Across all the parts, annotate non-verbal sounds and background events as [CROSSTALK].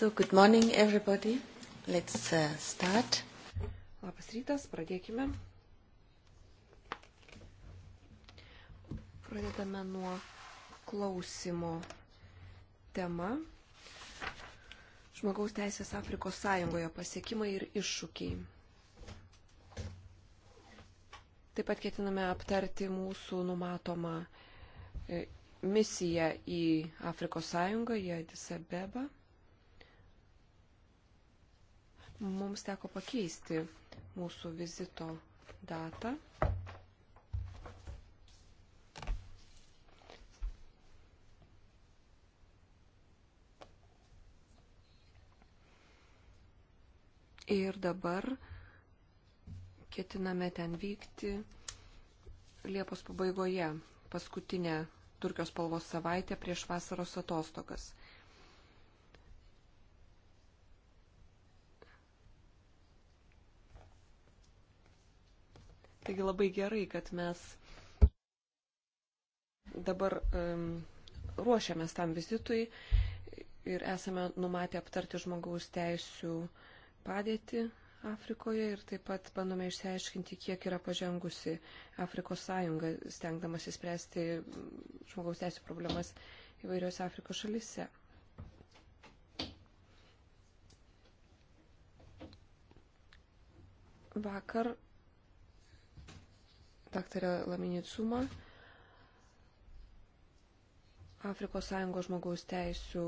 So, good morning everybody. Let's uh, start. Labas rytas, pradėkime. Pradedame nuo klausimo tema. Žmogaus teisės Afrikos Sąjungoje pasiekimai ir iššūkiai. Taip pat ketiname aptarti mūsų numatomą e, misiją į Afrikos Sąjungą, į Adisabebą mums teko pakeisti mūsų vizito datą. Ir dabar ketiname ten vykti Liepos pabaigoje, paskutinę Turkijos spalvos savaitę prieš vasaros atostogas. Taigi labai gerai, kad mes dabar um, ruošiamės tam vizitui ir esame numatę aptarti žmogaus teisų padėtį Afrikoje ir taip pat bandome išsiaiškinti, kiek yra pažengusi Afrikos sąjunga, stengdamas įspręsti žmogaus teisų problemas įvairiose Afrikos šalise. Vakar daktarę Laminicumą, Afrikos Sąjungos žmogaus teisų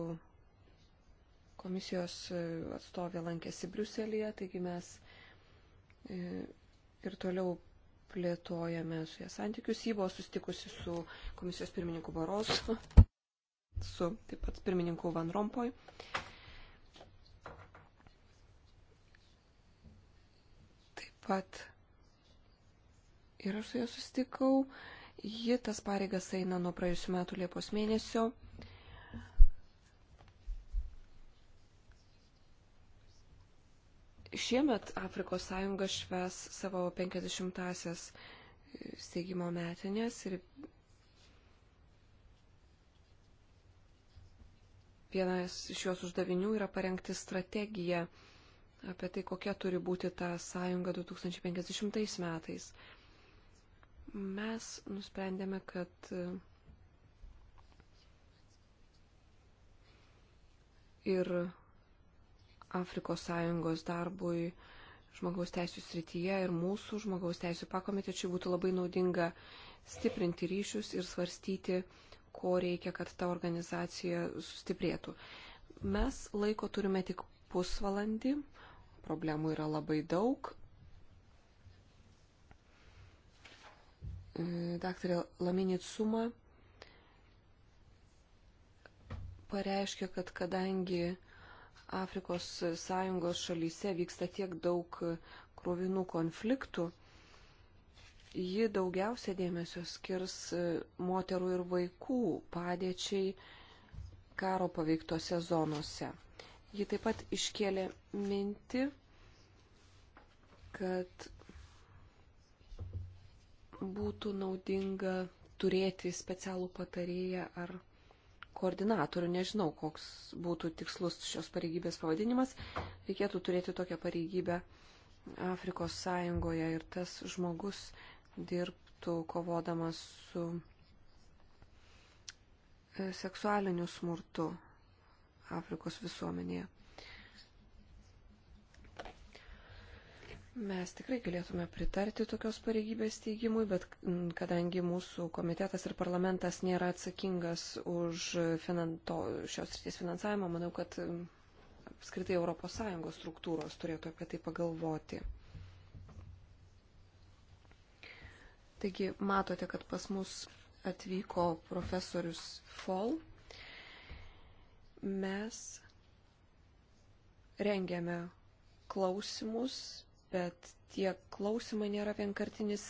komisijos e, atstovė lankėsi Briuselėje, taigi mes e, ir toliau plėtojame su jie santykius. Ji buvo sustikusi su komisijos pirmininku Barosu, su taip pat pirmininku Van Rompoj. Taip pat ir aš su juo susitikau. Ji tas pareigas eina nuo praėjusiu metu Liepos mėnesio. Šiemet Afrikos sąjunga šves savo 50-asias steigimo metinės ir vienas iš jos uždavinių yra parengti strategiją apie tai, kokia turi būti ta sąjunga 2050 metais. Mes nusprendėme, kad e, ir Afrikos Sąjungos darbui žmogaus teisų srityje ir mūsų žmogaus teisų pakomitečiui būtų labai naudinga stiprinti ryšius ir svarstyti, ko reikia, kad ta organizacija sustiprėtų. Mes laiko turime tik pusvalandį, problemų yra labai daug, dr. Laminitsuma pareiškė, kad kadangi Afrikos sąjungos šalyse vyksta tiek daug krovinų konfliktų, ji daugiausia dėmesio skirs moterų ir vaikų padėčiai karo paveiktose zonose. Ji taip pat iškėlė mintį, kad būtų naudinga turėti specialų patarėją ar koordinatorių, nežinau, koks būtų tikslus šios pareigybės pavadinimas, reikėtų turėti tokią pareigybę Afrikos sąjungoje ir tas žmogus dirbtų kovodamas su e, seksualiniu smurtu Afrikos visuomenėje. Mes tikrai galėtume pritarti tokios pareigybės teigimui, bet kadangi mūsų komitetas ir parlamentas nėra atsakingas už finanto, šios ryties finansavimą, manau, kad apskritai ES struktūros turėtų apie tai pagalvoti. Taigi matote, kad pas mus atvyko profesorius Fol. Mes rengiame klausimus bet tie klausimai nėra vienkartinis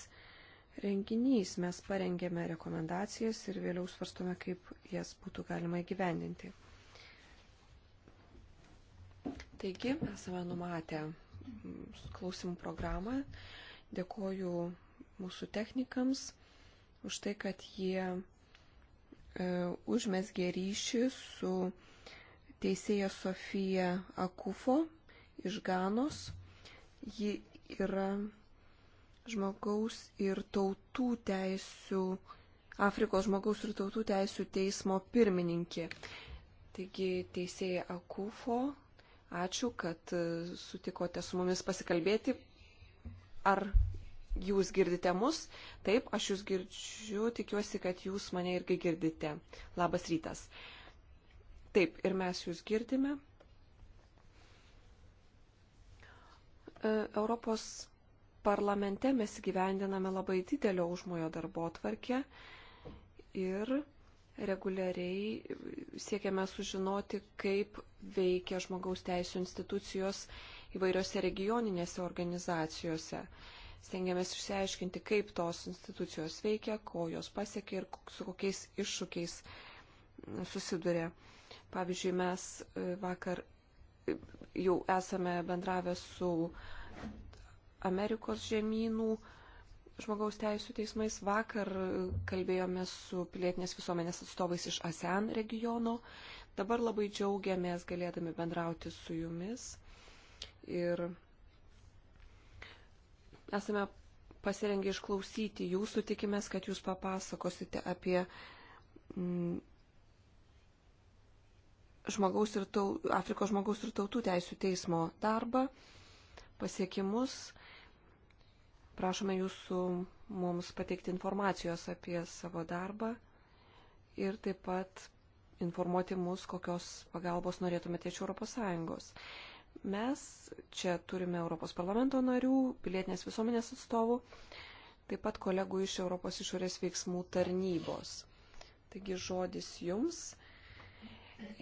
renginys. Mes parengėme rekomendacijas ir vėliau svarstome, kaip jas būtų galima įgyvendinti. Taigi, esame numatę klausimų programą. Dėkoju mūsų technikams už tai, kad jie e, užmesgė ryšį su teisėja Sofija Akufo iš Ganos. Ji yra žmogaus ir tautų teisų, Afrikos žmogaus ir tautų teisų teismo pirmininkė. Taigi teisėja Akufo, ačiū, kad e, sutikote su mumis pasikalbėti. Ar jūs girdite mus? Taip, aš jūs girdžiu, tikiuosi, kad jūs mane irgi girdite. Labas rytas. Taip, ir mes jūs girdime. E, Europos parlamente mes gyvendiname labai didelio užmojo darbo tvarkę ir reguliariai siekiame sužinoti, kaip veikia žmogaus teisų institucijos įvairiose regioninėse organizacijose. Stengiamės išsiaiškinti, kaip tos institucijos veikia, ko jos pasiekia ir su kokiais iššūkiais susiduria. Pavyzdžiui, mes e, vakar jau esame bendravę su Amerikos žemynų žmogaus teisų teismais. Vakar kalbėjome su pilietinės visuomenės atstovais iš ASEAN regiono. Dabar labai džiaugiamės galėdami bendrauti su jumis. Ir esame pasirengę išklausyti jūsų, tikimės, kad jūs papasakosite apie mm, žmogaus ir tau, Afrikos žmogaus ir tautų teisų teismo darbą, pasiekimus. Prašome jūsų mums pateikti informacijos apie savo darbą ir taip pat informuoti mus, kokios pagalbos norėtumėte iš ES. Mes čia turime Europos parlamento narių, pilietinės visuomenės atstovų, taip pat kolegų iš Europos išorės veiksmų tarnybos. Taigi žodis jums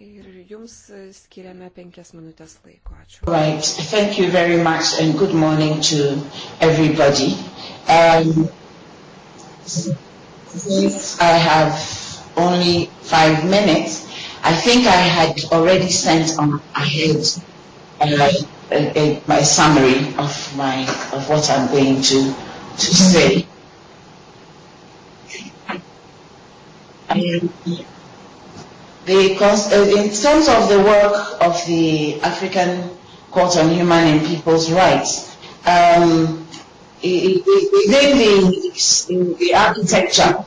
Ir jums skiriame penkias minutės laiko. Ačiū. Right. Thank you very much and good morning to everybody. Um, since I have only five minutes, I think I had already sent on ahead uh, a, a, my summary of my of what I'm going to to say. Um, The, uh, in terms of the work of the African Court on Human and People's Rights, um, within the, in the architecture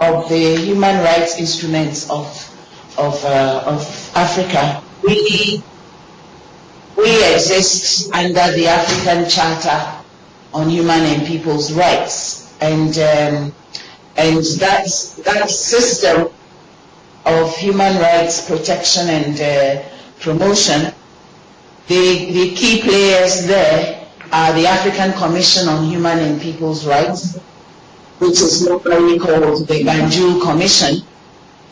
of the human rights instruments of, of, uh, of Africa, we, we exist under the African Charter on Human and People's Rights. And, um, and that, that system of human rights protection and uh, promotion, the, the key players there are the African Commission on Human and People's Rights, which is locally called the Banjul Commission,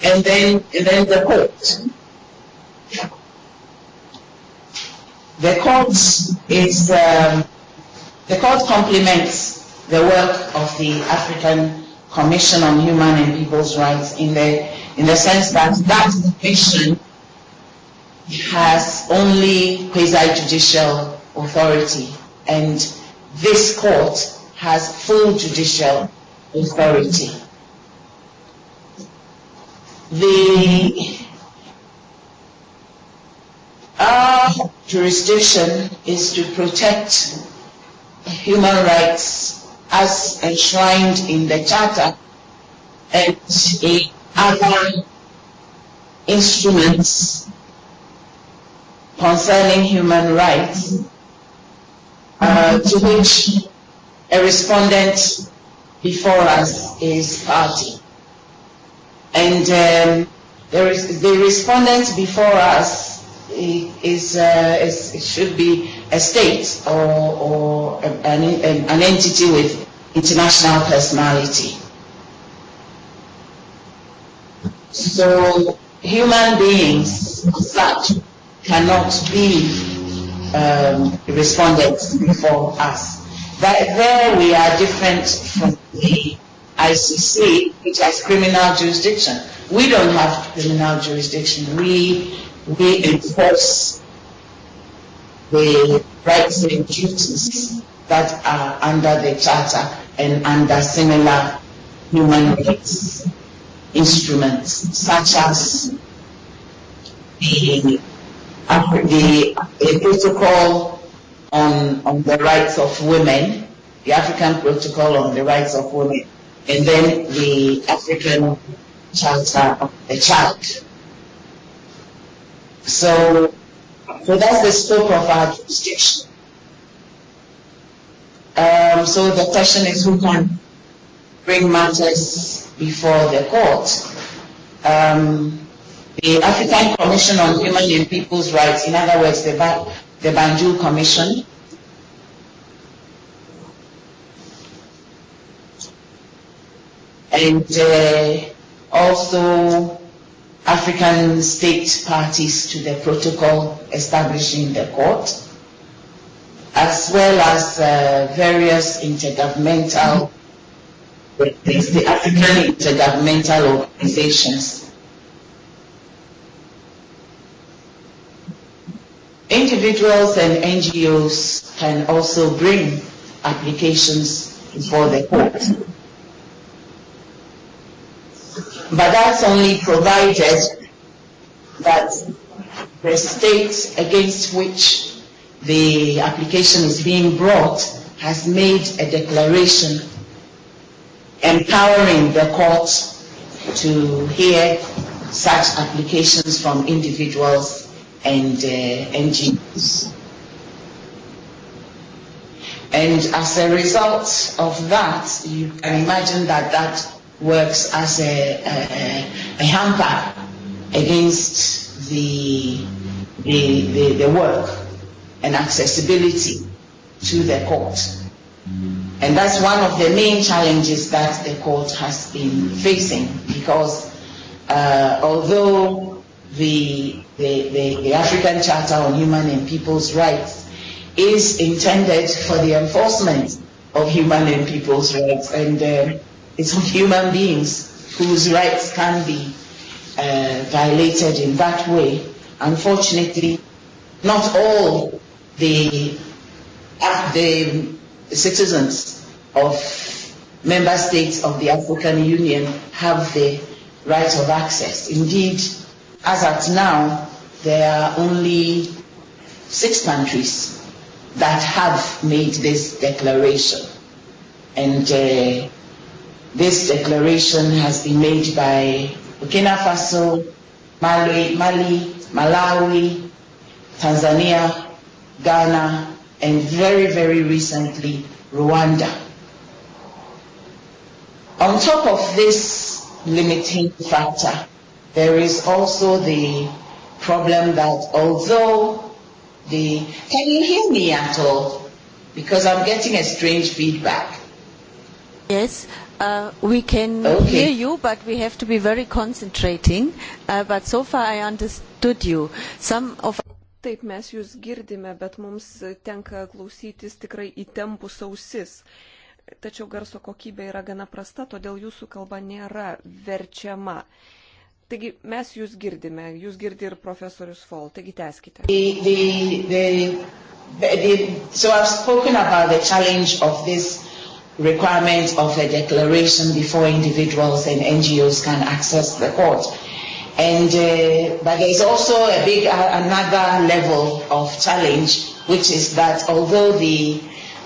and then, and then the court. The court is um, the court complements the work of the African Commission on Human and People's Rights in the in the sense that that division has only quasi-judicial authority and this court has full judicial authority. The our jurisdiction is to protect human rights as enshrined in the Charter and in other instruments concerning human rights uh, to which a respondent before us is party. And um, there is, the respondent before us is, uh, is it should be a state or, or an, an, an entity with international personality. So human beings as such cannot be um, respondents before us. That there we are different from the ICC, which has criminal jurisdiction. We don't have criminal jurisdiction. We we enforce the rights and duties that are under the Charter and under similar human rights instruments such as the, the, the protocol on, on the rights of women, the African Protocol on the Rights of Women, and then the African Charter of the Child. So, so that's the scope of our jurisdiction. Um, so the question is who can bring matters before the court. Um, the African Commission on Human and People's Rights, in other words, the, ba- the Banjul Commission, and uh, also African state parties to the protocol establishing the court, as well as uh, various intergovernmental mm-hmm organizations, the African Intergovernmental Organizations. Individuals and NGOs can also bring applications before the court. But that's only provided that the state against which the application is being brought has made a declaration empowering the courts to hear such applications from individuals and uh, NGOs. And as a result of that, you can imagine that that works as a, a, a hamper against the, the, the, the work and accessibility to the court. Mm-hmm. And that's one of the main challenges that the court has been facing because uh, although the, the, the, the African Charter on Human and People's Rights is intended for the enforcement of human and people's rights and uh, it's human beings whose rights can be uh, violated in that way. Unfortunately, not all the, uh, the citizens of member states of the African Union have the right of access. Indeed, as at now, there are only six countries that have made this declaration. And uh, this declaration has been made by Burkina Faso, Mali, Mali Malawi, Tanzania, Ghana, and very, very recently, Rwanda. On top of this limiting factor, there is also the problem that although the, can you hear me at all? Because I'm getting a strange feedback. Yes, uh, we can okay. hear you, but we have to be very concentrating. Uh, but so far I understood you. Some of Taip, mes jūs girdime, bet mums tenka klausytis tikrai įtempus ausis. Tačiau garso kokybė yra gana prasta, todėl jūsų kalba nėra verčiama. Taigi mes jūs girdime, jūs girdi ir profesorius Fol, taigi teskite. The, the, the, so I've spoken about the challenge of this requirement of a declaration before individuals and NGOs can access the court. And uh, but there is also a big uh, another level of challenge, which is that although the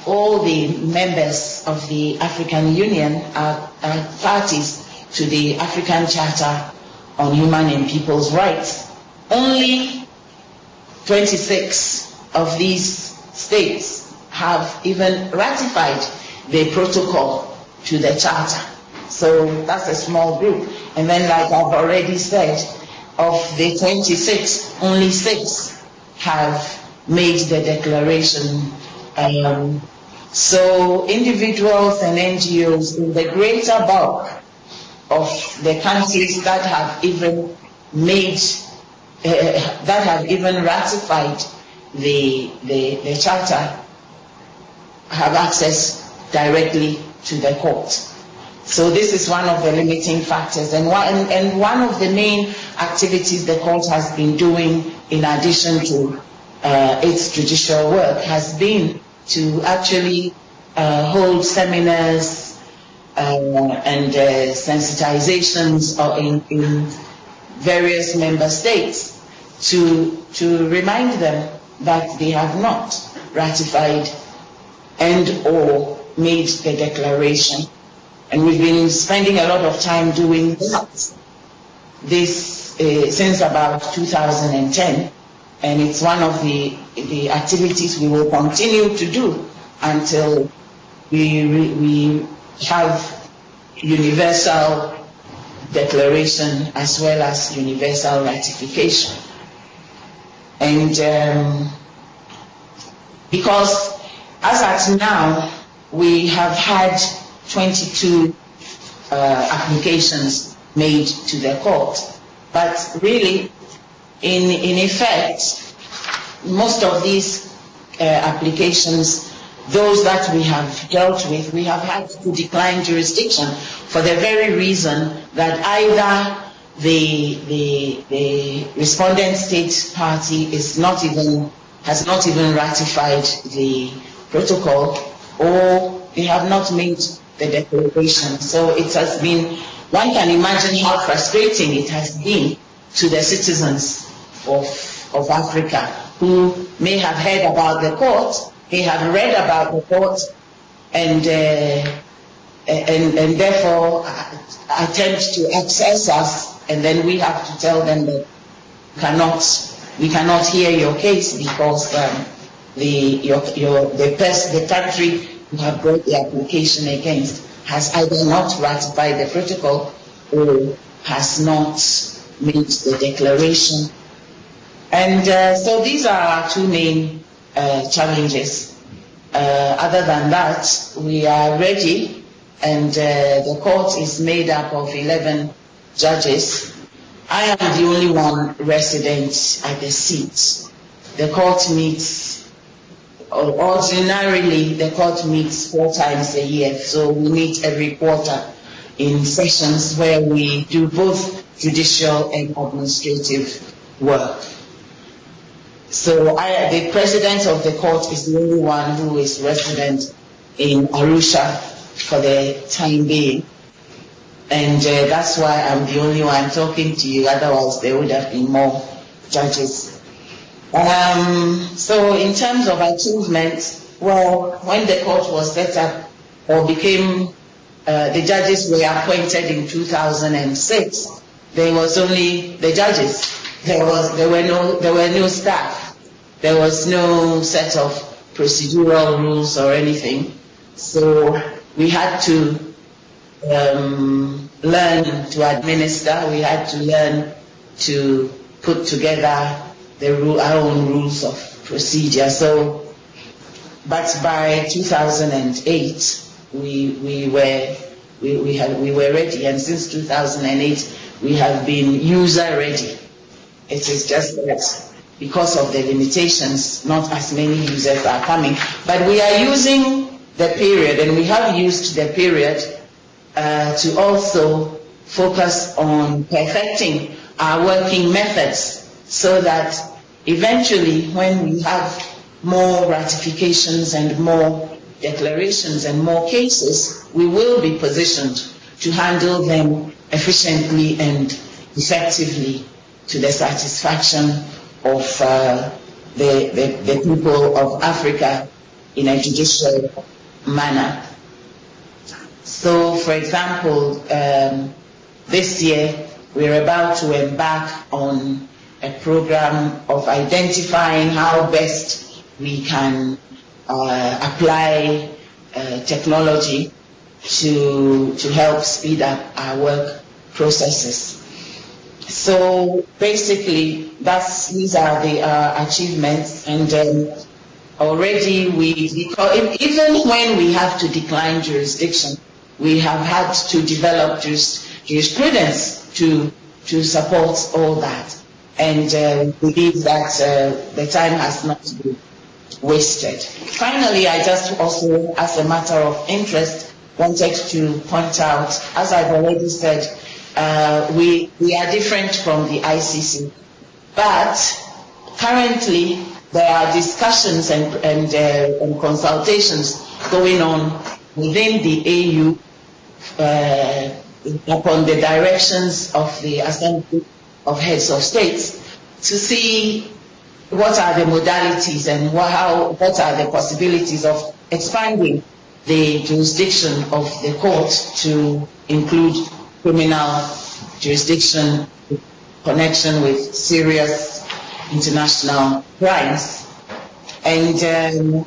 all the members of the African Union are, are parties to the African Charter on Human and People's Rights, only 26 of these states have even ratified the protocol to the Charter. So that's a small group. And then, like I've already said, of the 26, only six have made the declaration. Um, so individuals and NGOs in the greater bulk of the countries that have even made, uh, that have even ratified the, the, the charter have access directly to the court. So this is one of the limiting factors and one, and, and one of the main activities the court has been doing in addition to uh, its judicial work has been to actually uh, hold seminars uh, and uh, sensitizations in, in various member states to, to remind them that they have not ratified and or made the declaration And we've been spending a lot of time doing that this uh, since about 2010, and it's one of the the activities we will continue to do until we we have universal declaration as well as universal ratification. And um, because as at now, we have had 22 uh, applications made to the court. But really, in, in effect, most of these uh, applications, those that we have dealt with, we have had to decline jurisdiction for the very reason that either the, the, the respondent state party is not even, has not even ratified the protocol or they have not made the declaration. So it has been, one can imagine how frustrating it has been to the citizens of, of Africa who may have heard about the court, may have read about the court, and, uh, and, and therefore uh, attempt to access us, and then we have to tell them that cannot we cannot hear your case because um, the your, your the, pers- the country who have brought the application against has either not ratified the protocol or has not made the declaration. And uh, so these are our two main uh, challenges. Uh, other than that, we are ready, and uh, the court is made up of 11 judges. I am the only one resident at the seat. The court meets ordinarily the court meets four times a year, so we meet every quarter in sessions where we do both judicial and administrative work. So I, the president of the court is the only one who is resident in Arusha for the time being. And uh, that's why I'm the only one talking to you, otherwise there would have been more judges Um, so in terms of achievements, well, when the court was set up or became, uh, the judges were appointed in 2006. There was only the judges. There was there were no there were no staff. There was no set of procedural rules or anything. So we had to um, learn to administer. We had to learn to put together the rule, our own rules of procedure. So, but by 2008, we, we were we, we, had, we were ready, and since 2008, we have been user ready. It is just that because of the limitations, not as many users are coming. But we are using the period, and we have used the period uh, to also focus on perfecting our working methods so that eventually when we have more ratifications and more declarations and more cases, we will be positioned to handle them efficiently and effectively to the satisfaction of uh, the, the, the people of Africa in a judicial manner. So, for example, um, this year we're about to embark on a program of identifying how best we can uh, apply uh, technology to, to help speed up our work processes. So basically, that's, these are the uh, achievements. And um, already we, e-, even when we have to decline jurisdiction, we have had to develop jurisprudence to, to support all that and uh, believe that uh, the time has not been wasted. Finally, I just also, as a matter of interest, wanted to point out, as I've already said, uh, we, we are different from the ICC. But currently, there are discussions and, and, uh, and consultations going on within the AU uh, upon the directions of the Assembly of heads of states to see what are the modalities and what, how, what are the possibilities of expanding the jurisdiction of the court to include criminal jurisdiction in connection with serious international crimes. And, um,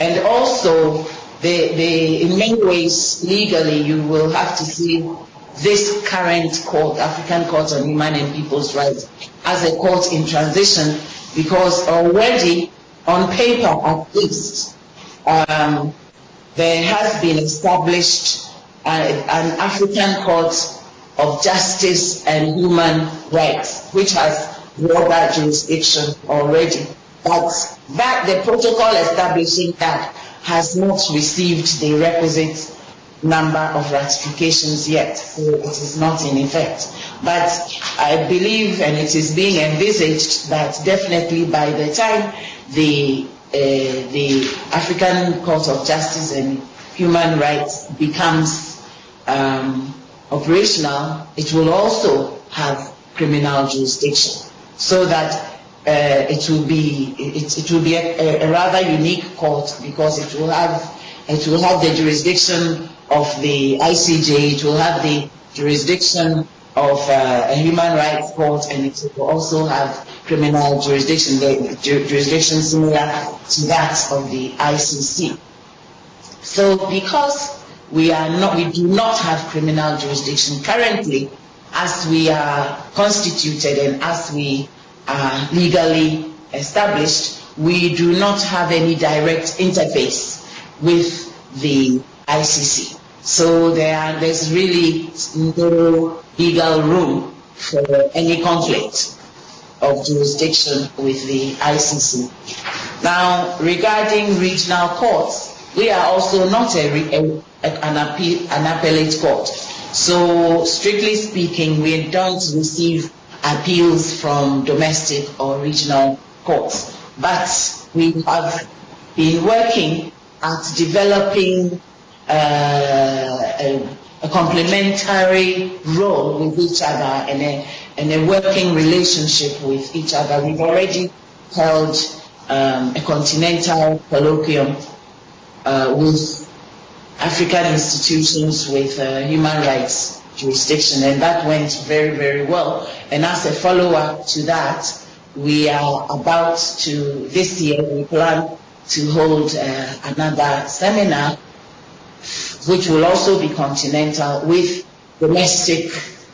and also, the, the, in many ways, legally, you will have to see this current court, African Court on Human and People's Rights, as a court in transition because already on paper at least um, there has been established uh, an African Court of Justice and Human Rights, which has broader jurisdiction already. But that the protocol establishing that has not received the requisite number of ratifications yet, so it is not in effect. But I believe, and it is being envisaged, that definitely by the time the, uh, the African Court of Justice and Human Rights becomes um, operational, it will also have criminal jurisdiction so that uh, it will be, it, it will be a, a rather unique court because it will have, it will have the jurisdiction of the ICJ, it will have the jurisdiction of uh, a human rights court and it will also have criminal jurisdiction, the, ju- jurisdiction similar to that of the ICC. So because we are not, we do not have criminal jurisdiction currently, as we are constituted and as we are legally established, we do not have any direct interface with the ICC. So there are, there's really no legal room for any conflict of jurisdiction with the ICC. Now, regarding regional courts, we are also not a, a, an, appeal, an appellate court. So, strictly speaking, we don't receive appeals from domestic or regional courts. But we have been working at developing uh, a, a complementary role with each other and a, and a working relationship with each other. We've already held um, a continental colloquium uh, with African institutions with uh, human rights jurisdiction, and that went very, very well. And as a follow-up to that, we are about to, this year, we plan to hold uh, another seminar which will also be continental with domestic,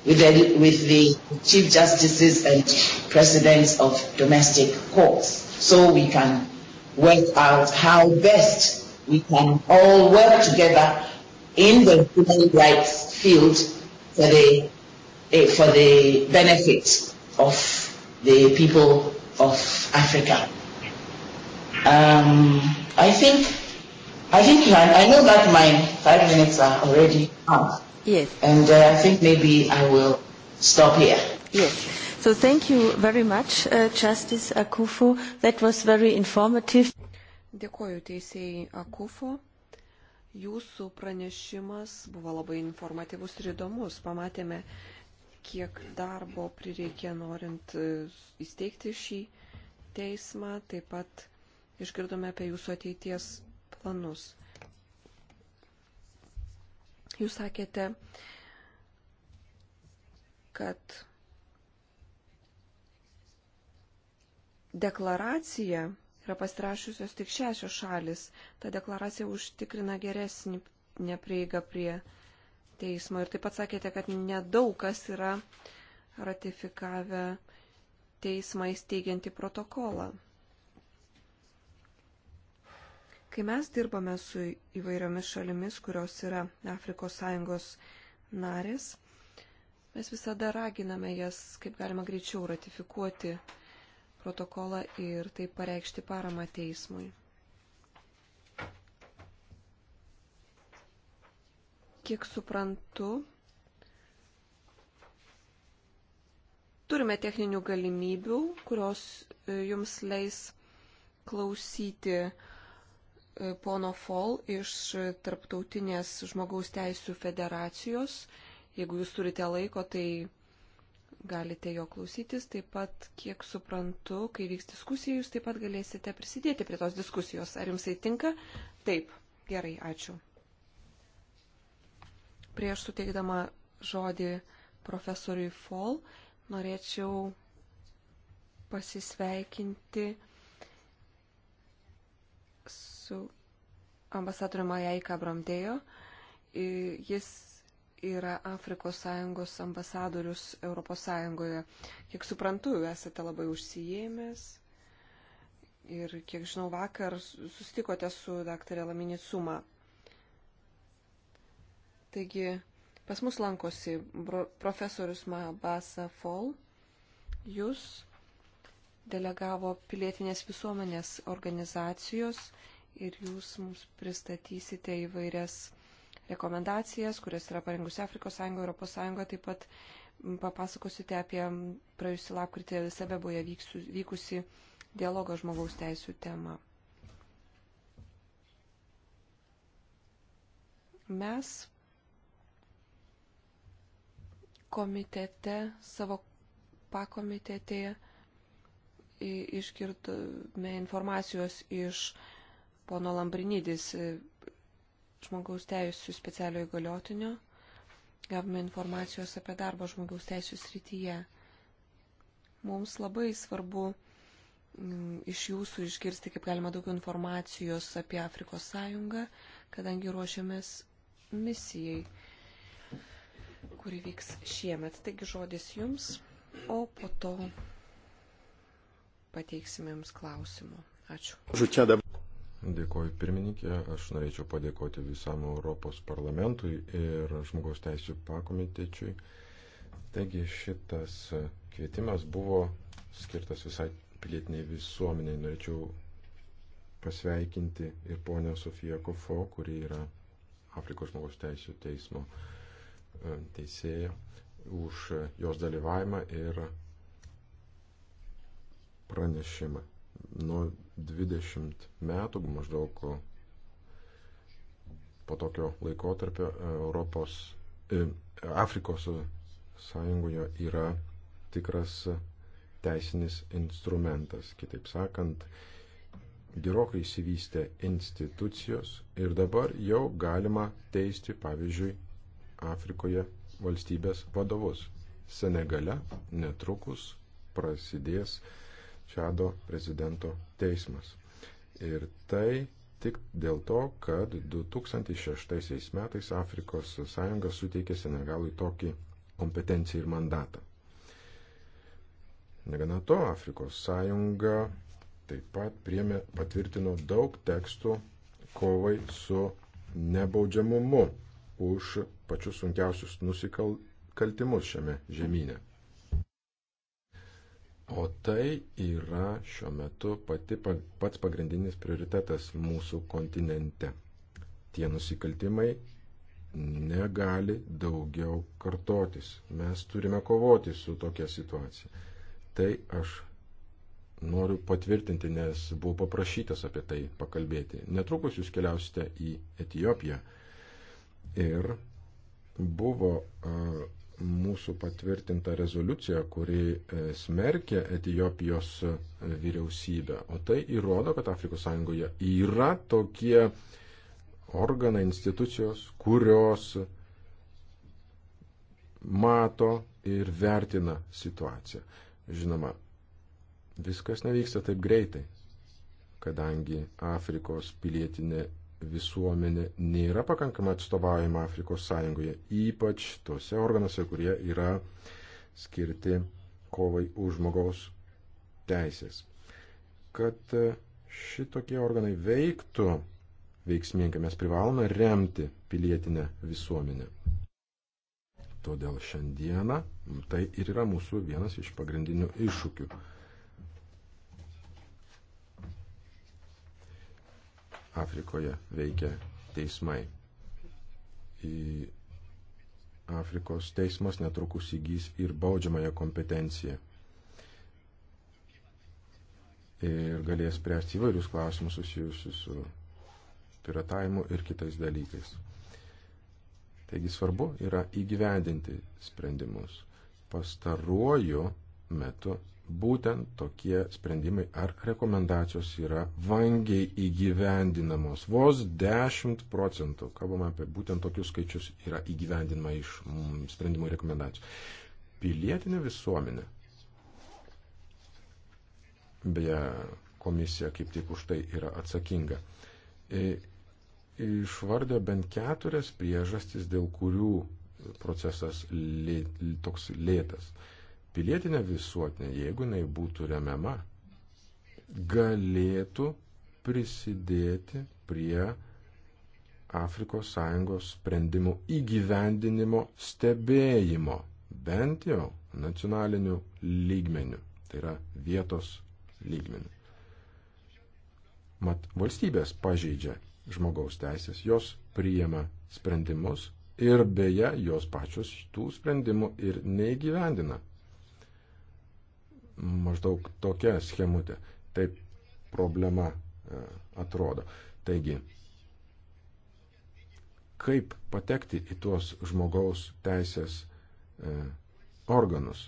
with the, with the chief justices and presidents of domestic courts. So we can work out how best we can all work together in the human rights field for the, eh, for the benefit of the people of Africa. Um, I think I think I know that my five minutes are already up. Yes. And uh, I think maybe I will stop here. Yes. So thank you very much, uh, Justice Akufo. That was very informative. Dėkuoju teisėjai Akufo. Jūsų pranešimas buvo labai informatyvus ir įdomus. Pamatėme, kiek darbo prireikė norint e, įsteigti šį teismą. Taip pat išgirdome apie jūsų ateities planus. Jūs sakėte, kad deklaraciją yra pasirašiusios tik šešios šalis. Ta deklaracija užtikrina geresnį neprieigą prie teismo. Ir taip pat sakėte, kad nedaug kas yra ratifikavę teismą įsteigiantį protokolą. Kai mes dirbame su įvairiomis šalimis, kurios yra Afrikos Sąjungos narės, mes visada raginame jas, kaip galima greičiau, ratifikuoti protokolą ir taip pareikšti paramą teismui. Kiek suprantu, turime techninių galimybių, kurios e, jums leis klausyti uh, pono Fol iš Tarptautinės žmogaus teisų federacijos. Jeigu jūs turite laiko, tai galite jo klausytis. Taip pat, kiek suprantu, kai vyks diskusija, jūs taip pat galėsite prisidėti prie tos diskusijos. Ar jums tai tinka? Taip. Gerai, ačiū. Prieš suteikdama žodį profesoriui Fol, norėčiau pasisveikinti su ambasadoriumi Ajaika Bramdėjo. Jis yra Afrikos Sąjungos ambasadorius Europos Sąjungoje. Kiek suprantu, esate labai užsijėmęs. Ir kiek žinau, vakar susitikote su dr. Laminė Suma. Taigi, pas mus lankosi profesorius Mabasa Fol. Jūs delegavo pilietinės visuomenės organizacijos ir jūs mums pristatysite įvairias rekomendacijas, kurias yra parengusi Afrikos Sąjunga, Europos Sąjunga, taip pat papasakosite apie praėjusį lapkritį Sebeboje vykusi dialogą žmogaus teisų tema. Mes komitete, savo pakomitetėje išgirdome informacijos iš pono Lambrinidis, e, žmogaus teisų specialiojo įgaliotinio. Gavome informacijos apie darbą žmogaus teisų srityje. Mums labai svarbu mm, iš jūsų išgirsti kaip galima daugiau informacijos apie Afrikos sąjungą, kadangi ruošiamės misijai, kuri vyks šiemet. Taigi žodis jums, o po to pateiksime jums klausimų. Ačiū. Dėkoju pirmininkė, aš norėčiau padėkoti visam Europos parlamentui ir žmogaus teisų pakomitečiui. Taigi šitas kvietimas buvo skirtas visai pilietiniai visuomeniai. Norėčiau pasveikinti ir ponę Sofiją Kofo, kuri yra Afrikos žmogaus teisų teismo e, teisėja, už jos dalyvavimą ir pranešimą. Nu, 20 metų, maždaug po tokio laikotarpio Europos, e, Afrikos sąjungoje yra tikras teisinis instrumentas. Kitaip sakant, gerokai įsivystė institucijos ir dabar jau galima teisti, pavyzdžiui, Afrikoje valstybės vadovus. Senegale netrukus prasidės uh, Čado prezidento teismas. Ir tai tik dėl to, kad 2006 metais Afrikos sąjunga suteikė Senegalui tokį kompetenciją ir mandatą. Negana to, Afrikos sąjunga taip pat priemė, patvirtino daug tekstų kovai su nebaudžiamumu už pačius sunkiausius nusikaltimus šiame žemynė. O tai yra šiuo metu pati, pats pagrindinis prioritetas mūsų kontinente. Tie nusikaltimai negali daugiau kartotis. Mes turime kovoti su tokia situacija. Tai aš noriu patvirtinti, nes buvau paprašytas apie tai pakalbėti. Netrukus jūs keliausite į Etijopiją. Ir buvo uh, mūsų patvirtinta rezoliucija, kuri e, smerkia Etijopijos e, vyriausybę. O tai įrodo, kad Afrikos Sąjungoje yra tokie organai, institucijos, kurios mato ir vertina situaciją. Žinoma, viskas nevyksta taip greitai, kadangi Afrikos pilietinė visuomenė nėra pakankamai atstovaujama Afrikos Sąjungoje, ypač tose organuose, kurie yra skirti kovai už žmogaus teisės. Kad e, šitokie organai veiktų veiksmingai, mes privalome remti pilietinę visuomenę. Todėl šiandieną tai ir yra mūsų vienas iš pagrindinių iššūkių. Afrikoje veikia teismai. Į Afrikos teismas netrukus įgys ir baudžiamąją kompetenciją. Ir galės spręsti įvairius klausimus susijusius su piratavimu ir kitais dalykais. Taigi svarbu yra įgyvendinti sprendimus. Pastaruoju metu Būtent tokie sprendimai ar rekomendacijos yra vangiai įgyvendinamos. Vos 10 procentų, kalbame apie būtent tokius skaičius, yra įgyvendinama iš mm, sprendimų rekomendacijų. Pilietinė visuomenė. Beje, komisija kaip tik už tai yra atsakinga. E, Išvardė bent keturias priežastis, dėl kurių procesas lė, toks lėtas pilietinė visuotinė, jeigu jinai būtų remiama, galėtų prisidėti prie Afrikos Sąjungos sprendimų įgyvendinimo stebėjimo, bent jau nacionaliniu lygmeniu, tai yra vietos lygmeniu. Mat, valstybės pažeidžia žmogaus teisės, jos priima sprendimus ir beje, jos pačios tų sprendimų ir neįgyvendina. Maždaug tokia schemutė. Taip problema e, atrodo. Taigi, kaip patekti į tuos žmogaus teisės e, organus?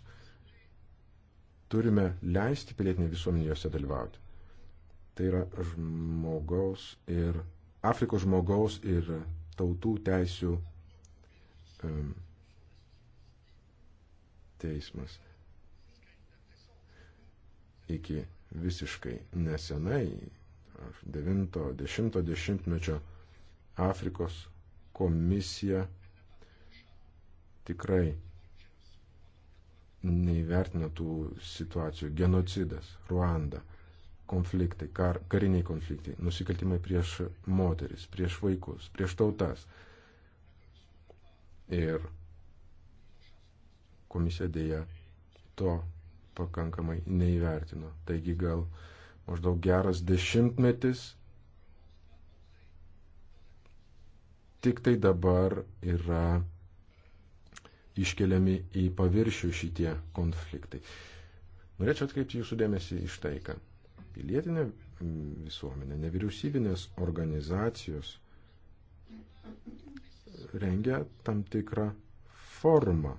Turime leisti pilietinį visuomenį juose dalyvauti. Tai yra žmogaus ir Afrikos žmogaus ir tautų teisių e, teismas iki visiškai nesenai, 90-mečio Afrikos komisija tikrai neįvertina tų situacijų. Genocidas, Ruanda, konfliktai, kar, kariniai konfliktai, nusikaltimai prieš moteris, prieš vaikus, prieš tautas. Ir komisija dėja to pakankamai neįvertino. Taigi gal maždaug geras dešimtmetis tik tai dabar yra iškeliami į paviršių šitie konfliktai. Norėčiau atkreipti jūsų dėmesį iš tai, kad pilietinė visuomenė, nevyriausybinės organizacijos rengia tam tikrą formą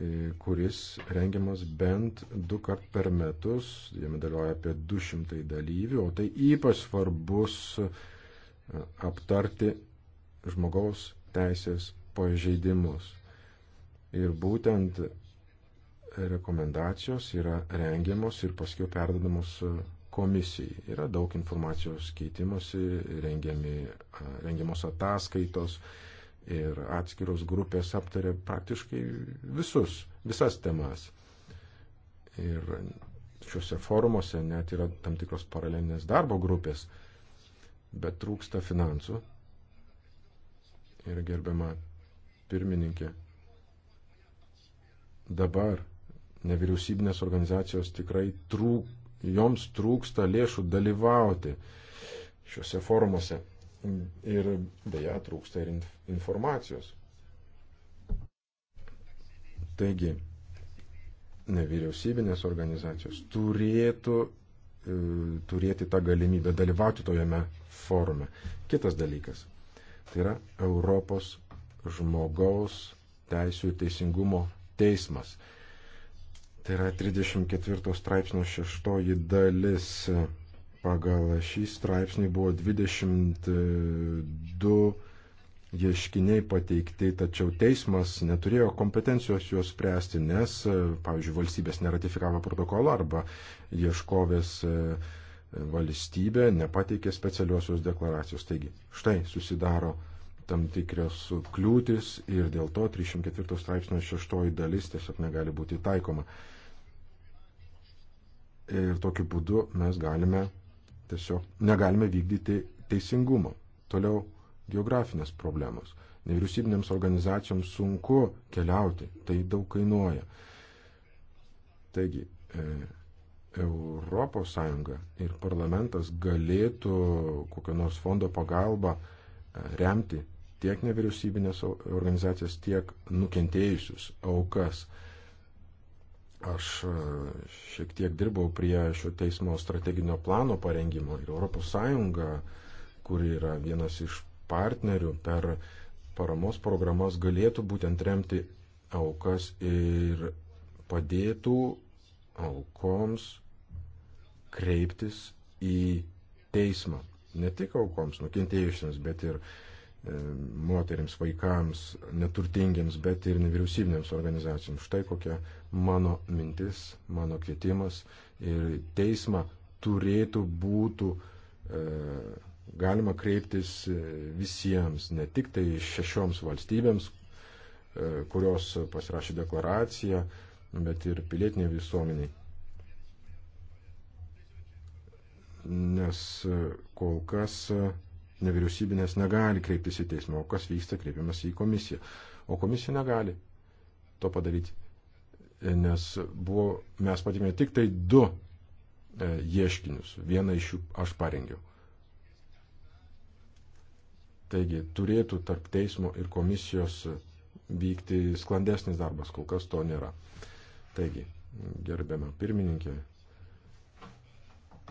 E, kuris rengiamas bent du kart per metus, jame dalyvauja apie 200 dalyvių, o tai ypač svarbus e, aptarti žmogaus teisės pažeidimus. Ir būtent rekomendacijos yra rengiamos ir paskui perdodamos e, komisijai. Yra daug informacijos keitimosi, rengiami, rengiamos ataskaitos, ir atskiros grupės aptarė praktiškai visus, visas temas. Ir šiuose forumuose net yra tam tikros paralelinės darbo grupės, bet trūksta finansų. Ir gerbiama pirmininkė, dabar nevyriausybinės organizacijos tikrai trūk, joms trūksta lėšų dalyvauti šiuose forumuose. Mm. ir beje trūksta ir informacijos. Taigi, nevyriausybinės organizacijos turėtų e, turėti tą galimybę dalyvauti tojame forume. Kitas dalykas - tai yra Europos žmogaus teisų ir teisingumo teismas. Tai yra 34 straipsnio šeštoji dalis Pagal šį straipsnį buvo 22 ieškiniai pateikti, tačiau teismas neturėjo kompetencijos juos spręsti, nes, pavyzdžiui, valstybės neratifikavo protokolą arba ieškovės e, valstybė nepateikė specialiosios deklaracijos. Taigi, štai susidaro tam tikrios kliūtis ir dėl to 304 straipsnio šeštoji dalis tiesiog negali būti taikoma. Ir tokiu būdu mes galime tiesiog negalime vykdyti teisingumo. Toliau geografinės problemos. Nevyriausybinėms organizacijoms sunku keliauti, tai daug kainuoja. Taigi, e, ES ir parlamentas galėtų kokio nors fondo pagalba e, remti tiek nevyriausybinės organizacijas, tiek nukentėjusius aukas. E, Aš e, šiek tiek dirbau prie šio teismo strateginio plano parengimo ir ES, kuri yra vienas iš partnerių per paramos programas, galėtų būtent remti aukas ir padėtų aukoms kreiptis į teismą. Ne tik aukoms, nukentėjusiems, bet ir uh, E, moteriams, vaikams, neturtingiams, bet ir nevyriausybinėms organizacijoms. Štai kokia mano mintis, mano kvietimas ir teismą turėtų būtų e, galima kreiptis e, visiems, ne tik tai šešioms valstybėms, e, kurios pasirašė deklaraciją, bet ir pilietiniai visuomeniai. Nes e, kol kas e, nevyriausybinės negali kreiptis į teismą, o kas vyksta, kreipiamas į komisiją. O komisija negali to padaryti, nes buvo, mes patikėme tik tai du e, ieškinius, vieną iš jų aš parengiau. Taigi turėtų tarp teismo ir komisijos vykti sklandesnis darbas, kol kas to nėra. Taigi, gerbiamą pirmininkę,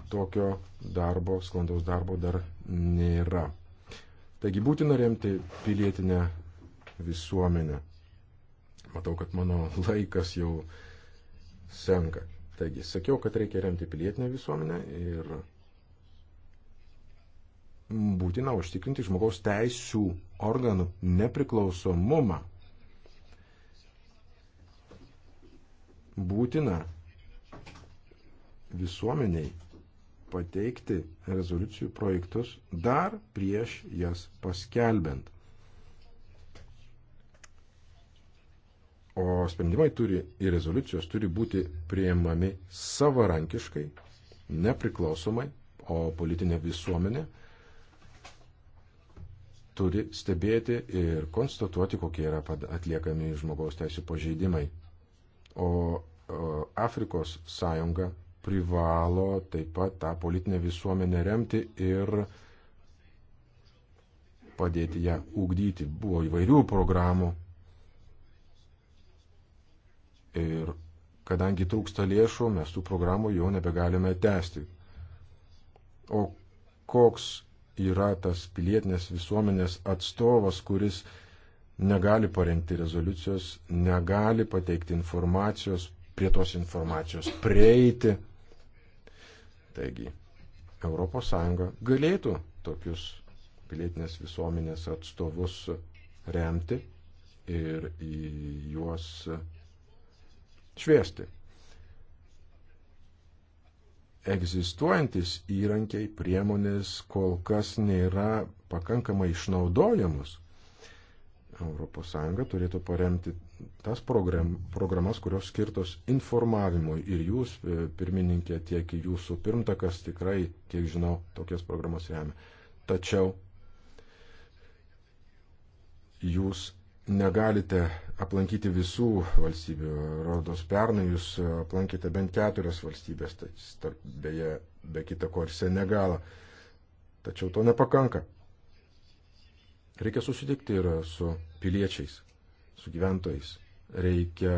tokio darbo, sklandaus darbo dar nėra. Taigi būtina remti pilietinę visuomenę. Matau, kad mano laikas jau senka. Taigi, sakiau, kad reikia remti pilietinę visuomenę ir būtina užtikrinti žmogaus teisų organų nepriklausomumą. Būtina visuomeniai pateikti rezoliucijų projektus dar prieš jas paskelbent. O sprendimai turi ir rezoliucijos turi būti prieimami savarankiškai, nepriklausomai, o politinė visuomenė turi stebėti ir konstatuoti, kokie yra atliekami žmogaus teisų pažeidimai. O Afrikos sąjunga privalo taip pat tą politinę visuomenę remti ir padėti ją ugdyti. Buvo įvairių programų ir kadangi trūksta lėšų, mes tų programų jau nebegalime tęsti. O koks yra tas pilietinės visuomenės atstovas, kuris negali parengti rezoliucijos, negali pateikti informacijos, prie tos informacijos prieiti, Taigi, ES galėtų tokius pilietinės visuomenės atstovus remti ir į juos šviesti. Egzistuojantis įrankiai, priemonės kol kas nėra pakankamai išnaudojamos ES turėtų paremti tas program, programas, kurios skirtos informavimui. Ir jūs, e, pirmininkė, tiek jūsų pirmtakas tikrai, kiek žinau, tokias programas remia. Tačiau jūs negalite aplankyti visų valstybių. Rodos pernai jūs aplankėte bent keturias valstybės, tai tarp, beje, be kita ko ir Senegalą. Tačiau to nepakanka. Reikia susitikti ir su piliečiais, su gyventojais. Reikia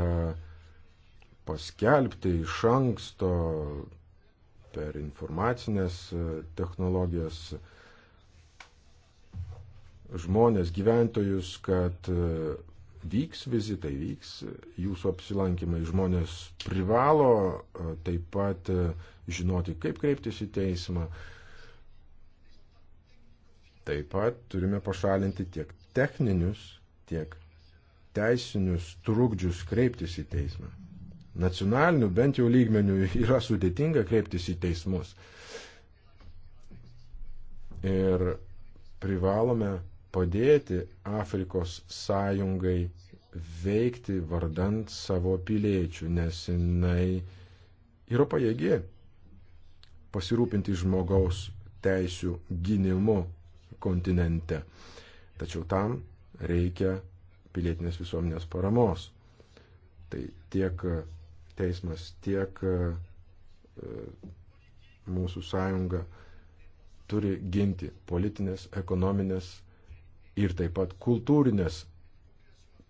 paskelbti iš anksto per informacinės e, technologijas žmonės, gyventojus, kad e, vyks vizitai, vyks jūsų apsilankymai. Žmonės privalo e, taip pat žinoti, kaip kreiptis į teismą, Taip pat turime pašalinti tiek techninius, tiek teisinius trukdžius kreiptis į teismą. Nacionaliniu bent jau lygmeniu [LAUGHS] yra sudėtinga kreiptis į teismus. Ir privalome padėti Afrikos sąjungai veikti vardant savo piliečių, nes jinai yra pajėgi pasirūpinti žmogaus teisų gynimu kontinente. Tačiau tam reikia pilietinės visuomenės paramos. Tai tiek e, teismas, tiek e, e, mūsų sąjunga turi ginti politinės, ekonominės ir taip pat kultūrinės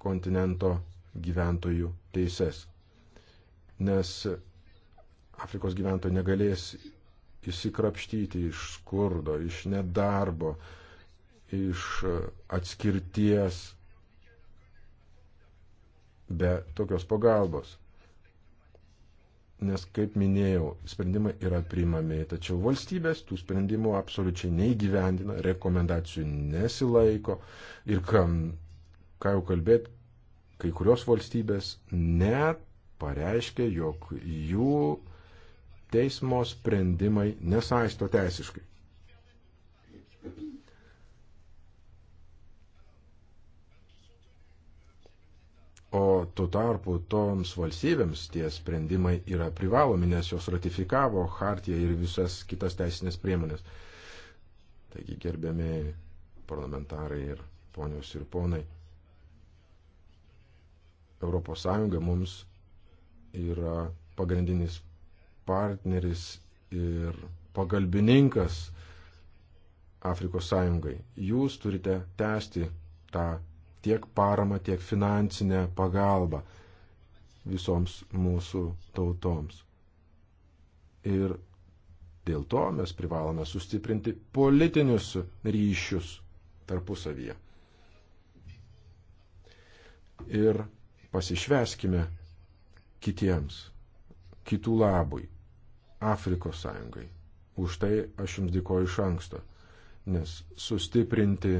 kontinento gyventojų teises. Nes Afrikos gyventojai negalės įsikrapštyti iš skurdo, iš nedarbo, iš atskirties be tokios pagalbos. Nes, kaip minėjau, sprendimai yra priimami, tačiau valstybės tų sprendimų absoliučiai neįgyvendina, rekomendacijų nesilaiko ir, kam, ką jau kalbėt, kai kurios valstybės net pareiškia, jog jų teismo sprendimai nesaisto teisiškai. O tuo tarpu toms valstybėms tie sprendimai yra privalomi, nes jos ratifikavo hartiją ir visas kitas teisinės priemonės. Taigi, gerbiami parlamentarai ir ponios ir ponai, ES mums yra pagrindinis partneris ir pagalbininkas Afrikos Sąjungai. Jūs turite tęsti tą tiek paramą, tiek finansinę pagalbą visoms mūsų tautoms. Ir dėl to mes privalome sustiprinti politinius ryšius tarpusavyje. Ir pasišveskime kitiems, kitų labui, Afrikos sąjungai. Už tai aš jums dėkoju iš anksto, nes sustiprinti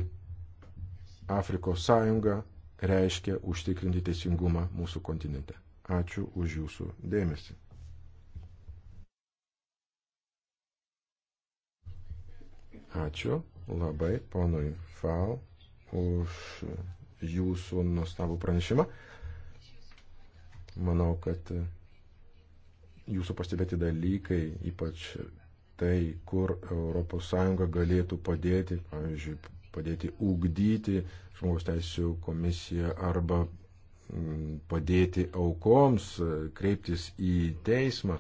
Afrikos sąjunga reiškia užtikrinti teisingumą mūsų kontinente. Ačiū už jūsų dėmesį. Ačiū labai ponui Fau už jūsų nuostabų pranešimą. Manau, kad jūsų pastebėti dalykai, ypač tai, kur ES galėtų padėti, pavyzdžiui, padėti ugdyti žmogaus teisų komisiją arba mm, padėti aukoms, e, kreiptis į teismą.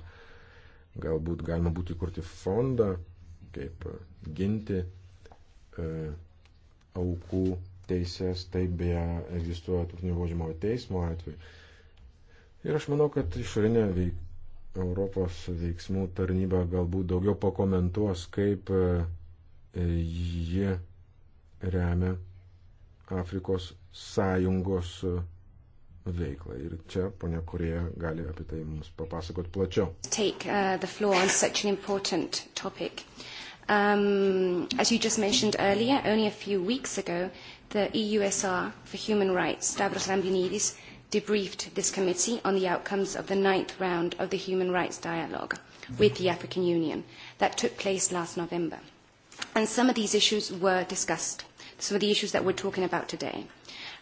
Galbūt galima būtų įkurti fondą, kaip e, ginti e, aukų teisės, taip beje egzistuoja turtinio baudžiamojo teismo atveju. Ir aš manau, kad išorinė veik, Europos veiksmų tarnyba galbūt daugiau pakomentuos, kaip e, ji remia Afrikos sąjungos veiklą. Ir čia ponia Korėja gali apie tai mums papasakot plačiau. Take, uh, Um, as you just mentioned earlier, only a few weeks ago, the EUSR for Human Rights, Stavros Lambrinidis, debriefed this committee on the outcomes of the ninth round of the Human Rights Dialogue with the African Union that took place last November. And some of these issues were discussed. So the issues that we're talking about today.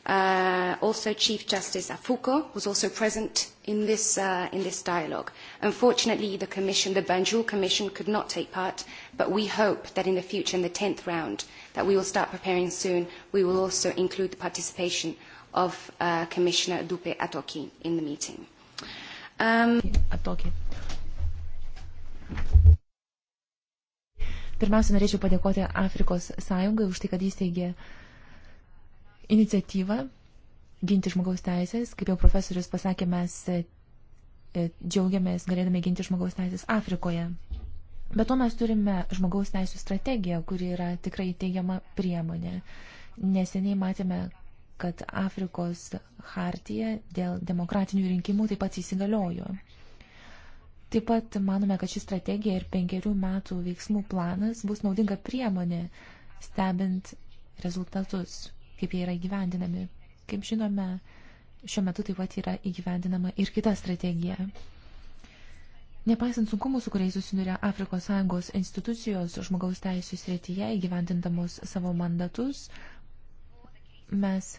Uh, also, Chief Justice Afuko was also present in this, uh, in this dialogue. Unfortunately, the Commission, the Banjul Commission, could not take part, but we hope that in the future, in the 10th round, that we will start preparing soon, we will also include the participation of uh, Commissioner Dupe Atoki in the meeting. Um, Atoki. Pirmiausia, norėčiau padėkoti Afrikos Sąjungai už tai, kad įsteigė iniciatyvą ginti žmogaus teisės. Kaip jau profesorius pasakė, mes e, e, džiaugiamės galėdami ginti žmogaus teisės Afrikoje. Bet to mes turime žmogaus teisų strategiją, kuri yra tikrai teigiama priemonė. Neseniai matėme, kad Afrikos hartija dėl demokratinių rinkimų taip pat įsigaliojo. Taip pat manome, kad ši strategija ir penkerių metų veiksmų planas bus naudinga priemonė stebint rezultatus, kaip jie yra įgyvendinami. Kaip žinome, šiuo metu taip pat yra įgyvendinama ir kita strategija. Nepaisant sunkumų, su kuriais susiduria Afrikos Sąjungos institucijos žmogaus teisų srityje įgyvendindamos savo mandatus, mes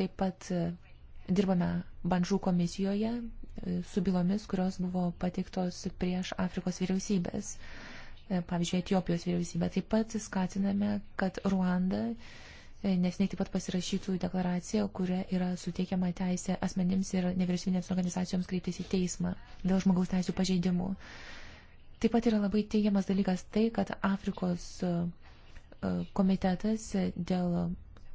taip pat dirbame Banžų komisijoje su bylomis, kurios buvo pateiktos prieš Afrikos vyriausybės, e, pavyzdžiui, Etijopijos vyriausybę. Taip pat skatiname, kad Ruanda e, nesnei taip pat pasirašytų deklaraciją, kuria yra suteikiama teisė asmenims ir nevyriausybinėms organizacijoms kreiptis į teismą dėl žmogaus teisų pažeidimų. Taip pat yra labai teigiamas dalykas tai, kad Afrikos e, komitetas dėl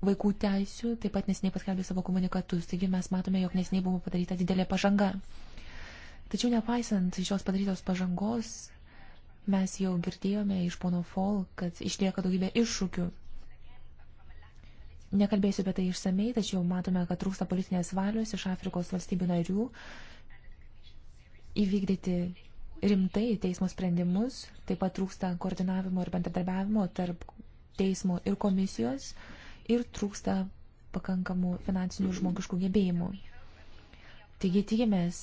vaikų teisių, taip pat nesiniai paskelbė savo komunikatus, taigi mes matome, jog nesiniai buvo padaryta didelė pažanga. Tačiau nepaisant šios padarytos pažangos, mes jau girdėjome iš pono Fol, kad išlieka daugybė iššūkių. Nekalbėsiu apie tai išsamei, tačiau matome, kad trūksta politinės valios iš Afrikos valstybių narių įvykdyti rimtai teismo sprendimus, taip pat trūksta koordinavimo ir bendradarbiavimo tarp teismo ir komisijos ir trūksta pakankamų finansinių ir žmogiškų gebėjimų. Taigi tikimės,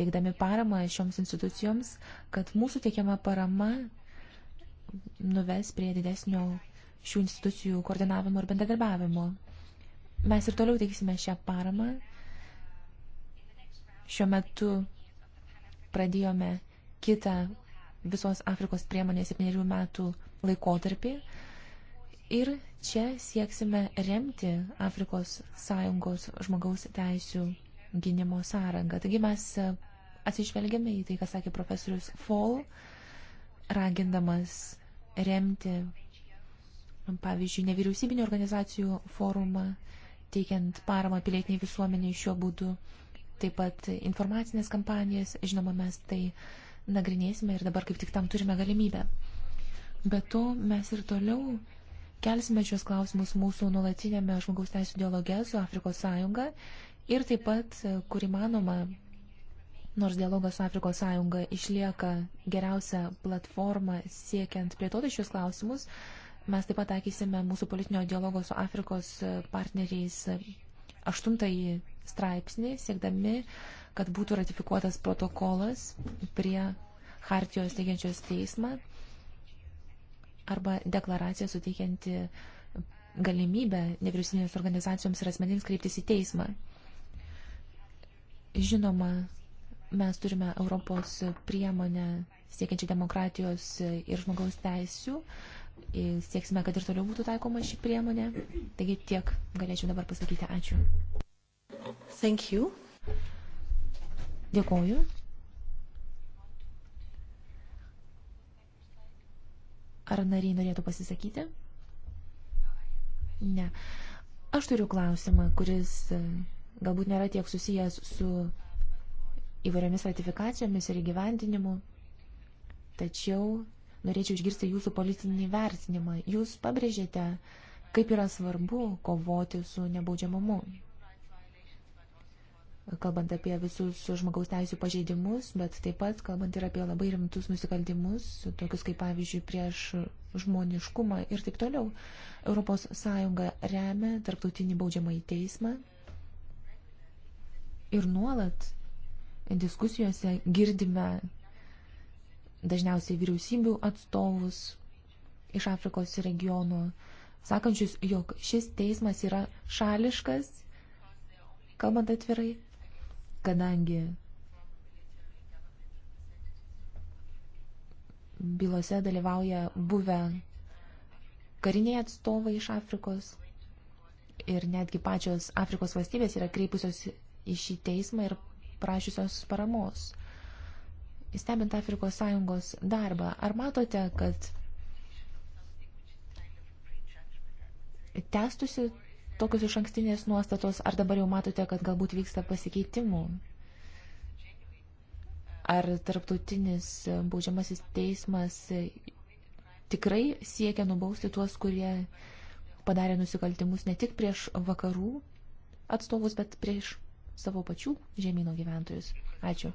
teikdami paramą šioms institucijoms, kad mūsų teikiama parama nuves prie didesnio šių institucijų koordinavimo ir bendradarbiavimo. Mes ir toliau teiksime šią paramą. Šiuo metu pradėjome kitą visos Afrikos priemonės 7 metų laikotarpį. Ir čia sieksime remti Afrikos Sąjungos žmogaus teisų gynimo sąrangą. Taigi mes atsižvelgiame į tai, ką sakė profesorius Fall, ragindamas remti, pavyzdžiui, nevyriausybinio organizacijų forumą, teikiant paramą pilietiniai visuomeniai šiuo būdu, taip pat informacinės kampanijas, žinoma, mes tai nagrinėsime ir dabar kaip tik tam turime galimybę. Be to, mes ir toliau Kelsime šios klausimus mūsų nuolatinėme žmogaus teisų dialoge su Afrikos sąjunga ir taip pat, kur įmanoma, nors dialogas su Afrikos sąjunga išlieka geriausia platforma siekiant plėtoti šios klausimus, mes taip pat taikysime mūsų politinio dialogo su Afrikos e, partneriais e, aštuntąjį straipsnį, siekdami, kad būtų ratifikuotas protokolas prie Hartijos teigiančios teismą arba deklaracija suteikianti galimybę nevyriausybinėms organizacijoms ir asmenims kreiptis į teismą. Žinoma, mes turime Europos priemonę siekiančią demokratijos ir žmogaus teisių. Sieksime, kad ir toliau būtų taikoma ši priemonė. Taigi tiek galėčiau dabar pasakyti. Ačiū. Thank you. Dėkoju. Ar nariai norėtų pasisakyti? Ne. Aš turiu klausimą, kuris e, galbūt nėra tiek susijęs su įvairiomis ratifikacijomis ir įgyvendinimu, tačiau norėčiau išgirsti jūsų politinį vertinimą. Jūs pabrėžėte, kaip yra svarbu kovoti su nebaudžiamumu kalbant apie visus žmogaus teisų pažeidimus, bet taip pat kalbant ir apie labai rimtus nusikaltimus, tokius kaip pavyzdžiui prieš žmoniškumą ir taip toliau. ES remia tarptautinį baudžiamą į teismą ir nuolat diskusijose girdime dažniausiai vyriausybių atstovus iš Afrikos regionų, sakančius, jog šis teismas yra šališkas, kalbant atvirai, kadangi bylose dalyvauja buvę kariniai atstovai iš Afrikos ir netgi pačios Afrikos valstybės yra kreipusios į šį teismą ir prašysios paramos. Įstebint Afrikos Sąjungos darbą, ar matote, kad testusi tokios iš ankstinės nuostatos, ar dabar jau matote, kad galbūt vyksta pasikeitimų? Ar tarptautinis baudžiamasis teismas tikrai siekia nubausti tuos, kurie padarė nusikaltimus ne tik prieš vakarų atstovus, bet prieš savo pačių žemynų gyventojus? Ačiū.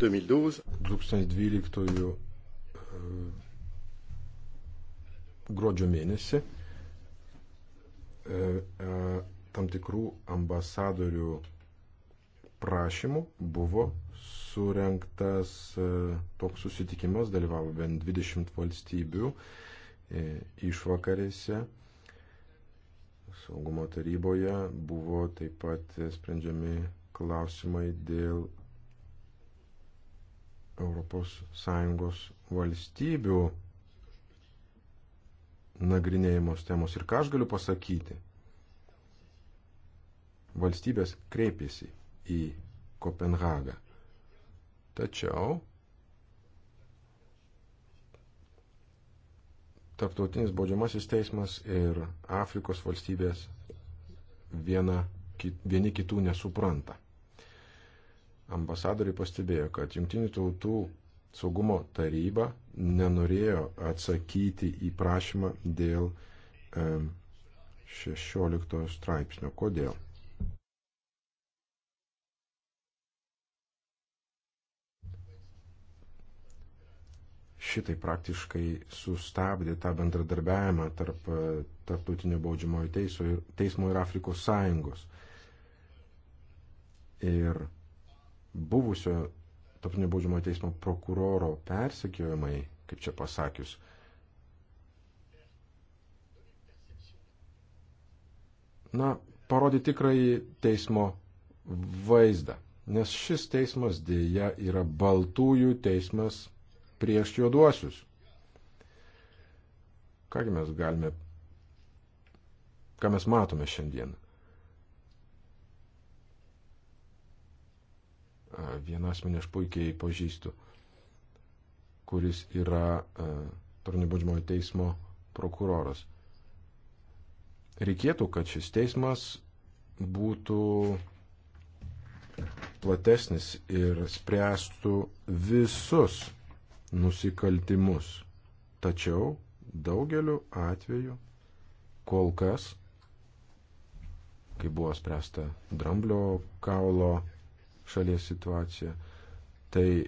2012, 2012 e, gruodžio mėnesį E, e, tam tikrų ambasadorių prašymų buvo surenktas e, toks susitikimas, dalyvavo bent 20 valstybių išvakarėse. Saugumo taryboje buvo taip pat sprendžiami klausimai dėl ES valstybių nagrinėjimos temos. Ir ką aš galiu pasakyti? Valstybės kreipėsi į Kopenhagą. Tačiau Tarptautinis baudžiamasis teismas ir Afrikos valstybės viena, vieni kitų nesupranta. Ambasadoriai pastebėjo, kad Junktinių tautų saugumo taryba nenorėjo atsakyti į prašymą dėl 16 straipsnio. Kodėl? šitai praktiškai sustabdė tą bendradarbiavimą tarp e, Tarptautinio baudžiamojo teismo ir, teismo ir Afrikos sąjungos. Ir buvusio Tarptautinio baudžiamojo teismo prokuroro persekiojimai, kaip čia pasakius, na, parodė tikrąjį teismo vaizdą. Nes šis teismas dėja yra baltųjų teismas prieš juoduosius. Kągi mes galime, ką mes matome šiandien? Vieną asmenį aš puikiai pažįstu, kuris yra Tarnų baudžiamojo teismo prokuroras. Reikėtų, kad šis teismas būtų platesnis ir spręstų visus nusikaltimus. Tačiau daugeliu atveju kol kas, kai buvo spręsta dramblio kaulo šalies situaciją, tai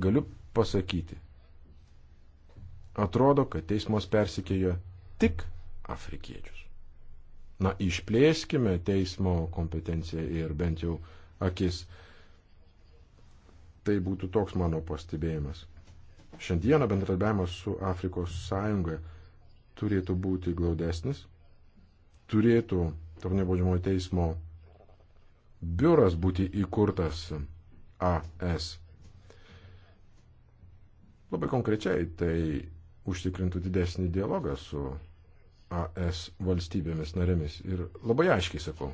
galiu pasakyti, atrodo, kad teismas persikėjo tik afrikiečius. Na, išplėskime teismo kompetenciją ir bent jau akis. Tai būtų toks mano pastebėjimas. Šiandieną bendradarbiavimas su Afrikos Sąjunga turėtų būti glaudesnis, turėtų tarnybodžiamojo teismo biuras būti įkurtas AS. Labai konkrečiai tai užtikrintų didesnį dialogą su AS valstybėmis narėmis. Ir labai aiškiai sakau,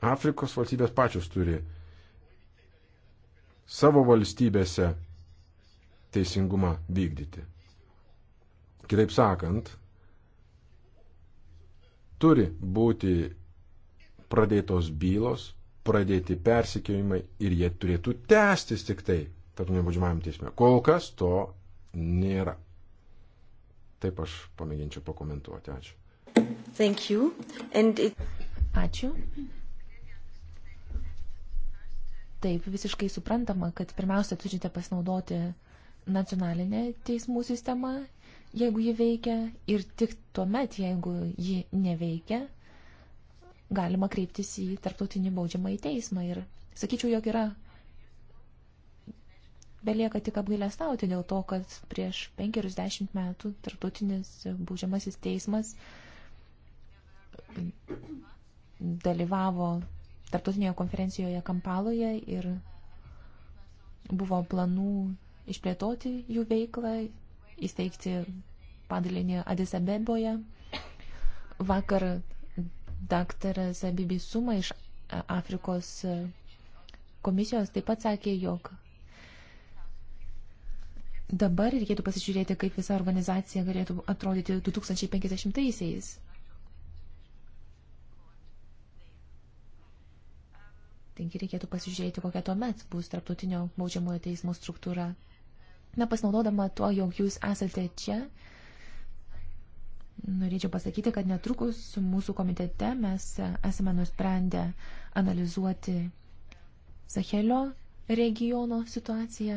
Afrikos valstybės pačios turi savo valstybėse teisingumą vykdyti. Kitaip sakant, turi būti pradėtos bylos, pradėti persikėjimai ir jie turėtų tęstis tik tai tarptautinio baudžiamajam teisme. Kol kas to nėra. Taip aš pamėginčiau pakomentuoti. Ačiū. Thank you. And it... Ačiū. Taip, visiškai suprantama, kad pirmiausia turite pasinaudoti nacionalinę teismų sistemą, jeigu ji veikia, ir tik tuomet, jeigu ji neveikia, galima kreiptis į tarptautinį baudžiamą į teismą. Ir sakyčiau, jog yra belieka tik apgailestauti dėl to, kad prieš penkerius dešimt metų tarptautinis baudžiamasis teismas dalyvavo tarptautinėje konferencijoje Kampaloje ir buvo planų išplėtoti jų veiklą, įsteigti padalinį Adisabeboje. Vakar Daktaras Bibi Suma iš Afrikos komisijos taip pat sakė, jog dabar reikėtų pasižiūrėti, kaip visa organizacija galėtų atrodyti 2050-aisiais. Taigi reikėtų pasižiūrėti, kokia tuomet bus tarptautinio baudžiamojo teismo struktūra. Na, pasinaudodama tuo, jog jūs esate čia, uh, Norėčiau pasakyti, kad netrukus mūsų komitete mes esame nusprendę analizuoti Sahelio regiono situaciją.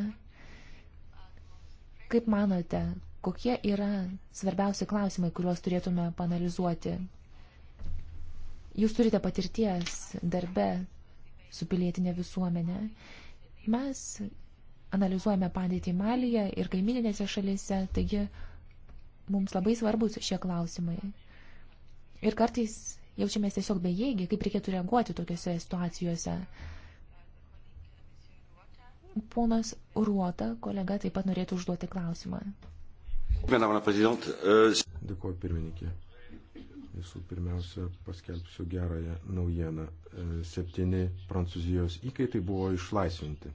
Kaip manote, kokie yra svarbiausi klausimai, kuriuos turėtume panalizuoti? Jūs turite patirties darbe su pilietinė visuomenė. Mes analizuojame padėtį Malyje ir kaimininėse šalyse, taigi mums labai svarbus šie klausimai. Ir kartais jaučiamės tiesiog bejėgiai, kaip reikėtų reaguoti tokiuose situacijose. Ponas Ruota, kolega, taip pat norėtų užduoti klausimą. Euh, Dėkuoju, pirmininkė. Visų pirmiausia, paskelbsiu gerąją naujieną. E, septyni Prancūzijos įkaitai buvo išlaisvinti.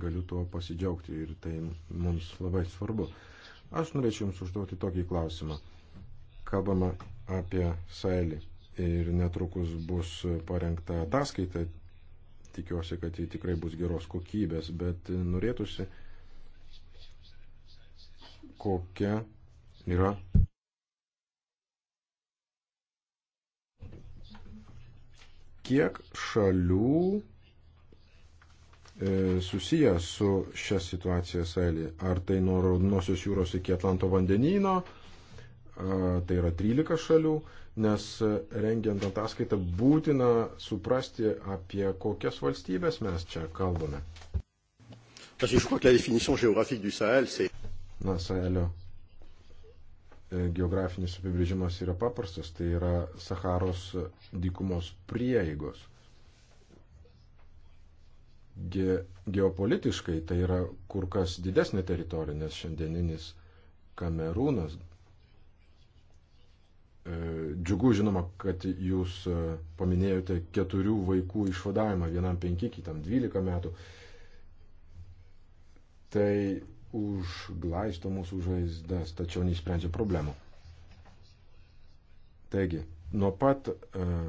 Galiu tuo pasidžiaugti ir tai mums labai svarbu. Aš norėčiau Jums užduoti tokį klausimą. Kalbama apie Saelį ir netrukus bus parengta ataskaita. Tikiuosi, kad ji tikrai bus geros kokybės, bet norėtųsi, kokia yra kiek šalių E, susiję su šią situaciją Sahelį. Ar tai nuo Raudonosios jūros iki Atlanto vandenyno, tai yra 13 šalių, nes e, rengiant ataskaitą būtina suprasti, apie kokias valstybės mes čia kalbame. Na, Sahelio e, geografinis apibrėžimas yra paprastas, tai yra Saharos dykumos prieigos ge, geopolitiškai tai yra kur kas didesnė teritorija, nes šiandieninis Kamerūnas. E, džiugu žinoma, kad jūs e, paminėjote keturių vaikų išvadavimą, vienam penki, kitam dvylika metų. Tai užglaisto mūsų žaizdas, tačiau neįsprendžia problemų. Taigi, nuo pat uh, e,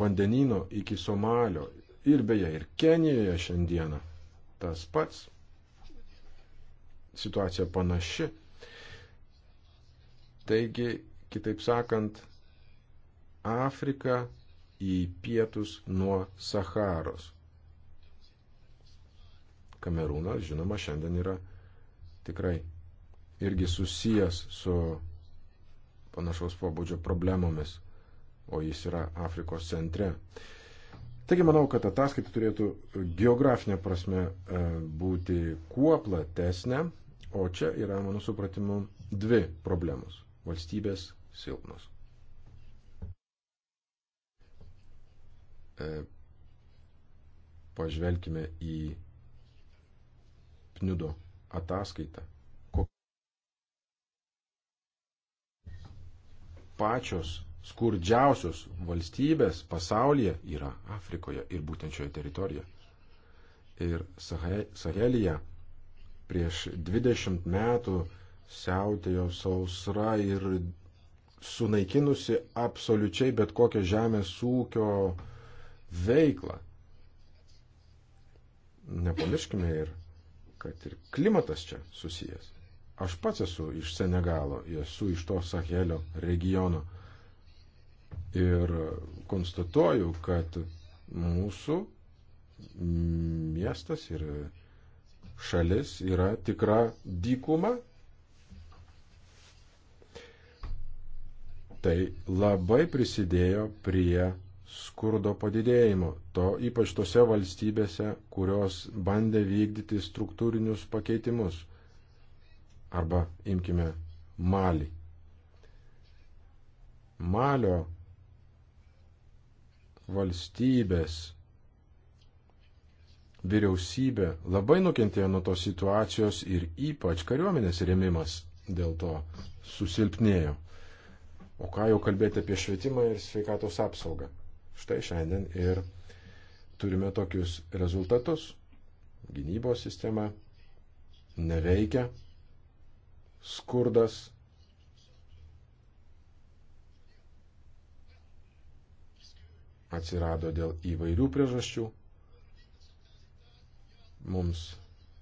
vandenino iki Somalio ir beje, ir Kenijoje šiandieną tas pats. Situacija panaši. Taigi, kitaip sakant, Afrika į pietus nuo Saharos. Kamerūnas, žinoma, šiandien yra tikrai irgi susijęs su panašaus pobūdžio problemomis, o jis yra Afrikos centre. Taigi manau, kad ataskaita turėtų geografinė prasme e, būti kuo platesnė, o čia yra, mano supratimu, dvi problemos - valstybės silpnos. E, pažvelkime į PNUDO ataskaitą. Pačios skurdžiausios valstybės pasaulyje yra Afrikoje ir būtent šioje teritorijoje. Ir Sahelija prieš 20 metų siautėjo sausra ir sunaikinusi absoliučiai bet kokią žemės ūkio veiklą. Nepamirškime ir, kad ir klimatas čia susijęs. Aš pats esu iš Senegalo, esu iš to Sahelio regiono. Ir konstatuoju, kad mūsų miestas ir šalis yra tikra dykuma. Tai labai prisidėjo prie skurdo padidėjimo, to ypač tose valstybėse, kurios bandė vykdyti struktūrinius pakeitimus. Arba imkime Mali. Malio valstybės, vyriausybė labai nukentėjo nuo tos situacijos ir ypač kariuomenės rėmimas dėl to susilpnėjo. O ką jau kalbėti apie švietimą ir sveikatos apsaugą. Štai šiandien ir turime tokius rezultatus. Gynybos sistema neveikia, skurdas atsirado dėl įvairių priežasčių. Mums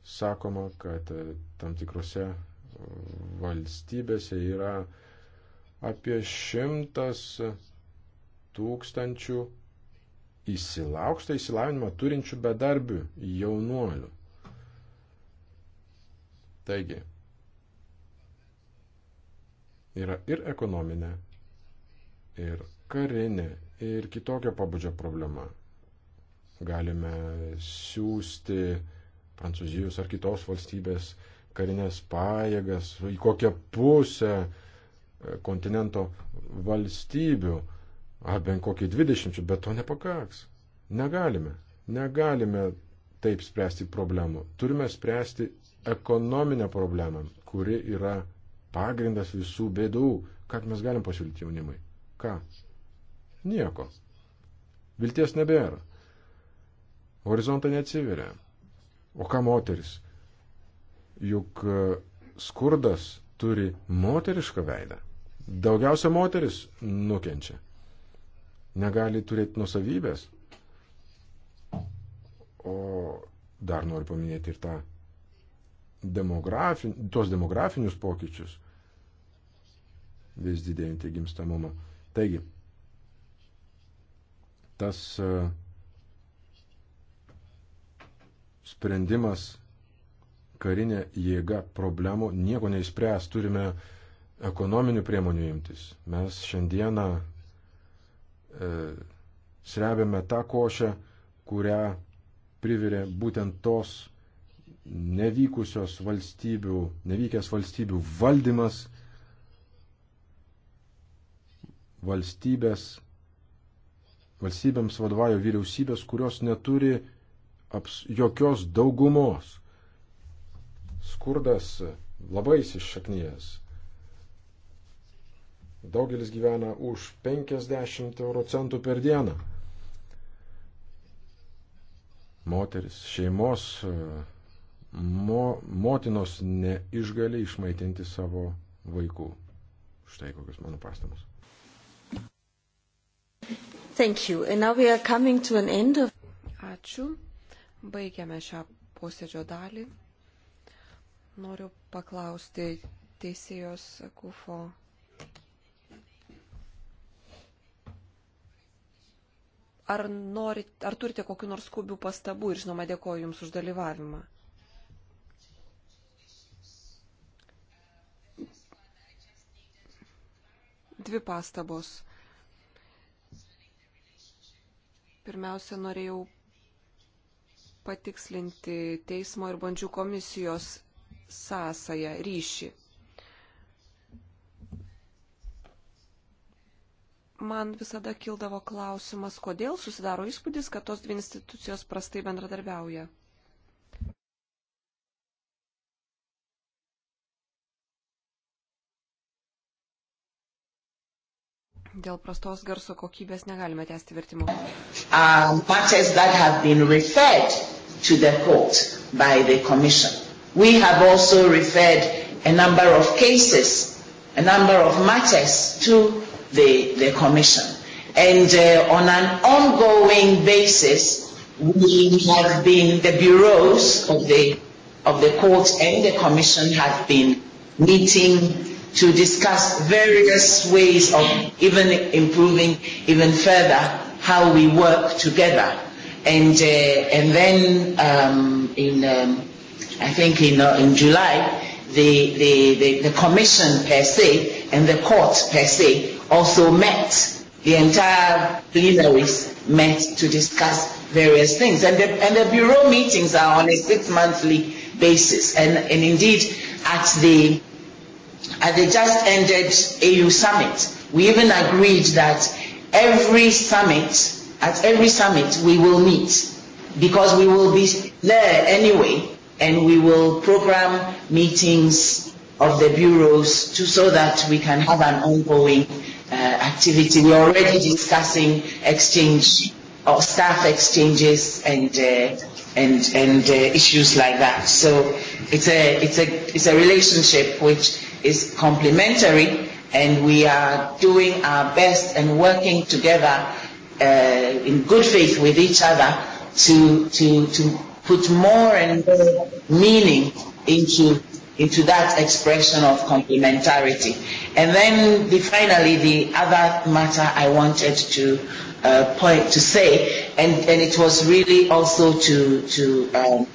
sakoma, kad e, tam tikrose e, valstybėse yra apie šimtas tūkstančių įsilaukštą įsilavinimą turinčių bedarbių jaunuolių. Taigi, yra ir ekonominė, ir karinė, ir kitokio pabudžio problema. Galime siūsti Prancūzijos ar kitos valstybės karinės pajėgas į kokią pusę e, kontinento valstybių, ar bent kokį 20, bet to nepakaks. Negalime. Negalime taip spręsti problemų. Turime spręsti ekonominę problemą, kuri yra pagrindas visų bėdų. Ką mes galim pasiūlyti jaunimui? Ką? Nieko. Vilties nebėra. Horizontai neatsiveria. O ką moteris? Juk e, skurdas turi moterišką veidą. Daugiausia moteris nukenčia. Negali turėti nusavybės. O dar noriu paminėti ir tą demografin, tuos demografinius pokyčius, vis didėjantį gimstamumą. Taigi, tas e, sprendimas karinė jėga problemų nieko neįspręs. Turime ekonominių priemonių imtis. Mes šiandieną e, srebėme tą košę, kurią privirė būtent tos nevykusios valstybių, nevykęs valstybių valdymas, valstybės valstybėms vadovauja vyriausybės, kurios neturi aps, jokios daugumos. Skurdas labai iššaknyjas. Daugelis gyvena už 50 euro centų per dieną. Moteris, šeimos, mo, motinos neišgali išmaitinti savo vaikų. Štai kokios mano pastamos. Thank you. And now we are coming to an end of... Ačiū. Baigiame šią posėdžio dalį. Noriu paklausti teisėjos Kufo. Ar, norit, ar turite kokiu nors skubių pastabų ir žinoma dėkoju Jums už dalyvavimą. Dvi pastabos. Pirmiausia, norėjau patikslinti teismo ir bandžių komisijos sąsąją, ryšį. man visada kildavo klausimas, kodėl susidaro įspūdis, kad tos dvi institucijos prastai bendradarbiauja. Dėl prastos garso kokybės negalime tęsti vertimo. Um, parties that have been referred to the court by the commission. We have also referred a number of cases, a number of matters to the, the commission. And uh, on an ongoing basis, we have been, the bureaus of the, of the court and the commission have been meeting to discuss various ways of even improving even further how we work together. And, uh, and then um, in, um, I think in, uh, in July, the, the, the, the commission per se and the court per se also met. The entire plenaries met to discuss various things. And the, and the bureau meetings are on a six monthly basis. And, and indeed, at the at the just ended AU summit, we even agreed that every summit, at every summit, we will meet because we will be there anyway and we will program meetings of the bureaus to, so that we can have an ongoing uh, activity. We're already discussing exchange or uh, staff exchanges and uh, and and uh, issues like that. So it's a it's a it's a relationship which is complementary and we are doing our best and working together uh, in good faith with each other to, to, to put more and more meaning into, into that expression of complementarity. And then the, finally, the other matter I wanted to uh, point to say, and, and it was really also to, to um,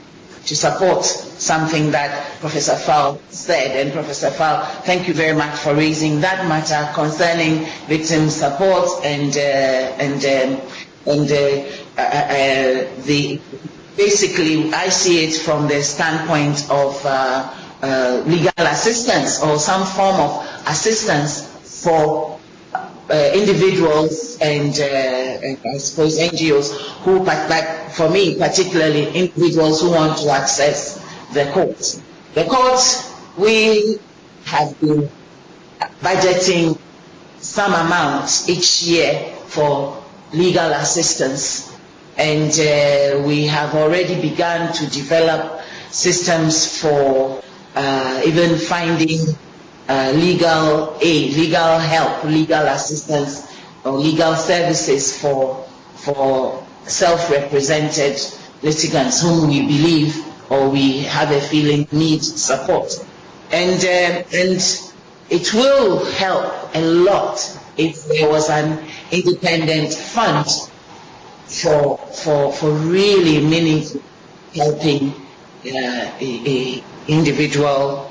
to support something that Professor Fowl said. And Professor Fowl, thank you very much for raising that matter concerning victim support and uh, and um, and uh, uh, uh, the basically I see it from the standpoint of uh, uh, legal assistance or some form of assistance for uh, individuals and, uh, and I suppose NGOs who, like for me particularly, individuals who want to access the courts. The courts, we have been budgeting some amount each year for legal assistance and uh, we have already begun to develop systems for uh, even finding uh, legal aid, legal help, legal assistance, or legal services for, for self-represented litigants whom we believe or we have a feeling need support. And, uh, and it will help a lot if there was an independent fund for, for, for really meaningful helping uh, a, a individual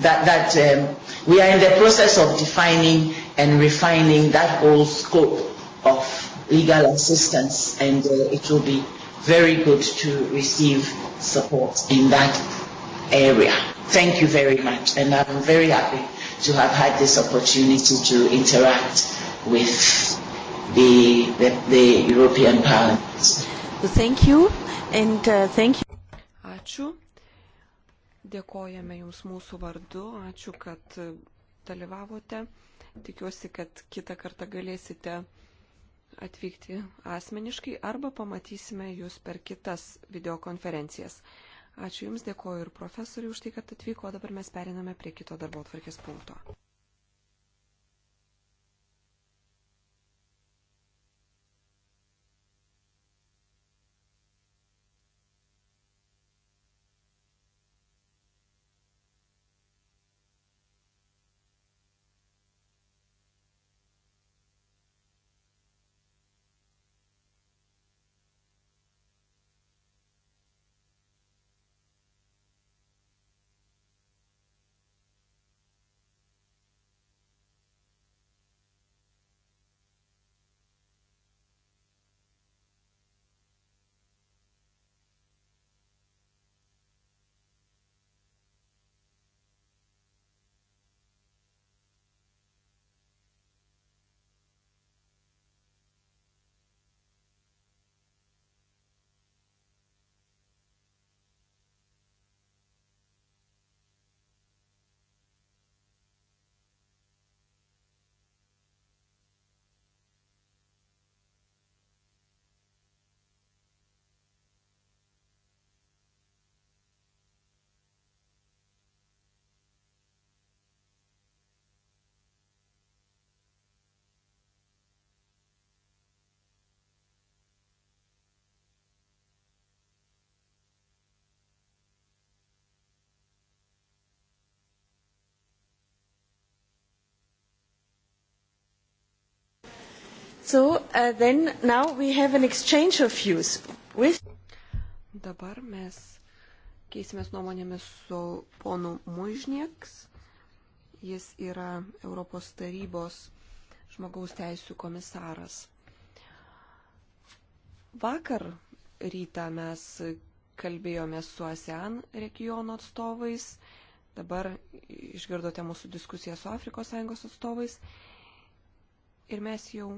that, that um, we are in the process of defining and refining that whole scope of legal assistance and uh, it will be very good to receive support in that area. Thank you very much and I'm very happy to have had this opportunity to interact with the, the, the European Parliament. Thank you and uh, thank you. Ačiū. Dėkojame Jums mūsų vardu, ačiū, kad dalyvavote. Tikiuosi, kad kitą kartą galėsite atvykti asmeniškai arba pamatysime Jūs per kitas videokonferencijas. Ačiū Jums, dėkoju ir profesoriui už tai, kad atvyko, o dabar mes periname prie kito darbo tvarkės punkto. So uh, then now we have an exchange of views with. Dabar mes keisimės nuomonėmis su ponu Mužnieks. Jis yra Europos tarybos žmogaus teisų komisaras. Vakar rytą mes kalbėjome su ASEAN regiono atstovais, dabar išgirdote mūsų diskusiją su Afrikos Sąjungos atstovais ir mes jau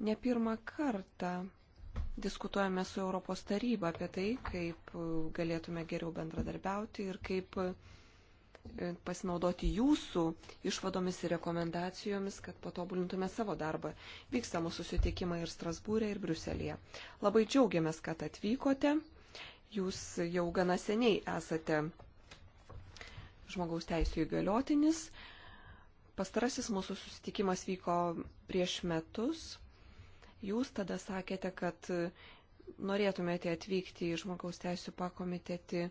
Ne pirmą kartą diskutuojame su Europos taryba apie tai, kaip e, galėtume geriau bendradarbiauti ir kaip e, pasinaudoti jūsų išvadomis ir rekomendacijomis, kad patobulintume savo darbą. Vyksta mūsų susitikimai ir Strasbūrė, ir Briuselėje. Labai džiaugiamės, kad atvykote. Jūs jau gana seniai esate žmogaus teisų įgaliotinis. Pastarasis mūsų susitikimas vyko prieš metus, Jūs tada sakėte, kad e, norėtumėte atvykti į žmogaus teisų pakomitetį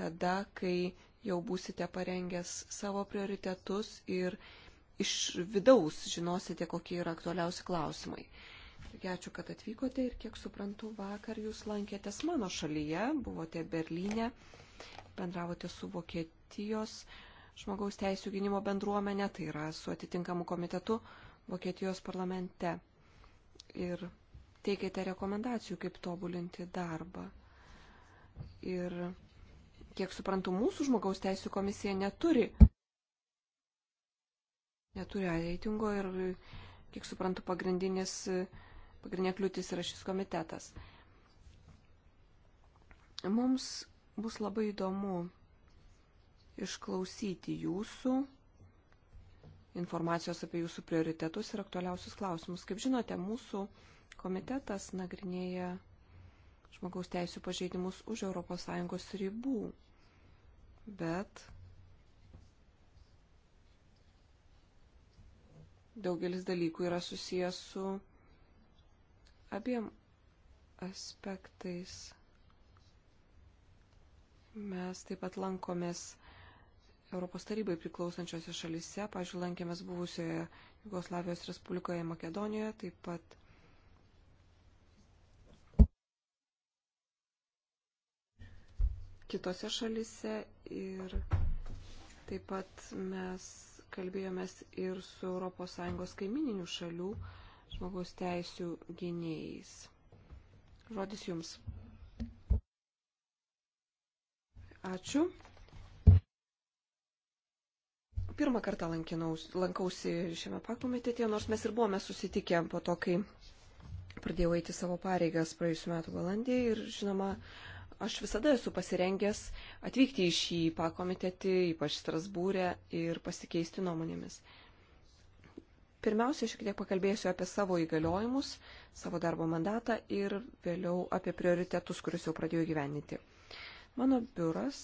tada, kai jau būsite parengęs savo prioritetus ir iš vidaus žinosite, kokie yra aktualiausi klausimai. Taigi ačiū, kad atvykote ir kiek suprantu, vakar jūs lankėtės mano šalyje, buvote Berlyne, bendravote su Vokietijos žmogaus teisų gynimo bendruomenė, tai yra su atitinkamu komitetu Vokietijos parlamente ir teikėte rekomendacijų, kaip tobulinti darbą. Ir kiek suprantu, mūsų žmogaus teisų komisija neturi, neturi reitingo ir, kiek suprantu, pagrindinis, pagrindinė kliūtis yra šis komitetas. Mums bus labai įdomu išklausyti jūsų informacijos apie jūsų prioritetus ir aktualiausius klausimus. Kaip žinote, mūsų komitetas nagrinėja žmogaus teisų pažeidimus už ES ribų, bet daugelis dalykų yra susijęs su abiem aspektais. Mes taip pat lankomės Europos tarybai priklausančiose šalise, pažiūrėjau, lankėmės buvusioje Jugoslavijos Respublikoje Makedonijoje, taip pat kitose šalise ir taip pat mes kalbėjomės ir su ES kaimininių šalių žmogaus teisų gynėjais. Žodis jums. Ačiū pirmą kartą lankinaus, lankausi šiame pakomitetėje, nors mes ir buvome susitikę po to, kai pradėjau eiti savo pareigas praėjusiu metu valandį ir, žinoma, aš visada esu pasirengęs atvykti į šį pakomitetį, ypač Strasbūrę, ir pasikeisti nuomonėmis. Pirmiausia, šiek tiek pakalbėsiu apie savo įgaliojimus, savo darbo mandatą ir vėliau apie prioritetus, kuriuos jau pradėjau gyveninti. Mano biuras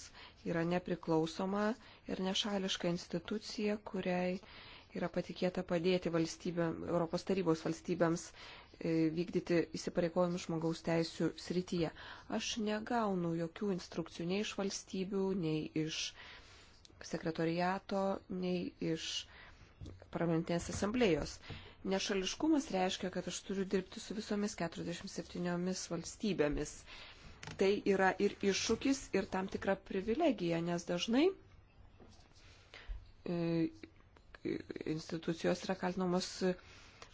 yra nepriklausoma ir nešališka institucija, kuriai yra patikėta padėti valstybėm, Europos tarybos valstybėms e, vykdyti įsipareigojimus žmogaus teisų srityje. Aš negaunu jokių instrukcijų nei iš valstybių, nei iš sekretoriato, nei iš parlamentinės asamblėjos. Nešališkumas reiškia, kad aš turiu dirbti su visomis 47 valstybėmis tai yra ir iššūkis, ir tam tikra privilegija, nes dažnai e, institucijos yra kaltinamos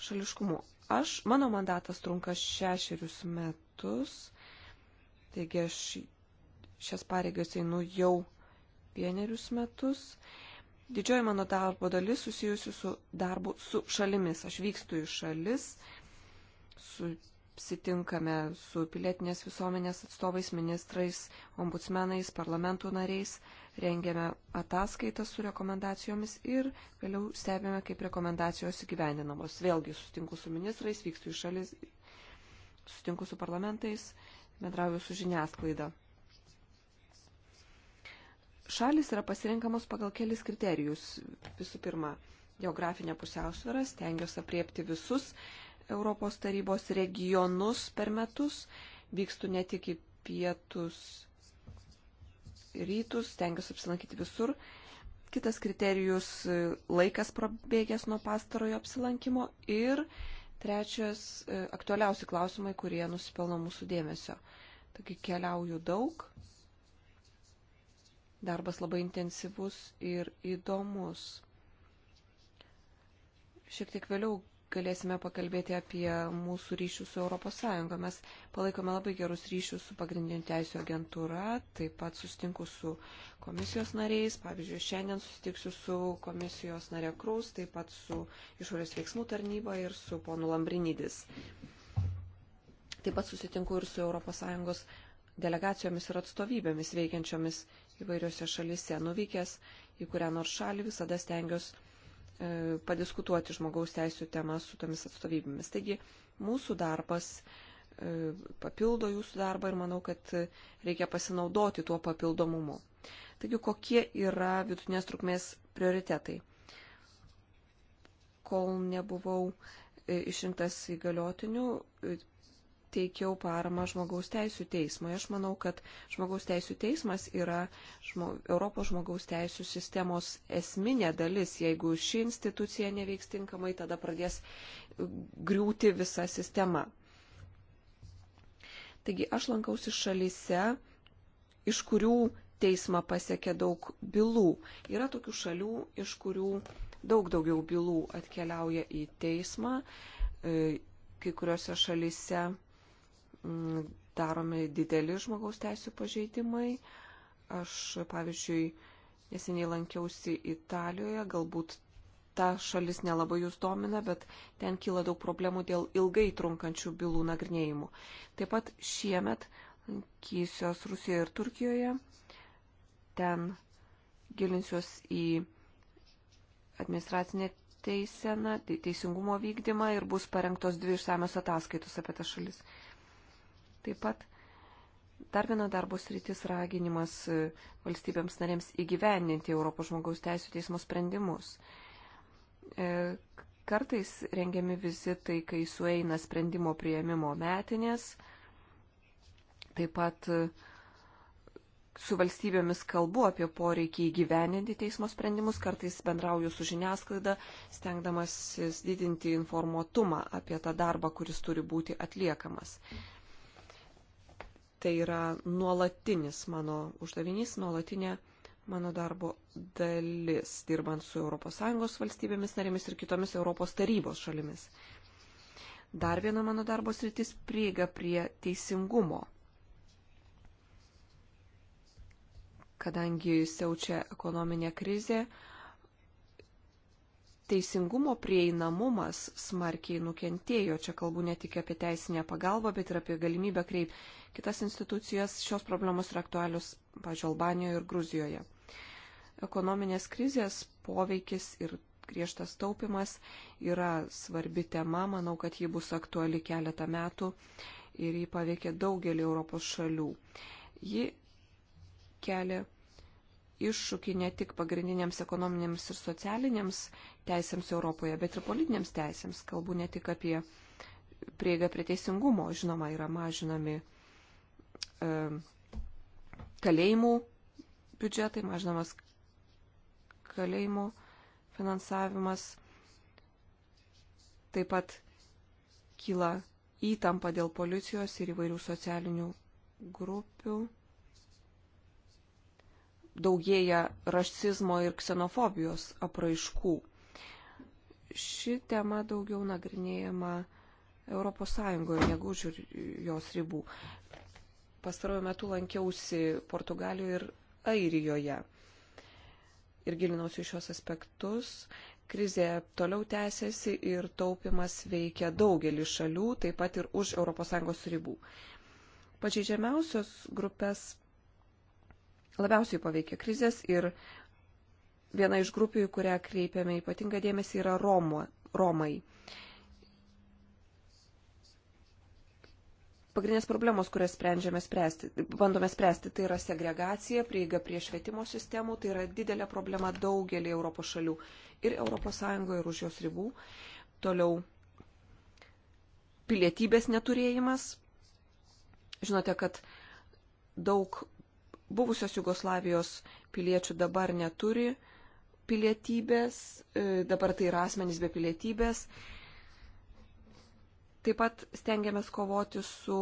šališkumu. Aš, mano mandatas trunka šešerius metus, taigi aš šias pareigas einu jau vienerius metus. Didžioji mano darbo dalis susijusi su darbu su šalimis. Aš vykstu į šalis, su apsitinkame su pilietinės visuomenės atstovais, ministrais, ombudsmenais, parlamentų nariais, rengiame ataskaitas su rekomendacijomis ir vėliau stebime, kaip rekomendacijos įgyvendinamos. Vėlgi sutinku su ministrais, vykstu į šalis, sutinku su parlamentais, bendrauju su žiniasklaida. Šalis yra pasirinkamos pagal kelis kriterijus. Visų pirma, geografinė pusiausvėra, stengiuosi apriepti visus Europos tarybos regionus per metus, vykstu ne tik į pietus rytus, stengiuosi apsilankyti visur. Kitas kriterijus - laikas prabėgęs nuo pastarojo apsilankimo. Ir trečias e, - aktualiausi klausimai, kurie nusipelno mūsų dėmesio. Taigi keliauju daug, darbas labai intensyvus ir įdomus. Šiek tiek vėliau galėsime pakalbėti apie mūsų ryšius su ES. Mes palaikome labai gerus ryšius su pagrindinių teisų agentūra, taip pat sustinku su komisijos nariais, pavyzdžiui, šiandien susitiksiu su komisijos narė Krūs, taip pat su išorės veiksmų tarnyba ir su ponu Lambrinidis. Taip pat susitinku ir su ES delegacijomis ir atstovybėmis veikiančiomis įvairiose šalyse. Nuvykęs į kurią nors šalį visada stengiuosi E, padiskutuoti žmogaus teisų temą su tomis atstovybėmis. Taigi mūsų darbas e, papildo jūsų darbą ir manau, kad reikia pasinaudoti tuo papildomumu. Taigi kokie yra vidutinės trukmės prioritetai? Kol nebuvau e, išrinktas įgaliotiniu, teikiau paramą žmogaus teisų teismui. Aš manau, kad žmogaus teisų teismas yra žmo, Europos žmogaus teisų sistemos esminė dalis. Jeigu ši institucija neveiks tinkamai, tada pradės griūti visa sistema. Taigi aš lankausi šalise, iš kurių teismą pasiekia daug bylų. Yra tokių šalių, iš kurių daug daugiau bylų atkeliauja į teismą. E, kai kuriuose šalise daromi dideli žmogaus teisų pažeidimai. Aš, pavyzdžiui, neseniai lankiausi Italijoje, galbūt ta šalis nelabai jūs domina, bet ten kyla daug problemų dėl ilgai trunkančių bylų nagrinėjimų. Taip pat šiemet lankysiuos Rusijoje ir Turkijoje. Ten gilinsiuos į administracinę teiseną, teisingumo vykdymą ir bus parengtos dvi išsamios ataskaitos apie tas šalis. Taip pat dar viena darbo sritis raginimas e, valstybėms narėms įgyvendinti Europos žmogaus teisų teismo sprendimus. E, kartais rengiami vizitai, kai sueina sprendimo prieimimo metinės. Taip pat e, su valstybėmis kalbu apie poreikį įgyveninti teismo sprendimus, kartais bendrauju su žiniasklaida, stengdamasis didinti informuotumą apie tą darbą, kuris turi būti atliekamas. Tai yra nuolatinis mano uždavinys, nuolatinė mano darbo dalis, dirbant su ES valstybėmis narėmis ir kitomis Europos tarybos šalimis. Dar viena mano darbo sritis - prieiga prie teisingumo. Kadangi siaučia ekonominė krizė, teisingumo prieinamumas smarkiai nukentėjo. Čia kalbu ne tik apie teisinę pagalbą, bet ir apie galimybę kreipti kitas institucijas. Šios problemos yra aktualios, pažiūrėjau, Albanijoje ir Gruzijoje. Ekonominės krizės poveikis ir griežtas taupimas yra svarbi tema. Manau, kad ji bus aktuali keletą metų ir jį paveikė daugelį Europos šalių. Ji kelia iššūkį ne tik pagrindinėms ekonominėms ir socialinėms teisėms Europoje, bet ir politinėms teisėms. Kalbu ne tik apie prieigą prie teisingumo, žinoma, yra mažinami e, kalėjimų biudžetai, mažinamas kalėjimų finansavimas. Taip pat kyla įtampa dėl policijos ir įvairių socialinių grupių daugėja rasizmo ir ksenofobijos apraiškų. Ši tema daugiau nagrinėjama ES negu už jos ribų. Pastaruoju metu lankiausi Portugalijoje ir Airijoje ir gilinausi šios aspektus. Krizė toliau tęsiasi ir taupimas veikia daugelį šalių, taip pat ir už ES ribų. Pažeidžiamiausios grupės labiausiai paveikė krizės ir viena iš grupių, į kurią kreipiame ypatingą dėmesį, yra Romo, Romai. Pagrindinės problemos, kurias sprendžiame spręsti, bandome spręsti, tai yra segregacija, prieiga prie švietimo sistemų, tai yra didelė problema daugelį Europos šalių ir ES ir už jos ribų. Toliau pilietybės neturėjimas. Žinote, kad daug buvusios Jugoslavijos piliečių dabar neturi pilietybės, e, dabar tai yra asmenys be pilietybės. Taip pat stengiamės kovoti su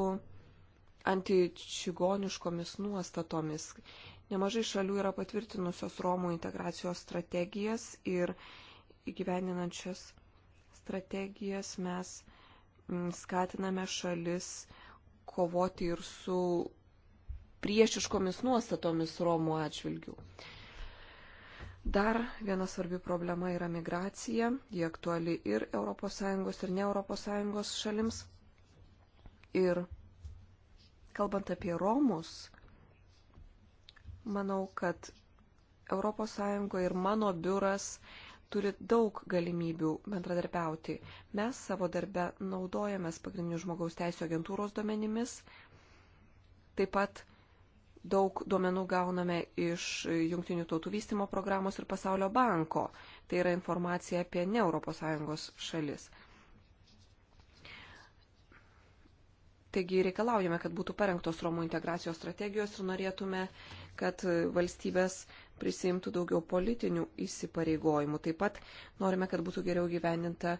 antičigoniškomis nuostatomis. Nemažai šalių yra patvirtinusios Romų integracijos strategijas ir įgyveninančias strategijas mes mm, skatiname šalis kovoti ir su priešiškomis nuostatomis Romų atžvilgių. Dar viena svarbi problema yra migracija, ji aktuali ir ES ir ne ES šalims. Ir kalbant apie Romus, manau, kad ES ir mano biuras turi daug galimybių bendradarbiauti. Mes savo darbe naudojame pagrindinių žmogaus teisų agentūros duomenimis, taip pat Daug duomenų gauname iš Junktinių tautų vystimo programos ir Pasaulio banko. Tai yra informacija apie ne ES šalis. Taigi reikalaujame, kad būtų parengtos Romų integracijos strategijos ir norėtume, kad valstybės prisimtų daugiau politinių įsipareigojimų. Taip pat norime, kad būtų geriau gyveninta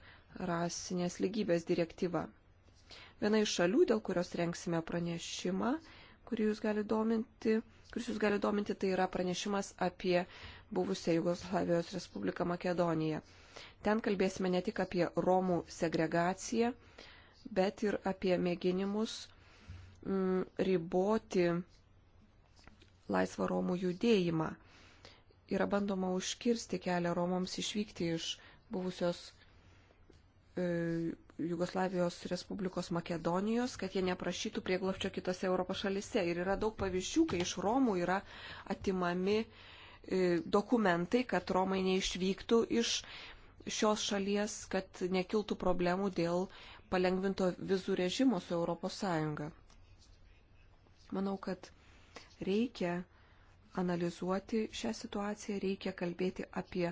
rasinės lygybės direktyva. Viena iš šalių, dėl kurios rengsime pranešimą, kurį jūs gali dominti, kuris jūs gali dominti, tai yra pranešimas apie buvusią Jugoslavijos Respubliką Makedoniją. Ten kalbėsime ne tik apie Romų segregaciją, bet ir apie mėginimus m, mm, riboti laisvą Romų judėjimą. Yra bandoma užkirsti kelią Romams išvykti iš buvusios E, Jugoslavijos Respublikos Makedonijos, kad jie neprašytų prieglopčio kitose Europos šalise. Ir yra daug pavyzdžių, kai iš Romų yra atimami e, dokumentai, kad Romai neišvyktų iš šios šalies, kad nekiltų problemų dėl palengvinto vizų režimo su Europos Sąjunga. Manau, kad reikia analizuoti šią situaciją, reikia kalbėti apie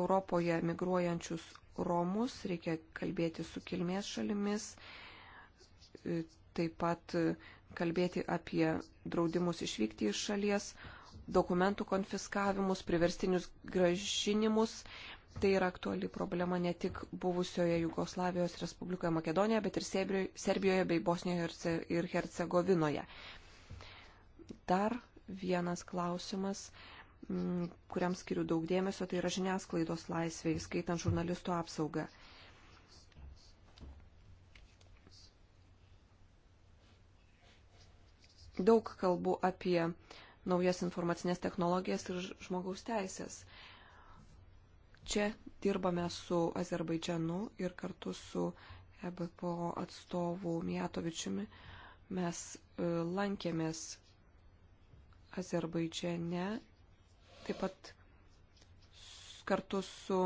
Europoje migruojančius Romus, reikia kalbėti su kilmės šalimis, e, taip pat kalbėti apie draudimus išvykti iš šalies, dokumentų konfiskavimus, priverstinius gražinimus. Tai yra aktuali problema ne tik buvusioje Jugoslavijos Respublikoje Makedonijoje, bet ir Serbijoje bei Bosnijoje ir Hercegovinoje. Dar vienas klausimas Mm, kuriam skiriu daug dėmesio, tai yra žiniasklaidos laisvė, skaitant žurnalistų apsaugą. Daug kalbu apie naujas informacinės technologijas ir žmogaus teisės. Čia dirbame su Azerbaidžianu ir kartu su EBPO atstovu Mijatovičiumi. Mes e, lankėmės Azerbaidžiane taip pat kartu su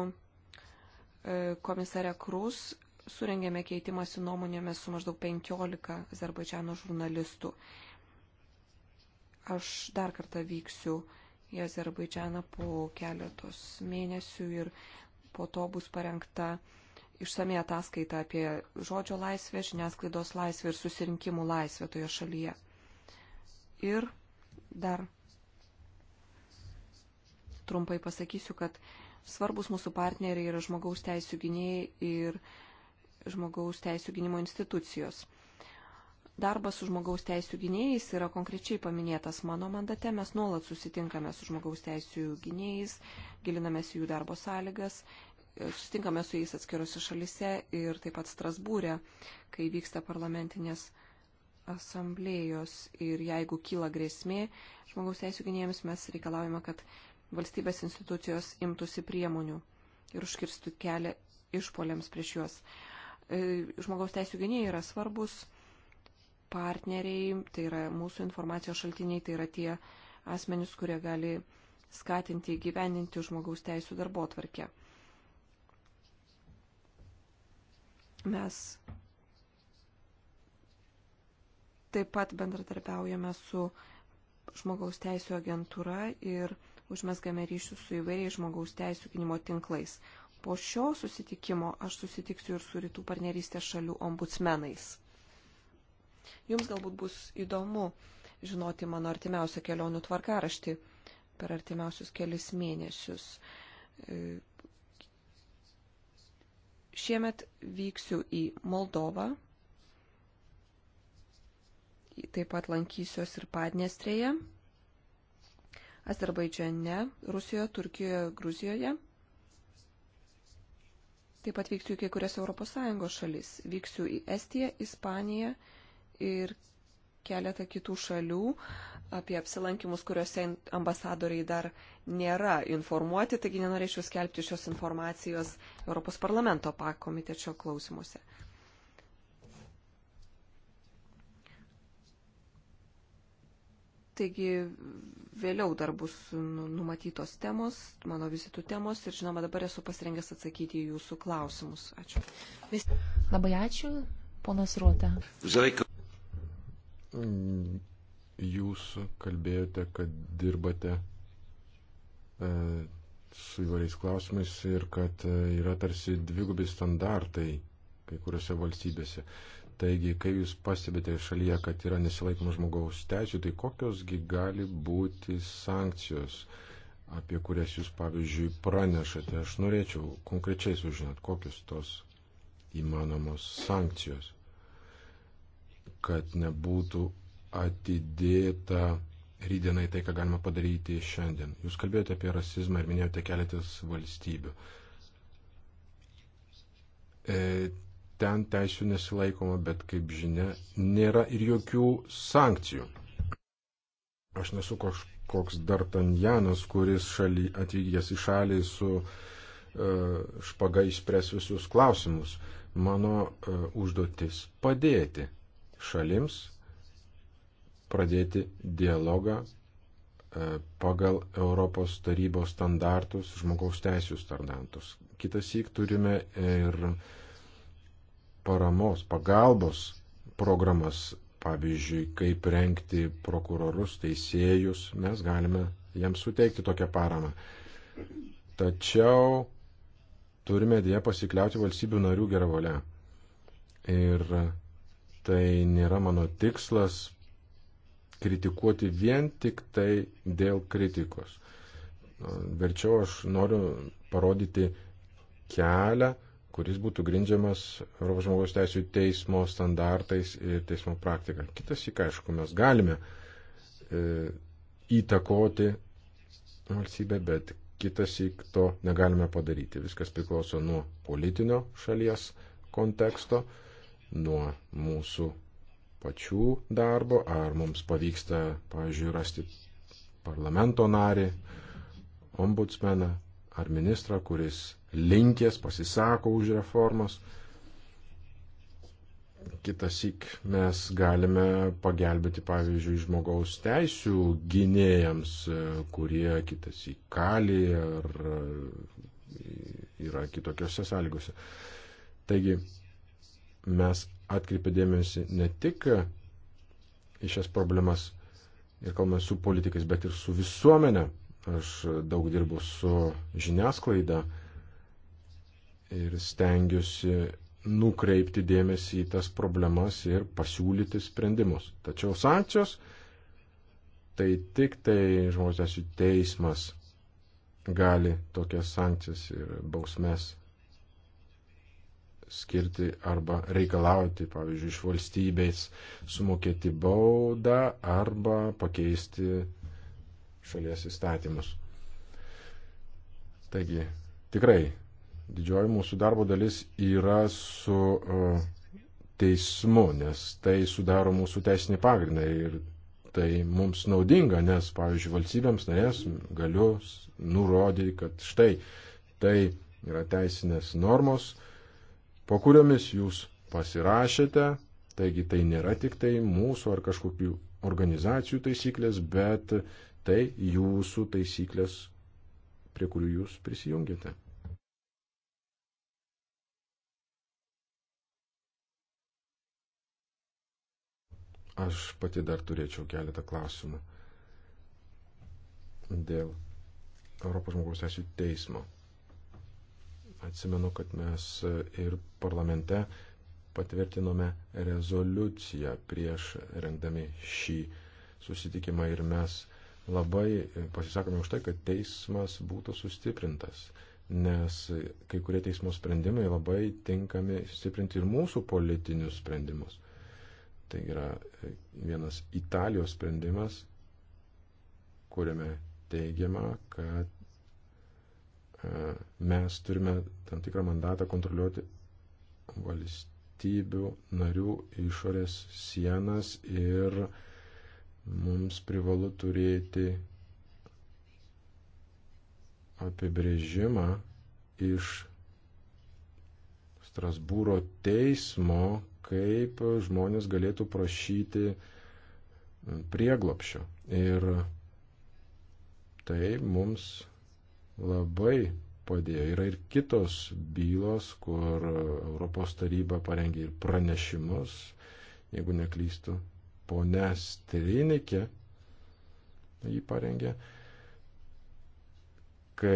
e, komisare Krus surengėme keitimąsi nuomonėmis su maždaug 15 Azerbaidžiano žurnalistų. Aš dar kartą vyksiu į Azerbaidžianą po keletos mėnesių ir po to bus parengta išsamei ataskaita apie žodžio laisvę, žiniasklaidos laisvę ir susirinkimų laisvę toje šalyje. Ir dar trumpai pasakysiu, kad svarbus mūsų partneriai yra žmogaus teisų gynėjai ir žmogaus teisų gynimo institucijos. Darbas su žmogaus teisų gynėjais yra konkrečiai paminėtas mano mandate. Mes nuolat susitinkame su žmogaus teisų gynėjais, gilinamės jų darbo sąlygas, susitinkame su jais atskirose šalise ir taip pat Strasbūrė, kai vyksta parlamentinės asamblėjos ir jeigu kyla grėsmė žmogaus teisų gynėjams, mes reikalavime, kad valstybės institucijos imtųsi priemonių ir užkirstų kelią išpoliams prieš juos. E, žmogaus teisų gynėjai yra svarbus partneriai, tai yra mūsų informacijos šaltiniai, tai yra tie asmenys, kurie gali skatinti įgyvendinti žmogaus teisų darbo tvarkę. Mes taip pat bendratarpiaujame su žmogaus teisų agentūra ir užmesgame ryšius su įvairiais žmogaus teisų gynimo tinklais. Po šio susitikimo aš susitiksiu ir su rytų partnerystės šalių ombudsmenais. Jums galbūt bus įdomu žinoti mano artimiausią kelionių tvarkaraštį per artimiausius kelis mėnesius. Šiemet vyksiu į Moldovą, taip pat lankysiuos ir Padnestrėje. Azerbaidžiane, Rusijoje, Turkijoje, Gruzijoje. Taip pat vyksiu į kai kurias ES šalis. Vyksiu į Estiją, Ispaniją ir keletą kitų šalių apie apsilankimus, kuriuose ambasadoriai dar nėra informuoti, taigi nenorėčiau skelbti šios informacijos Europos parlamento pakomitečio klausimuose. Taigi vėliau dar bus nu, numatytos temos, mano vizitų temos ir žinoma dabar esu pasirengęs atsakyti į jūsų klausimus. Ačiū. Vis... Labai ačiū, ponas Ruota. Jūs kalbėjote, kad dirbate e, su įvairiais klausimais ir kad e, yra tarsi dvigubi standartai kai kuriuose valstybėse. E, Taigi, kai jūs pastebite šalyje, kad yra nesilaikoma žmogaus teisų, tai kokiosgi gali būti sankcijos, apie kurias jūs, pavyzdžiui, pranešate? Aš norėčiau konkrečiai sužinot, kokios tos įmanomos sankcijos, kad nebūtų atidėta rydienai tai, ką galima padaryti šiandien. Jūs kalbėjote apie rasizmą ir minėjote keletas valstybių. E, ten teisų nesilaikoma, bet kaip žinia, nėra ir jokių sankcijų. Aš nesu koks Dartanjanas, kuris šaly, atvykęs į šalį su uh, špaga išspręs visus klausimus. Mano uh, užduotis padėti šalims pradėti dialogą e, pagal Europos tarybos standartus, žmogaus teisų standartus. Kitas įk turime ir paramos, pagalbos programas, pavyzdžiui, kaip renkti prokurorus, teisėjus, mes galime jiems suteikti tokią paramą. Tačiau turime dėja pasikliauti valstybių narių gerą valią. Ir tai nėra mano tikslas kritikuoti vien tik tai dėl kritikos. Verčiau aš noriu parodyti kelią, kuris būtų grindžiamas Europos žmogaus teisų teismo standartais ir teismo praktika. Kitas įk, aišku, mes galime e, įtakoti valstybę, bet kitas įk to negalime padaryti. Viskas priklauso nuo politinio šalies konteksto, nuo mūsų pačių darbo, ar mums pavyksta, pavyzdžiui, rasti parlamento narį, ombudsmeną, ar ministrą, kuris linkės, pasisako už reformas. Kitas įk mes galime pagelbėti, pavyzdžiui, žmogaus teisų gynėjams, kurie kitas įk kali ar yra kitokiose sąlygose. Taigi mes atkreipė dėmesį ne tik į šias problemas ir kalbame su politikais, bet ir su visuomenė Aš daug dirbu su žiniasklaida ir stengiuosi nukreipti dėmesį į tas problemas ir pasiūlyti sprendimus. Tačiau sankcijos tai tik tai žmogaus teisų teismas gali tokias sankcijas ir bausmes skirti arba reikalauti, pavyzdžiui, iš valstybės sumokėti baudą arba pakeisti šalies įstatymus. Taigi, tikrai didžioji mūsų darbo dalis yra su e, teismu, nes tai sudaro mūsų teisinį pagrindą ir tai mums naudinga, nes, pavyzdžiui, valstybėms narės galiu nurodyti, kad štai tai yra teisinės normos, po kuriomis jūs pasirašėte, taigi tai nėra tik tai mūsų ar kažkokių organizacijų taisyklės, bet tai jūsų taisyklės, prie kurių jūs prisijungiate. Aš pati dar turėčiau keletą klausimų dėl Europos žmogaus teisų teismo. Atsimenu, kad mes ir parlamente patvirtinome rezoliuciją prieš rengdami šį susitikimą ir mes labai pasisakome už tai, kad teismas būtų sustiprintas, nes kai kurie teismo sprendimai labai tinkami stiprinti ir mūsų politinius sprendimus. Tai yra e, vienas Italijos sprendimas, kuriame teigiama, kad e, mes turime tam tikrą mandatą kontroliuoti valstybių narių išorės sienas ir uh, mums privalu turėti apibrėžimą iš Strasbūro teismo, kaip žmonės galėtų prašyti prieglopšio. Ir tai mums labai padėjo. Yra ir kitos bylos, kur Europos taryba parengė ir pranešimus, jeigu neklystu, ponia Strinikė jį parengė, kai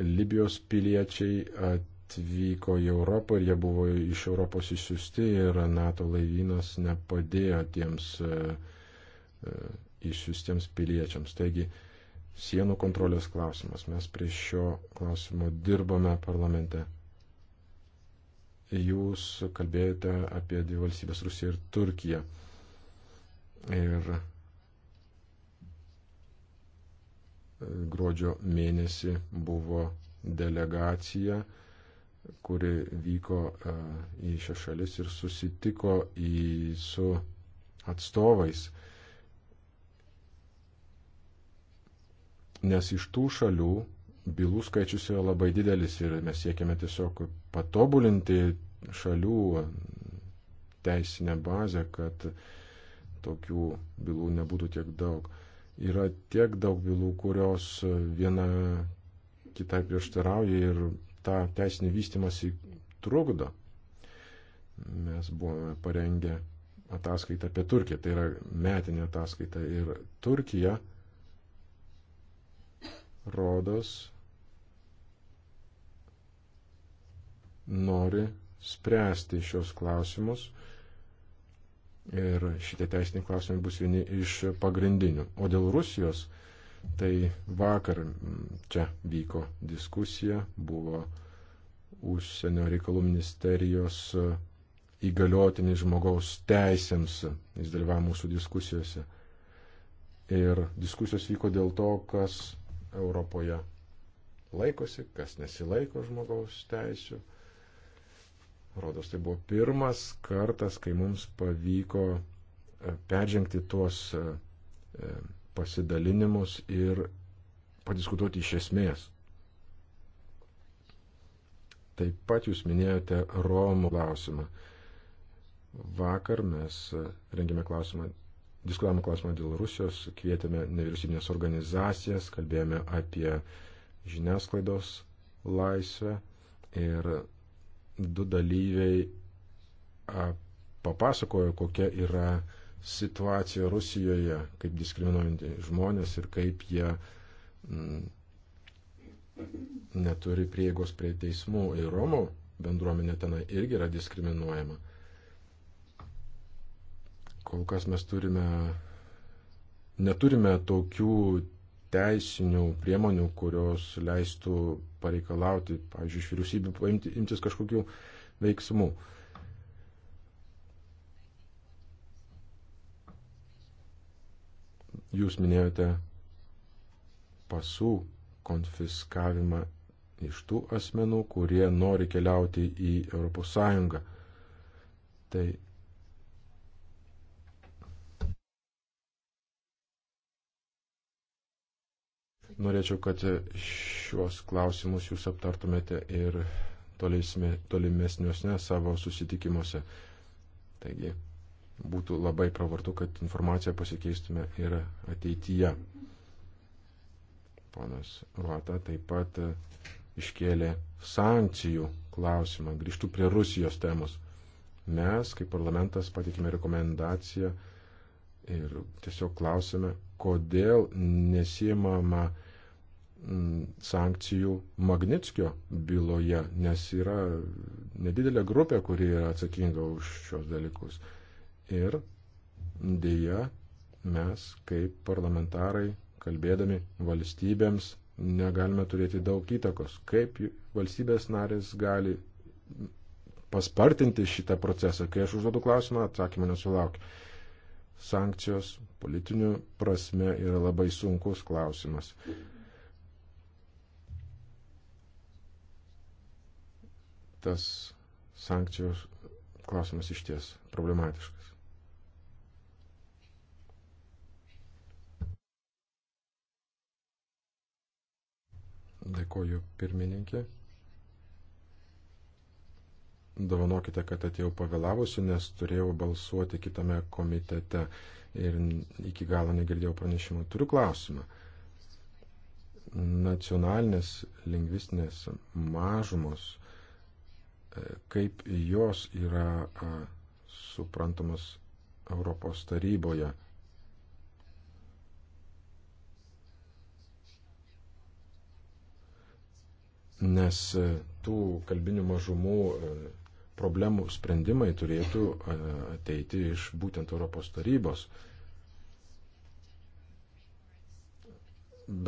Libijos piliečiai atvyko į Europą ir jie buvo iš Europos išsiusti ir NATO laivynas nepadėjo tiems e, e, išsiustiems piliečiams. Taigi, sienų kontrolės klausimas. Mes prie šio klausimo dirbame parlamente jūs kalbėjote apie dvi valstybės Rusiją ir Turkiją. Ir gruodžio mėnesį buvo delegacija, kuri vyko e, į šią šalis ir susitiko į, su atstovais. Nes iš tų šalių bylų skaičius yra labai didelis ir mes siekiame tiesiog patobulinti šalių teisinę bazę, kad tokių bylų nebūtų tiek daug. Yra tiek daug bylų, kurios viena kitai prieštarauja ir tą teisinį vystimąsi trukdo. Mes buvome parengę ataskaitą apie Turkiją, tai yra metinė ataskaita ir Turkija rodos nori spręsti šios klausimus. Ir šitie teisiniai klausimai bus vieni iš pagrindinių. O dėl Rusijos, tai vakar mm, čia vyko diskusija, buvo užsienio reikalų ministerijos e, įgaliotinis žmogaus teisėms, jis dalyvavo mūsų diskusijose. Ir diskusijos vyko dėl to, kas Europoje laikosi, kas nesilaiko žmogaus teisų. Rodos, tai buvo pirmas kartas, kai mums pavyko e, peržengti tuos e, e, pasidalinimus ir padiskutuoti iš esmės. Taip pat jūs minėjote Romų klausimą. Vakar mes rengėme klausimą, diskutavome klausimą dėl Rusijos, kvietėme nevyriausybinės organizacijas, kalbėjome apie žiniasklaidos laisvę ir du dalyviai papasakojo, kokia yra situacija Rusijoje, kaip diskriminuojantį žmonės ir kaip jie mm, neturi prieigos prie teismų. Ir Romų bendruomenė tenai irgi yra diskriminuojama. Kol kas mes turime, neturime tokių teisinių priemonių, kurios leistų pareikalauti, pavyzdžiui, iš vyriausybių paimti, imtis kažkokių veiksmų. Jūs minėjote pasų konfiskavimą iš tų asmenų, kurie nori keliauti į ES. Tai Norėčiau, kad šios klausimus jūs aptartumėte ir tolimesniuose savo susitikimuose. Taigi, būtų labai pravartu, kad informaciją pasikeistume ir ateityje. Ponas Ruota taip pat iškėlė sankcijų klausimą. Grįžtų prie Rusijos temos. Mes, kaip parlamentas, patikime rekomendaciją ir tiesiog klausime, kodėl nesimama Mm, sankcijų Magnitskio byloje, nes yra nedidelė grupė, kuri yra atsakinga už šios dalykus. Ir dėja, mes kaip parlamentarai, kalbėdami valstybėms, negalime turėti daug įtakos. Kaip valstybės narės gali paspartinti šitą procesą, kai aš užduodu klausimą, atsakymą nesulaukiu. Sankcijos politinių prasme yra labai sunkus klausimas. tas sankcijos klausimas iš ties problematiškas. Dėkoju pirmininkė. Dovanokite, kad atėjau pavėlavusiu, nes turėjau balsuoti kitame komitete ir iki galo negirdėjau pranešimo. Turiu klausimą. Nacionalinės lingvistinės mažumos kaip jos yra suprantamas Europos taryboje. Nes e, tų kalbinių mažumų e, problemų sprendimai turėtų ateiti iš būtent Europos tarybos.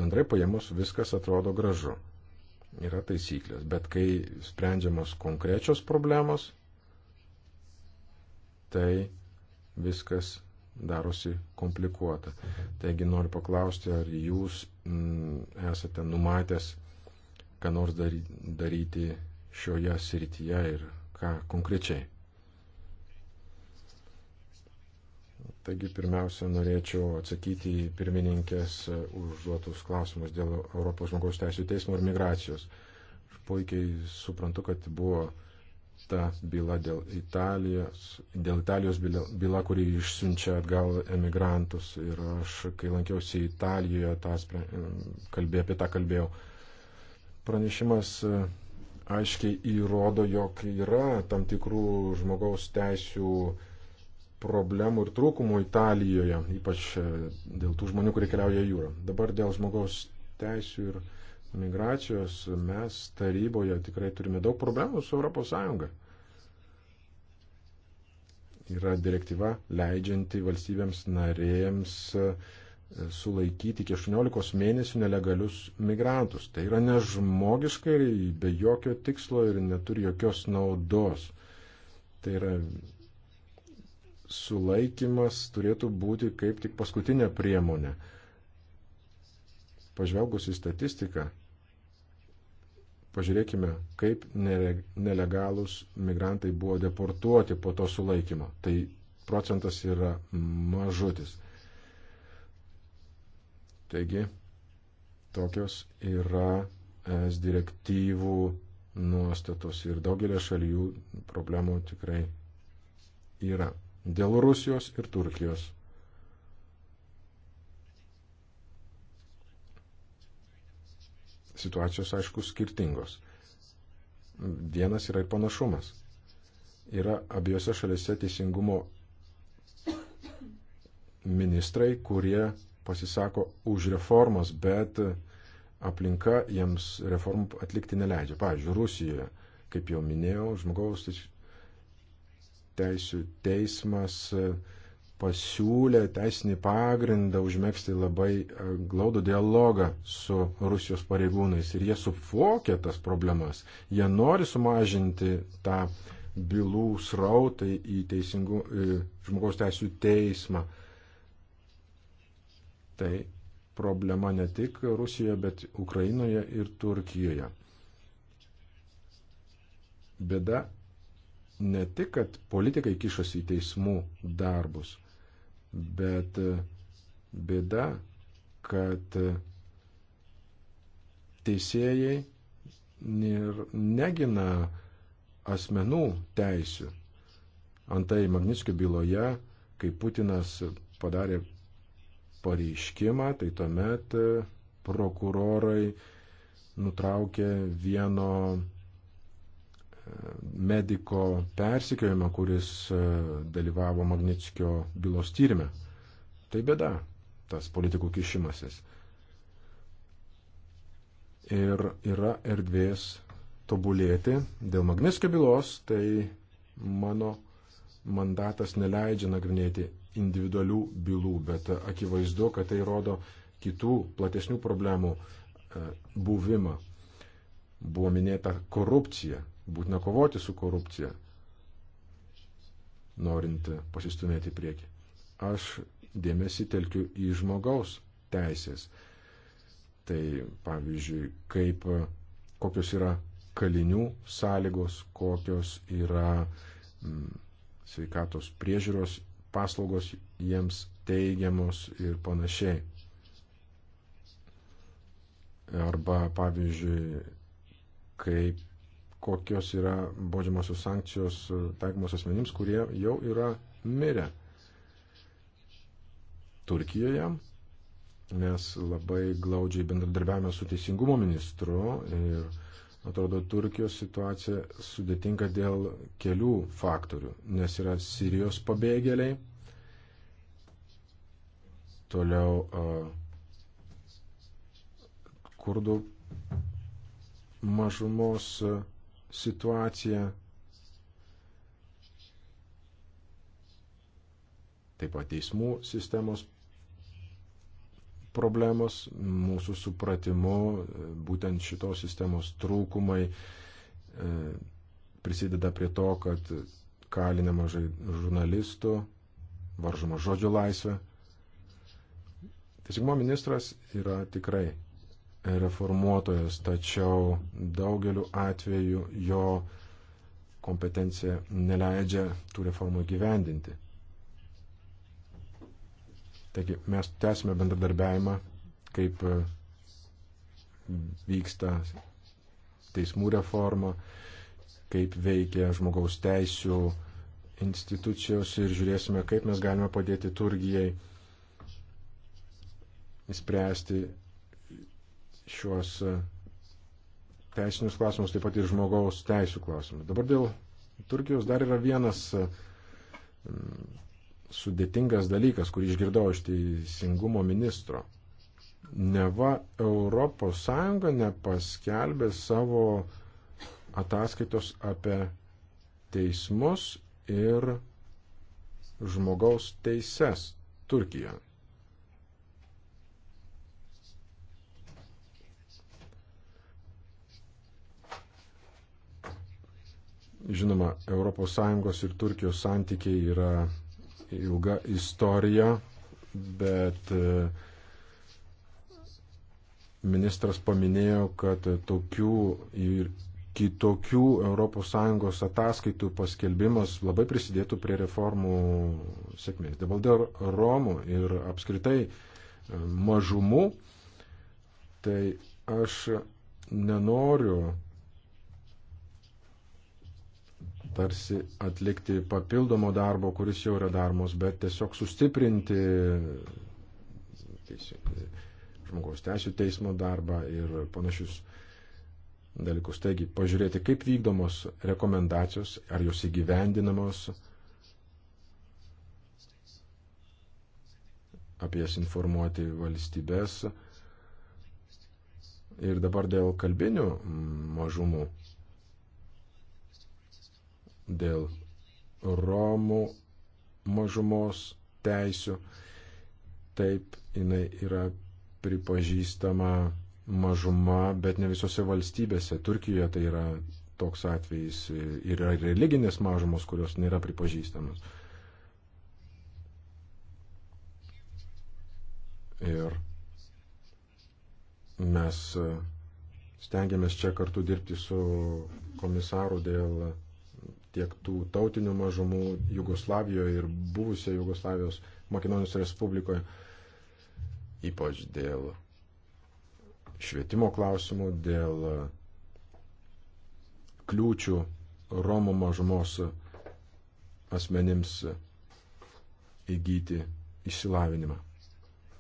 Bendrai paėmus viskas atrodo gražu yra taisyklės, bet kai sprendžiamos konkrečios problemos, tai viskas darosi komplikuota. Taigi noriu paklausti, ar jūs m, mm, esate numatęs, ką nors daryti šioje srityje ir ką konkrečiai. Taigi pirmiausia, norėčiau atsakyti į pirmininkės užduotus klausimus dėl Europos žmogaus teisų teismo ir migracijos. Aš puikiai suprantu, kad buvo ta byla dėl Italijos, dėl Italijos byla, byla kuri išsiunčia atgal emigrantus. Ir aš, kai lankiausi Italijoje, tą spre, kalbė, apie tą kalbėjau. Pranešimas e, aiškiai įrodo, jog yra tam tikrų žmogaus teisų problemų ir trūkumų Italijoje, ypač e, dėl tų žmonių, kurie keliauja jūrą. Dabar dėl žmogaus teisų ir migracijos mes taryboje tikrai turime daug problemų su ES. Yra direktyva leidžianti valstybėms narėjams e, sulaikyti iki 18 mėnesių nelegalius migrantus. Tai yra nežmogiškai, be jokio tikslo ir neturi jokios naudos. Tai yra sulaikimas turėtų būti kaip tik paskutinė priemonė. Pažvelgus į statistiką, pažiūrėkime, kaip nelegalūs migrantai buvo deportuoti po to sulaikymo. Tai procentas yra mažutis. Taigi, tokios yra es direktyvų nuostatos ir daugelio šalių problemų tikrai yra dėl Rusijos ir Turkijos. Situacijos, aišku, skirtingos. Vienas yra ir panašumas. Yra abiejose šalise teisingumo ministrai, kurie pasisako už reformas, bet aplinka jiems reformų atlikti neleidžia. Pavyzdžiui, Rusijoje, kaip jau minėjau, žmogaus teisų teismas e, pasiūlė teisinį pagrindą užmėgsti labai e, glaudų dialogą su Rusijos pareigūnais ir jie suvokia tas problemas. Jie nori sumažinti tą bylų srautą į teisingų, e, žmogaus teisų teismą. Tai problema ne tik Rusijoje, bet Ukrainoje ir Turkijoje. Bėda ne tik, kad politikai kišosi į teismų darbus, bet e, bėda, kad e, teisėjai negina asmenų teisių. Antai Magnitskio byloje, kai Putinas padarė pareiškimą, tai tuomet e, prokurorai nutraukė vieno mediko persikiojimą, kuris e, dalyvavo Magnitskio bylos tyrimė. Tai bėda, tas politikų kišimasis. Ir yra erdvės tobulėti. Dėl Magnitskio bylos, tai mano mandatas neleidžia nagrinėti individualių bylų, bet akivaizdu, kad tai rodo kitų platesnių problemų e, buvimą. Buvo minėta korupcija, Būtina kovoti su korupcija, norint pasistumėti į priekį. Aš dėmesį telkiu į žmogaus teisės. Tai pavyzdžiui, kaip, kokios yra kalinių sąlygos, kokios yra mm, sveikatos priežiūros paslaugos jiems teigiamos ir panašiai. Arba, pavyzdžiui, kaip kokios yra baudžiamosios sankcijos e, taikomos asmenims, kurie jau yra mirę Turkijoje. Mes labai glaudžiai bendradarbiavame su teisingumo ministru ir atrodo Turkijos situacija sudėtinga dėl kelių faktorių, nes yra Sirijos pabėgėliai, toliau e, kurdų mažumos e, situaciją. Taip pat teismų sistemos problemos, mūsų supratimu, būtent šitos sistemos trūkumai e, prisideda prie to, kad kalinė mažai žurnalistų, varžoma žodžio laisvė. Teisingumo ministras yra tikrai reformuotojas, tačiau daugeliu atveju jo kompetencija neleidžia tų reformų gyvendinti. Taigi mes tęsime bendradarbiavimą, kaip e, vyksta teismų reforma, kaip veikia žmogaus teisų institucijos ir žiūrėsime, kaip mes galime padėti Turgijai spręsti šiuos e, teisinius klausimus, taip pat ir žmogaus teisų klausimus. Dabar dėl Turkijos dar yra vienas e, sudėtingas dalykas, kurį išgirdau iš teisingumo ministro. Neva ES nepaskelbė savo ataskaitos apie teismus ir žmogaus teises Turkijoje. Žinoma, ES ir Turkijos santykiai yra ilga istorija, bet e, ministras paminėjo, kad tokių ir kitokių ES ataskaitų paskelbimas labai prisidėtų prie reformų sėkmės. Dabar dėl Romų ir apskritai e, mažumų, tai aš nenoriu tarsi atlikti papildomo darbo, kuris jau yra darbos, bet tiesiog sustiprinti teisė, žmogaus teisų teismo darbą ir panašius dalykus. Taigi, pažiūrėti, kaip vykdomos rekomendacijos, ar jos įgyvendinamos, apie jas informuoti valstybės. Ir dabar dėl kalbinių mm, mažumų dėl Romų mažumos teisių. Taip jinai yra pripažįstama mažuma, bet ne visose valstybėse. Turkijoje tai yra toks atvejis. Yra religinės mažumos, kurios nėra pripažįstamos. Ir mes e, stengiamės čia kartu dirbti su komisaru dėl tiek tų tautinių mažumų Jugoslavijoje ir buvusioje Jugoslavijos Makedonijos Respublikoje, ypač dėl švietimo klausimų, dėl kliūčių Romų mažumos asmenims įgyti išsilavinimą.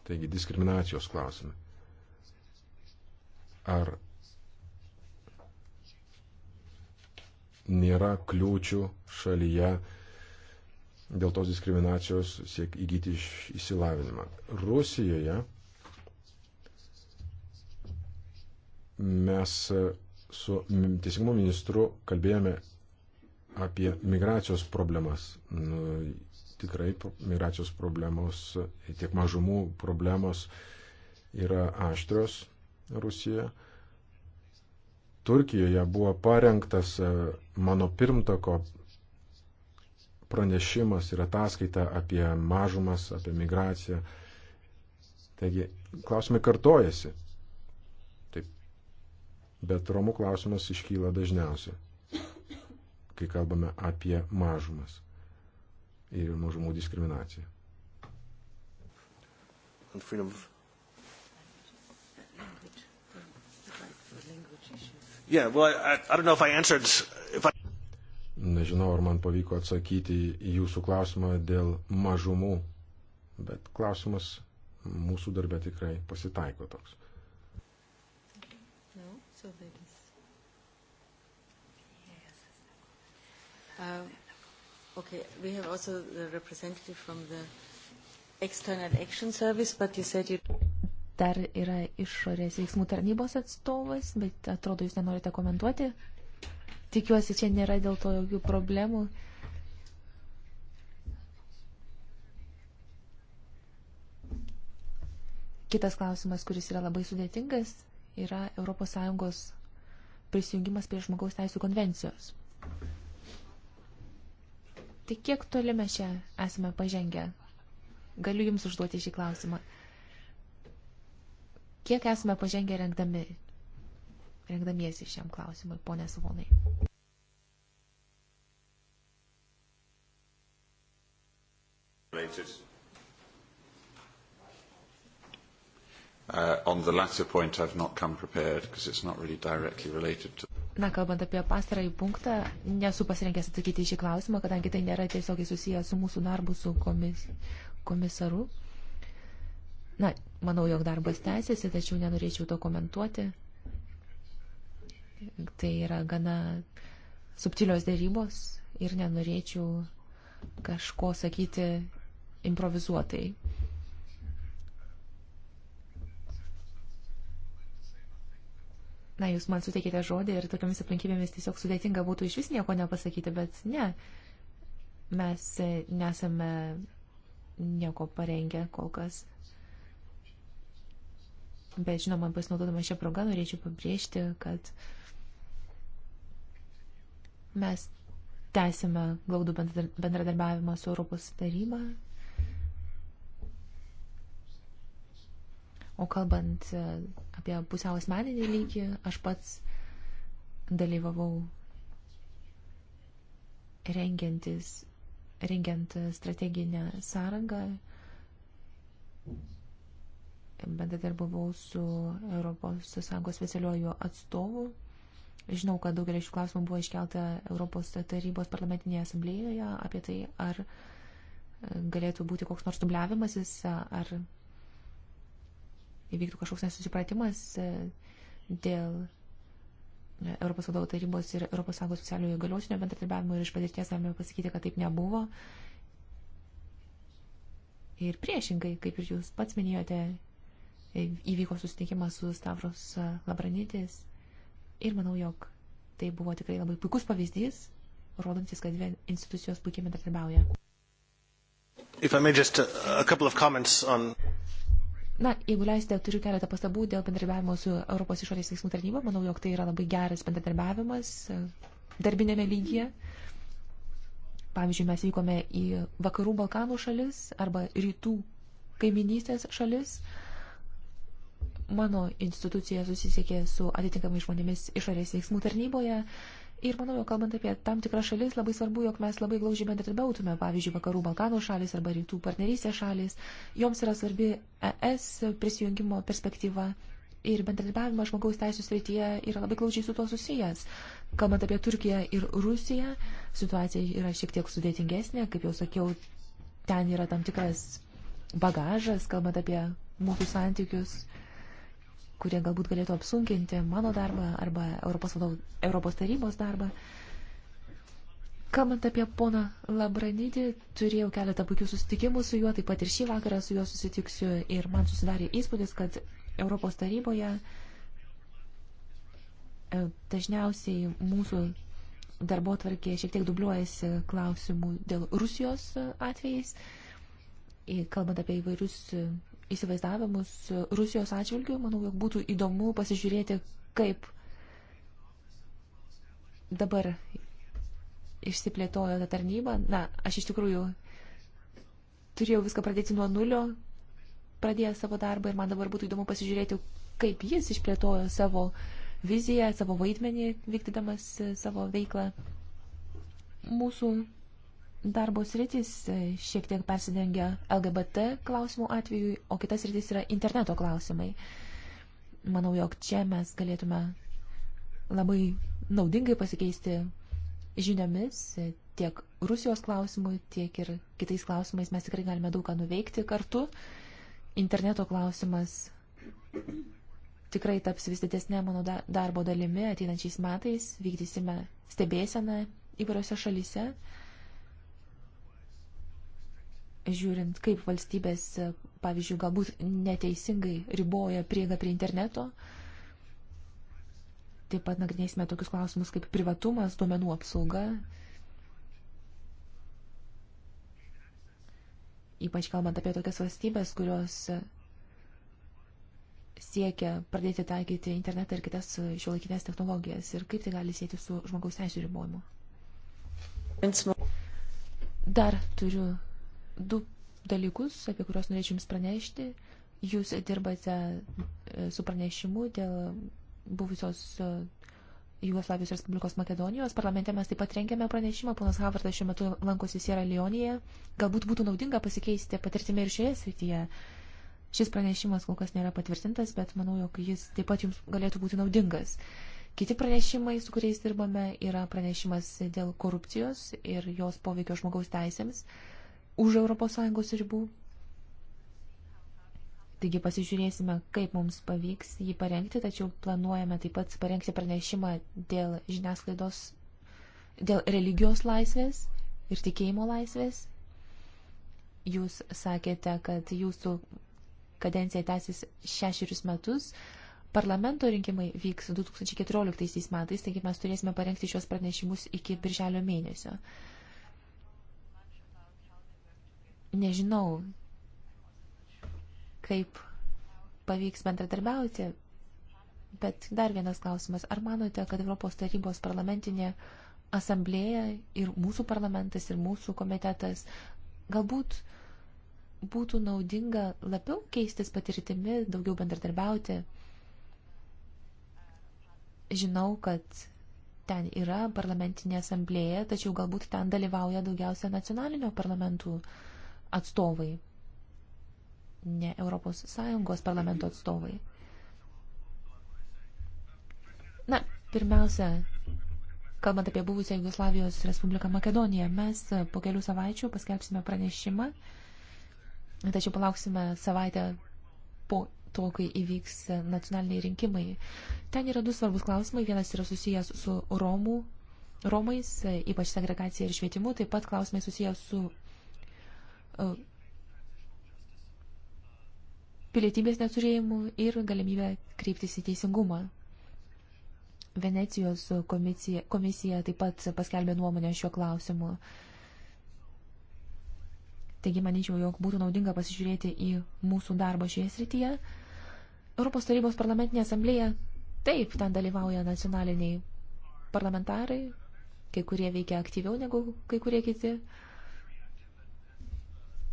Taigi diskriminacijos klausimai. Ar nėra kliūčių šalyje dėl tos diskriminacijos siek įgyti išsilavinimą. Rusijoje mes su teisingumo ministru kalbėjome apie migracijos problemas. Nu, tikrai migracijos problemos, tiek mažumų problemos yra aštrios Rusijoje. Turkijoje buvo parengtas e, mano pirmtako pranešimas ir ataskaita apie mažumas, apie migraciją. Taigi, klausimai kartojasi. Taip. Bet romų klausimas iškyla dažniausiai, kai kalbame apie mažumas ir mažumų diskriminaciją. And freedom of Yeah, well, I, I don't know if I answered. If I... Nežinau, ar man pavyko atsakyti į jūsų klausimą dėl mažumų, bet klausimas mūsų darbė tikrai pasitaiko toks. No, so Uh, okay, we have also the representative from the External Action Service, but you said you dar yra išorės veiksmų tarnybos atstovas, bet atrodo, jūs nenorite komentuoti. Tikiuosi, čia nėra dėl to jokių problemų. Kitas klausimas, kuris yra labai sudėtingas, yra ES prisijungimas prie žmogaus teisų konvencijos. Tai kiek toli mes čia esame pažengę? Galiu Jums užduoti šį klausimą. Kiek esame pažengę rengdami, rengdamiesi šiam klausimui, ponė Savonai? Uh, on the latter point, I've not come prepared because it's not really directly related to. Na, kalbant apie pastarąjį punktą, nesu pasirinkęs atsakyti į šį klausimą, kadangi tai nėra tiesiogiai susijęs su mūsų darbu su komis, komisaru. Uh, Na, manau, jog darbas tęsiasi, tačiau nenorėčiau to komentuoti. Tai yra gana subtilios dėrybos ir nenorėčiau kažko sakyti improvizuotai. Na, jūs man suteikite žodį ir tokiamis aplinkybėmis tiesiog sudėtinga būtų iš vis nieko nepasakyti, bet ne, mes nesame nieko parengę kol kas. Bet žinoma, pasinaudodama šią progą norėčiau pabrėžti, kad mes tęsime glaudų bendradarbiavimą su Europos taryba. O kalbant e, apie pusiau asmeninį lygį, aš pats dalyvavau rengiantis, rengiant strateginę sąrangą bendradarbiavau su ES specialiuoju atstovu. Žinau, kad daugelis šių klausimų buvo iškelta Europos tarybos parlamentinėje asamblėjoje apie tai, ar e, galėtų būti koks nors dubliavimasis, ar įvyktų kažkoks nesusipratimas e, dėl e, Europos vadovų tarybos ir Europos Sąjungos socialiojo įgaliotinio bendradarbiavimo ir iš patirties galime pasakyti, kad taip nebuvo. Ir priešingai, kaip ir jūs pats minėjote, įvyko susitikimas su Stavros e, Labranitis ir manau, jog tai buvo tikrai labai puikus pavyzdys, rodantis, kad dvi institucijos puikiai bendradarbiauja. Uh, on... Na, jeigu leisite, turiu keletą pastabų dėl bendradarbiavimo su Europos išorės veiksmų tarnyba. Manau, jog tai yra labai geras bendradarbiavimas e, darbinėme lygyje. Pavyzdžiui, mes vykome į vakarų Balkanų šalis arba rytų kaiminystės šalis. Uh, Mano institucija susisiekė su atitinkamai žmonėmis išorės veiksmų tarnyboje. Ir manau, jau kalbant apie tam tikras šalis, labai svarbu, jog mes labai glaužiai bendradarbiautume, pavyzdžiui, vakarų Balkanų šalis arba rytų partnerystės šalis. Joms yra svarbi ES prisijungimo perspektyva. Ir bendradarbiavimas žmogaus teisų srityje yra labai glaužiai su tuo susijęs. Kalbant apie Turkiją ir Rusiją, situacija yra šiek tiek sudėtingesnė, kaip jau sakiau, ten yra tam tikras bagažas, kalbant apie mūsų santykius kurie galbūt galėtų apsunkinti mano darbą arba Europos, vadov, Europos tarybos darbą. Kalbant apie poną Labranidį, turėjau keletą puikių susitikimų su juo, taip pat ir šį vakarą su juo susitiksiu ir man susidarė įspūdis, kad Europos taryboje e, dažniausiai mūsų darbo tvarkė šiek tiek dubliuojasi klausimų dėl Rusijos atvejais, kalbant apie įvairius įsivaizdavimus Rusijos atžvilgių, manau, jog būtų įdomu pasižiūrėti, kaip dabar išsiplėtojo ta tarnyba. Na, aš iš tikrųjų turėjau viską pradėti nuo nulio, pradėjęs savo darbą ir man dabar būtų įdomu pasižiūrėti, kaip jis išplėtojo savo viziją, savo vaidmenį, vykdydamas savo veiklą. Mūsų darbos rytis šiek tiek persidengia LGBT klausimų atveju, o kitas rytis yra interneto klausimai. Manau, jog čia mes galėtume labai naudingai pasikeisti žiniomis tiek Rusijos klausimų, tiek ir kitais klausimais. Mes tikrai galime daug ką nuveikti kartu. Interneto klausimas tikrai taps vis didesnė mano darbo dalimi ateinančiais metais. Vykdysime stebėseną įvairiose šalyse žiūrint, kaip valstybės, pavyzdžiui, galbūt neteisingai riboja prieigą prie interneto. Taip pat nagrinėsime tokius klausimus kaip privatumas, duomenų apsauga. Ypač kalbant apie tokias valstybės, kurios siekia pradėti taikyti internetą ir kitas šiuolaikinės technologijas ir kaip tai gali sėti su žmogaus teisų ribojimu. Dar turiu du dalykus, apie kuriuos norėčiau Jums pranešti. Jūs dirbate e, su pranešimu dėl buvusios e, Jugoslavijos Respublikos Makedonijos. Parlamente mes taip pat rengėme pranešimą. Ponas Havartas šiuo metu lankosi Sierra Leonėje. Galbūt būtų naudinga pasikeisti patirtimi ir šioje srityje. Šis pranešimas kol kas nėra patvirtintas, bet manau, jog jis taip pat jums galėtų būti naudingas. Kiti pranešimai, su kuriais dirbame, yra pranešimas dėl korupcijos ir jos poveikio žmogaus teisėms. Uh, už ES ribų. Taigi pasižiūrėsime, kaip mums pavyks jį parengti, tačiau planuojame taip pat parengti pranešimą dėl žiniasklaidos, dėl religijos laisvės ir tikėjimo laisvės. Jūs sakėte, kad jūsų kadencija tęsis šešerius metus. Parlamento rinkimai vyks 2014 metais, taigi mes turėsime parengti šios pranešimus iki birželio mėnesio. Uh, Nežinau, kaip pavyks bendradarbiauti, bet dar vienas klausimas. Ar manote, kad Europos tarybos parlamentinė asamblėja ir mūsų parlamentas ir mūsų komitetas galbūt būtų naudinga labiau keistis patirtimi, daugiau bendradarbiauti? Žinau, kad ten yra parlamentinė asamblėja, tačiau galbūt ten dalyvauja daugiausia nacionalinio parlamentų atstovai, ne Europos Sąjungos parlamento atstovai. Na, pirmiausia, kalbant apie buvusią Jugoslavijos Respubliką Makedoniją, mes po kelių savaičių paskelbsime pranešimą, tačiau palauksime savaitę po to, kai įvyks nacionaliniai rinkimai. Ten yra du svarbus klausimai. Vienas yra susijęs su Romų, Romais, ypač segregacija ir švietimu, taip pat klausimai susijęs su E, pilietybės neturėjimu ir galimybę kreiptis į teisingumą. Venecijos komisija, komisija taip pat paskelbė nuomonę šiuo klausimu. Taigi, manyčiau, jog būtų naudinga pasižiūrėti į mūsų darbą šioje srityje. Europos tarybos parlamentinė asamblėja, taip, ten dalyvauja nacionaliniai parlamentarai, kai kurie veikia aktyviau negu kai kurie kiti. Uh,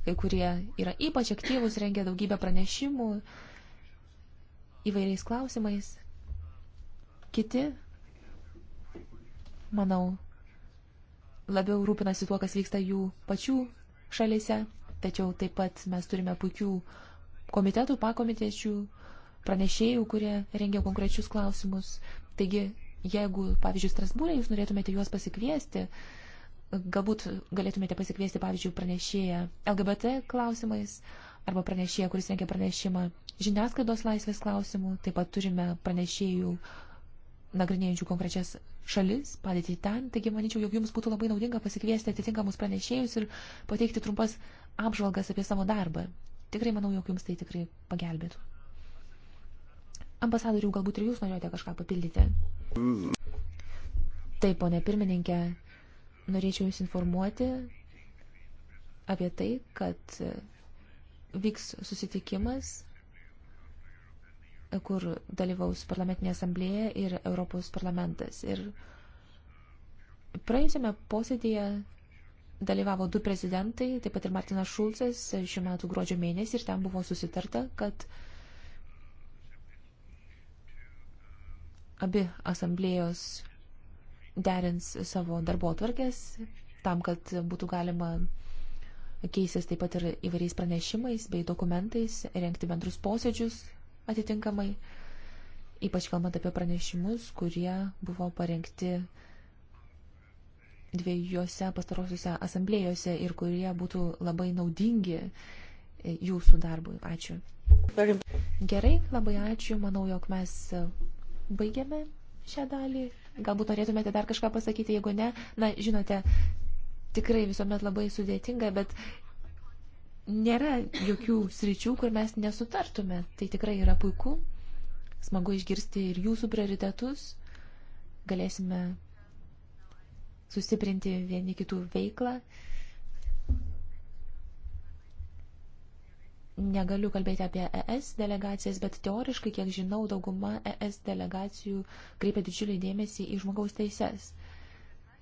kai kurie yra ypač aktyvūs, rengia daugybę pranešimų įvairiais klausimais. Kiti, manau, labiau rūpinasi tuo, kas vyksta jų pačių šalyse, tačiau taip pat mes turime puikių komitetų, pakomitėčių, pranešėjų, kurie rengia konkrečius klausimus. Taigi, jeigu, pavyzdžiui, Strasbūrė jūs norėtumėte juos pasikviesti, uh, Galbūt galėtumėte pasikviesti, pavyzdžiui, pranešėją LGBT klausimais arba pranešėją, kuris rengia pranešimą žiniasklaidos laisvės klausimų. Taip pat turime pranešėjų nagrinėjančių konkrečias šalis, padėti ten. Taigi, manyčiau, jog jums būtų labai naudinga pasikviesti atitinkamus pranešėjus ir pateikti trumpas apžvalgas apie savo darbą. Tikrai manau, jog jums tai tikrai pagelbėtų. Ambasadorių, galbūt ir jūs norėjote kažką papildyti. Mm. Taip, ponė pirmininkė, norėčiau Jūs informuoti apie tai, kad e, vyks susitikimas, e, kur dalyvaus parlamentinė asamblėja ir Europos parlamentas. Ir praėjusiame posėdėje dalyvavo du prezidentai, taip pat ir Martinas Šulcas e, šiuo metu gruodžio mėnesį ir ten buvo susitarta, kad abi asamblėjos derins savo darbo atvarkės tam, kad būtų galima keisis taip pat ir įvairiais pranešimais bei dokumentais, renkti bendrus posėdžius atitinkamai, ypač kalbant apie pranešimus, kurie buvo parengti dviejose pastarosiuose asamblėjose ir kurie būtų labai naudingi jūsų darbui. Ačiū. Gerai, labai ačiū. Manau, jog mes baigiame šią dalį? Galbūt norėtumėte dar kažką pasakyti, jeigu ne, na, žinote, tikrai visuomet labai sudėtinga, bet nėra jokių sričių, kur mes nesutartume. Tai tikrai yra puiku. Smagu išgirsti ir jūsų prioritetus. Galėsime sustiprinti vieni kitų veiklą. negaliu kalbėti apie ES delegacijas, bet teoriškai, kiek žinau, dauguma ES delegacijų kreipia didžiulį dėmesį į žmogaus teises.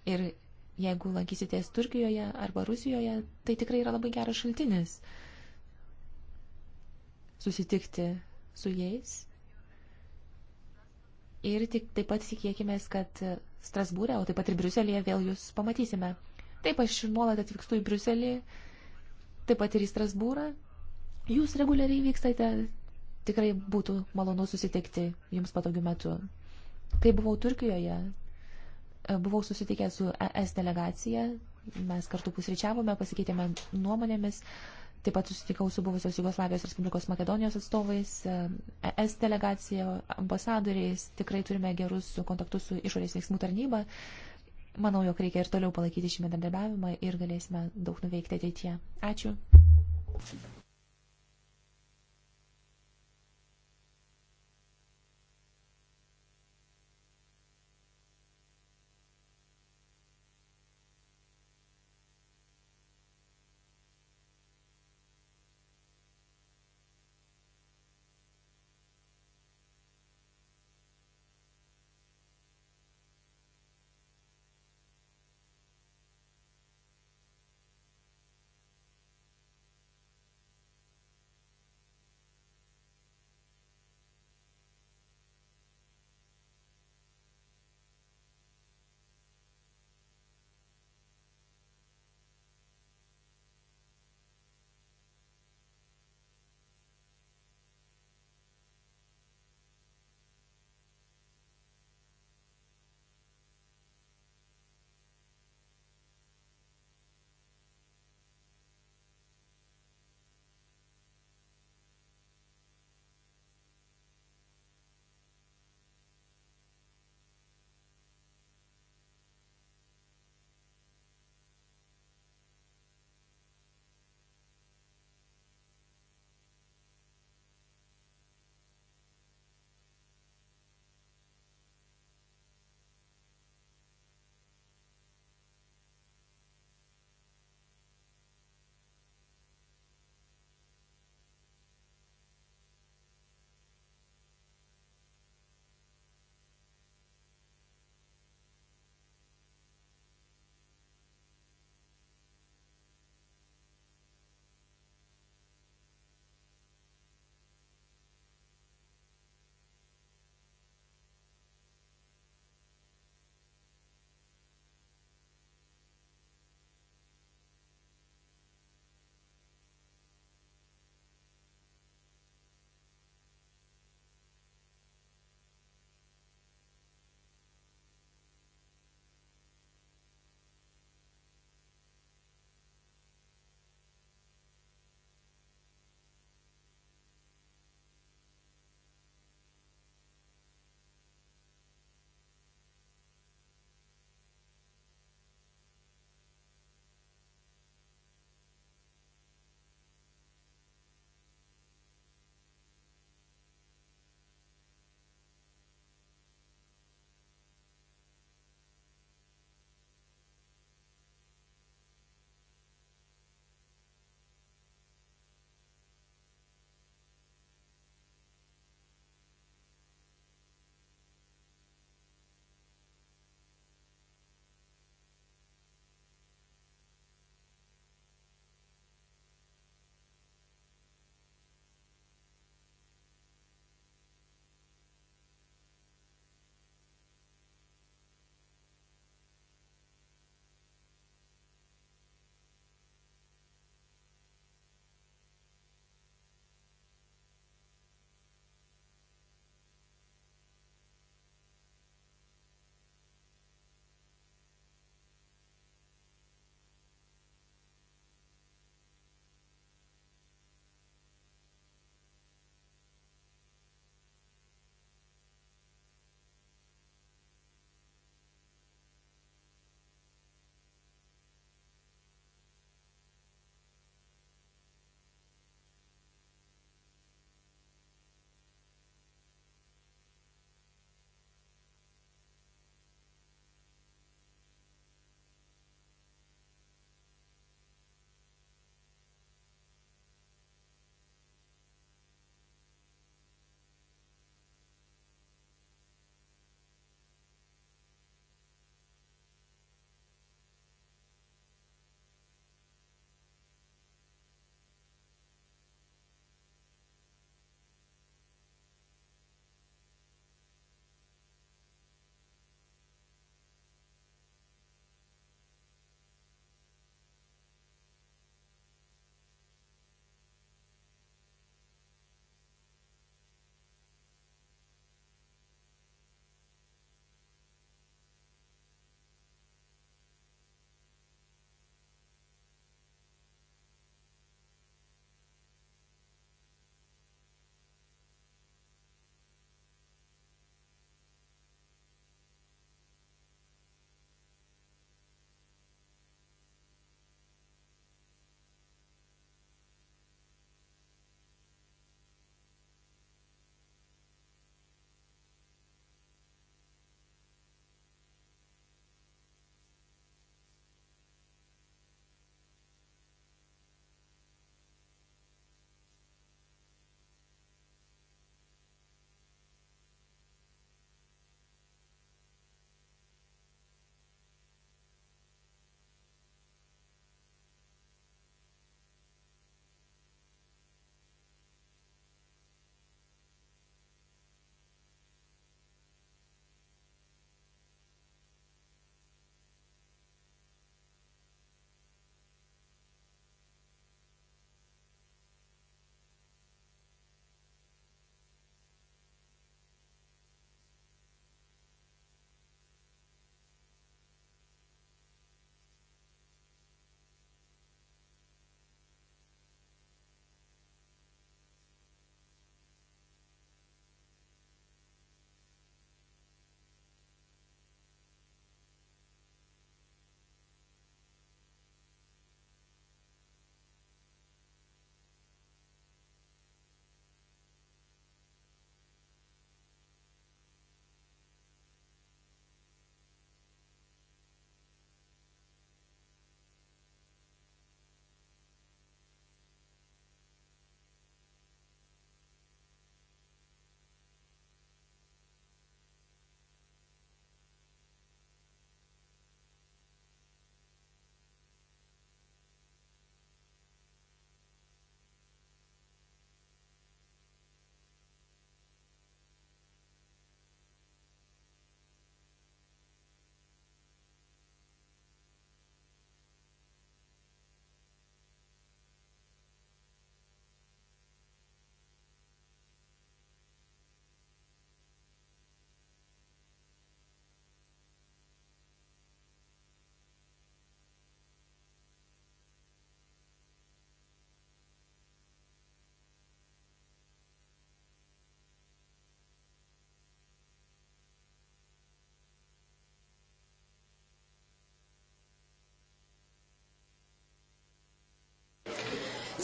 Ir jeigu lankysitės Turkijoje arba Rusijoje, tai tikrai yra labai geras šaltinis susitikti su jais. Ir tik, taip pat tikėkime, kad Strasbūrė, o taip pat ir Briuselėje vėl jūs pamatysime. Taip, aš nuolat atvykstu į Briuselį, taip pat ir į Strasbūrą, Jūs reguliariai vykstate, tikrai būtų malonu susitikti jums patogiu metu. Kai buvau Turkijoje, e, buvau susitikę su ES delegacija, mes kartu pusryčiavome, pasikeitėme nuomonėmis, taip pat susitikau su buvusios Jugoslavijos Respublikos Makedonijos atstovais, ES e delegacija, ambasadoriais, tikrai turime gerus kontaktus su išorės veiksmų tarnyba. Manau, jog reikia ir toliau palaikyti šį bendradarbiavimą ir galėsime daug nuveikti ateityje. Ačiū.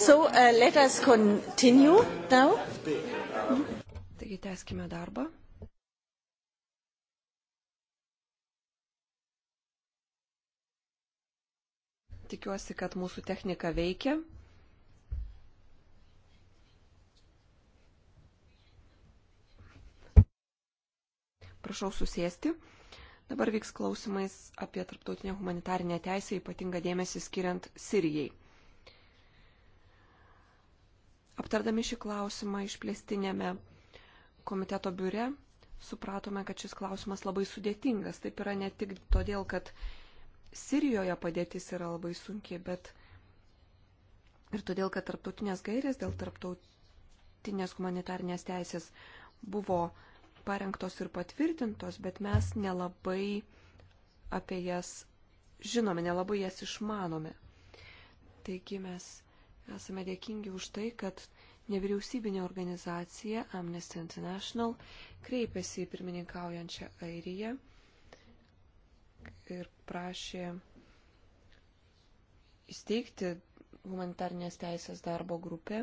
So, uh, let us continue now. Taigi tęskime darbą. Tikiuosi, kad mūsų technika veikia. Prašau susėsti. Dabar vyks klausimais apie tarptautinę humanitarinę teisę, ypatingą dėmesį skiriant Sirijai. Aptardami šį klausimą išplėstinėme komiteto biure, supratome, kad šis klausimas labai sudėtingas. Taip yra ne tik todėl, kad Sirijoje padėtis yra labai sunkiai, bet ir todėl, kad tarptautinės gairės dėl tarptautinės humanitarnės teisės buvo parengtos ir patvirtintos, bet mes nelabai apie jas žinome, nelabai jas išmanome. Taigi mes Esame dėkingi už tai, kad nevyriausybinė organizacija Amnesty International kreipėsi į pirmininkaujančią Airiją ir prašė įsteigti humanitarnės teisės darbo grupę,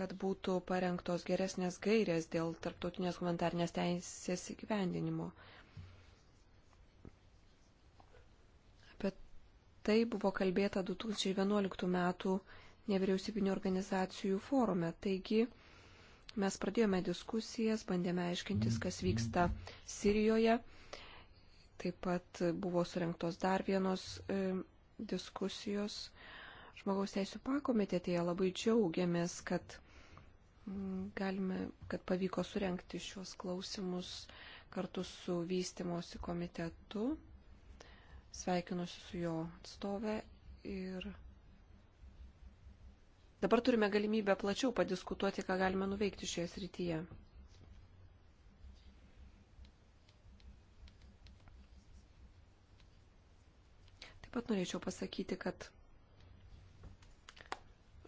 kad būtų parengtos geresnės gairės dėl tarptautinės humanitarnės teisės įgyvendinimo. tai buvo kalbėta 2011 m. nevyriausybinio organizacijų forume. Taigi mes pradėjome diskusijas, bandėme aiškintis, kas vyksta Sirijoje. Taip pat buvo surinktos dar vienos e, diskusijos. Žmogaus teisų pakomitetėje labai džiaugiamės, kad galime, kad pavyko surenkti šios klausimus kartu su vystimosi komitetu sveikinuosi su jo atstove ir dabar turime galimybę plačiau padiskutuoti, ką galime nuveikti šioje srityje. Taip pat norėčiau pasakyti, kad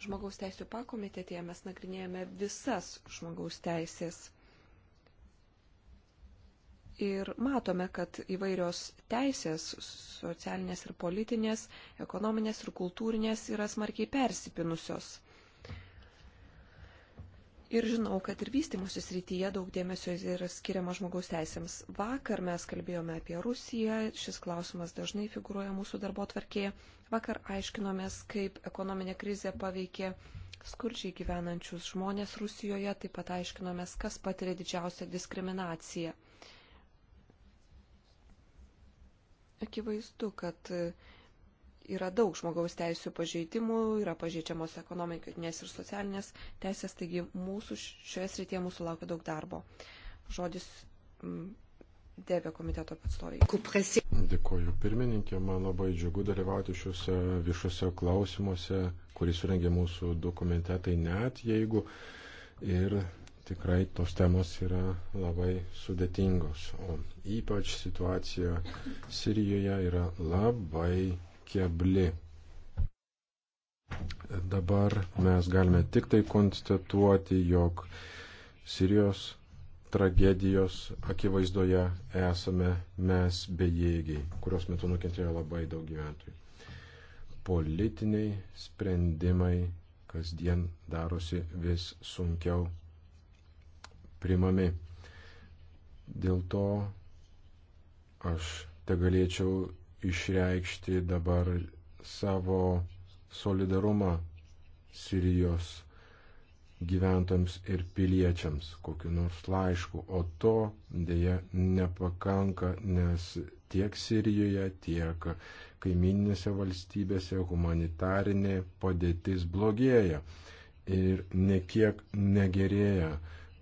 žmogaus teisų pakomitetėje mes nagrinėjame visas žmogaus teisės Ir matome, kad įvairios teisės, socialinės ir politinės, ekonominės ir kultūrinės yra smarkiai persipinusios. Ir žinau, kad ir vystimusis rytyje daug dėmesio yra skiriama žmogaus teisėms. Vakar mes kalbėjome apie Rusiją, šis klausimas dažnai figuruoja mūsų darbo tvarkėje. Vakar aiškinomės, kaip ekonominė krizė paveikė skurdžiai gyvenančius žmonės Rusijoje, taip pat aiškinomės, kas patiria didžiausią diskriminaciją. Akivaizdu, kad e, yra daug žmogaus teisų pažeidimų, yra pažeidžiamos ekonominės ir socialinės teisės, taigi mūsų šioje srityje mūsų laukia daug darbo. Žodis dėvė komiteto atstoviai. Dėkuoju pirmininkė, man labai džiugu dalyvauti šiuose viešuose klausimuose, kurį surengė mūsų dokumentetai, net jeigu ir tikrai tos temos yra labai sudėtingos, o ypač situacija Sirijoje yra labai kebli. Dabar mes galime tik tai konstatuoti, jog Sirijos tragedijos akivaizdoje esame mes bejėgiai, kurios metu nukentėjo labai daug gyventojų. Politiniai sprendimai kasdien darosi vis sunkiau primami. Dėl to aš te galėčiau išreikšti dabar savo solidarumą Sirijos gyventojams ir piliečiams kokiu nors laišku, o to dėja nepakanka, nes tiek Sirijoje, tiek kaiminėse valstybėse humanitarinė padėtis blogėja ir nekiek negerėja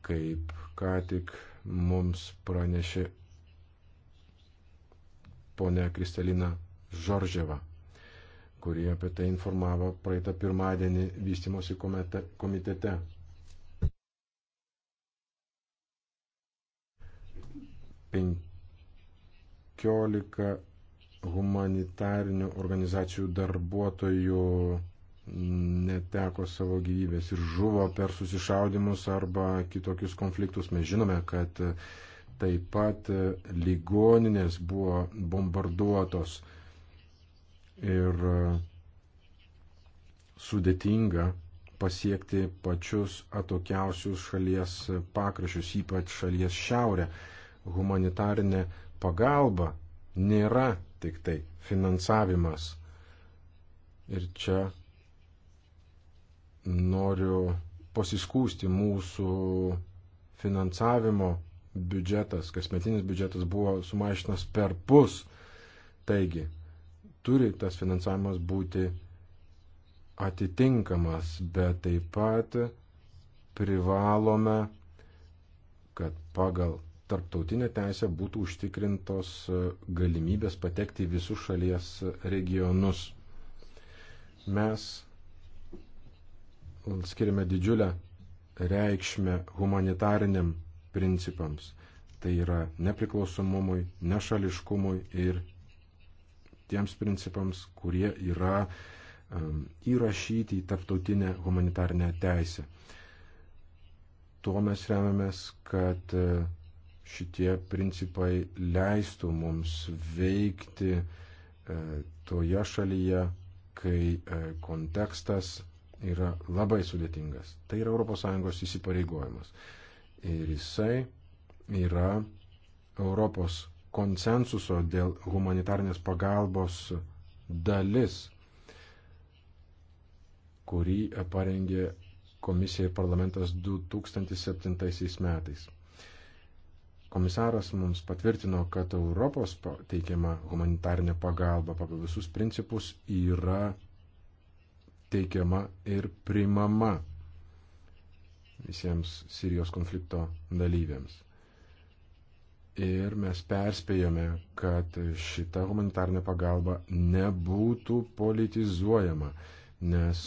kaip ką tik mums pranešė ponia Kristalina Žorževa, kurie apie tai informavo praeitą pirmadienį vystimosi komitete. Penkiolika humanitarinių organizacijų darbuotojų neteko savo gyvybės ir žuvo per susišaudimus arba kitokius konfliktus. Mes žinome, kad taip pat ligoninės buvo bombarduotos ir sudėtinga pasiekti pačius atokiausius šalies pakrašius, ypač šalies šiaurę. Humanitarinė pagalba nėra tik tai finansavimas. Ir čia noriu pasiskūsti mūsų finansavimo biudžetas, kasmetinis biudžetas buvo sumažinas per pus. Taigi, turi tas finansavimas būti atitinkamas, bet taip pat privalome, kad pagal tarptautinę teisę būtų užtikrintos galimybės patekti į visus šalies regionus. Mes skiriame didžiulę reikšmę humanitariniam principams. Tai yra nepriklausomumui, nešališkumui ir tiems principams, kurie yra um, įrašyti į tarptautinę humanitarinę teisę. Tuo mes remiamės, kad uh, šitie principai leistų mums veikti uh, toje šalyje, kai uh, kontekstas yra labai sudėtingas. Tai yra ES įsipareigojimas. Ir jisai yra Europos konsensuso dėl humanitarnės pagalbos dalis, kurį parengė komisija ir parlamentas 2007 metais. Komisaras mums patvirtino, kad Europos teikiama humanitarinė pagalba pagal visus principus yra teikiama ir primama visiems Sirijos konflikto dalyviams. Ir mes perspėjome, kad šita humanitarnė pagalba nebūtų politizuojama, nes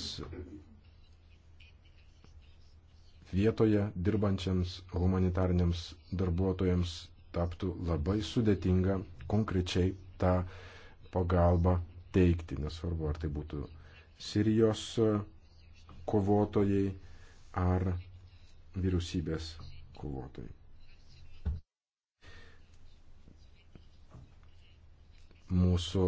vietoje dirbančiams humanitarniams darbuotojams taptų labai sudėtinga konkrečiai tą pagalbą teikti, nesvarbu, ar tai būtų Sirijos e, kovotojai ar vyriausybės kovotojai. Mūsų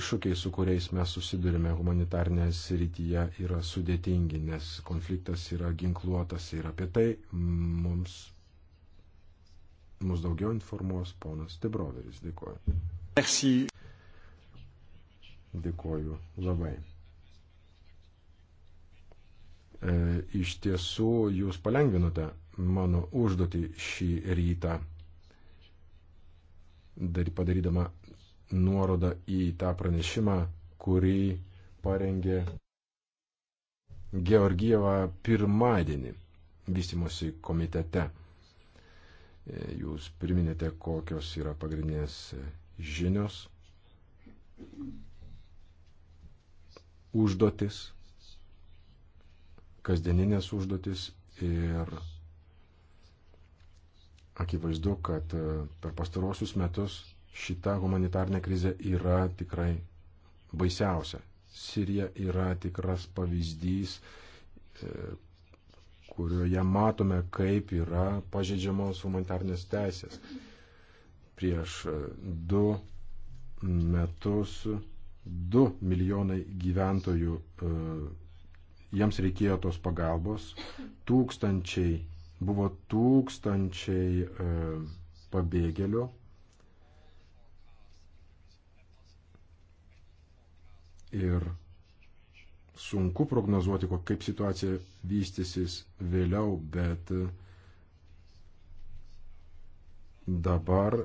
iššūkiai, su kuriais mes susidurime humanitarnėje srityje, yra sudėtingi, nes konfliktas yra ginkluotas ir apie tai mums, mums daugiau informuos ponas Tibroveris. Dėkuoju. Merci. Dėkuoju labai. E, iš tiesų jūs palengvinote mano užduotį šį rytą, dar padarydama nuorodą į tą pranešimą, kurį parengė Georgieva pirmadienį vystimosi komitete. E, jūs priminėte, kokios yra pagrindinės žinios, užduotis kasdieninės užduotis ir akivaizdu, kad e, per pastarosius metus šita humanitarnė krizė yra tikrai baisiausia. Sirija yra tikras pavyzdys, e, kurioje matome, kaip yra pažeidžiamos humanitarnės teisės. Prieš e, du metus 2 milijonai gyventojų jiems reikėjo tos pagalbos. Tūkstančiai, buvo tūkstančiai e, pabėgėlių. Ir sunku prognozuoti, kaip situacija vystysis vėliau, bet e, dabar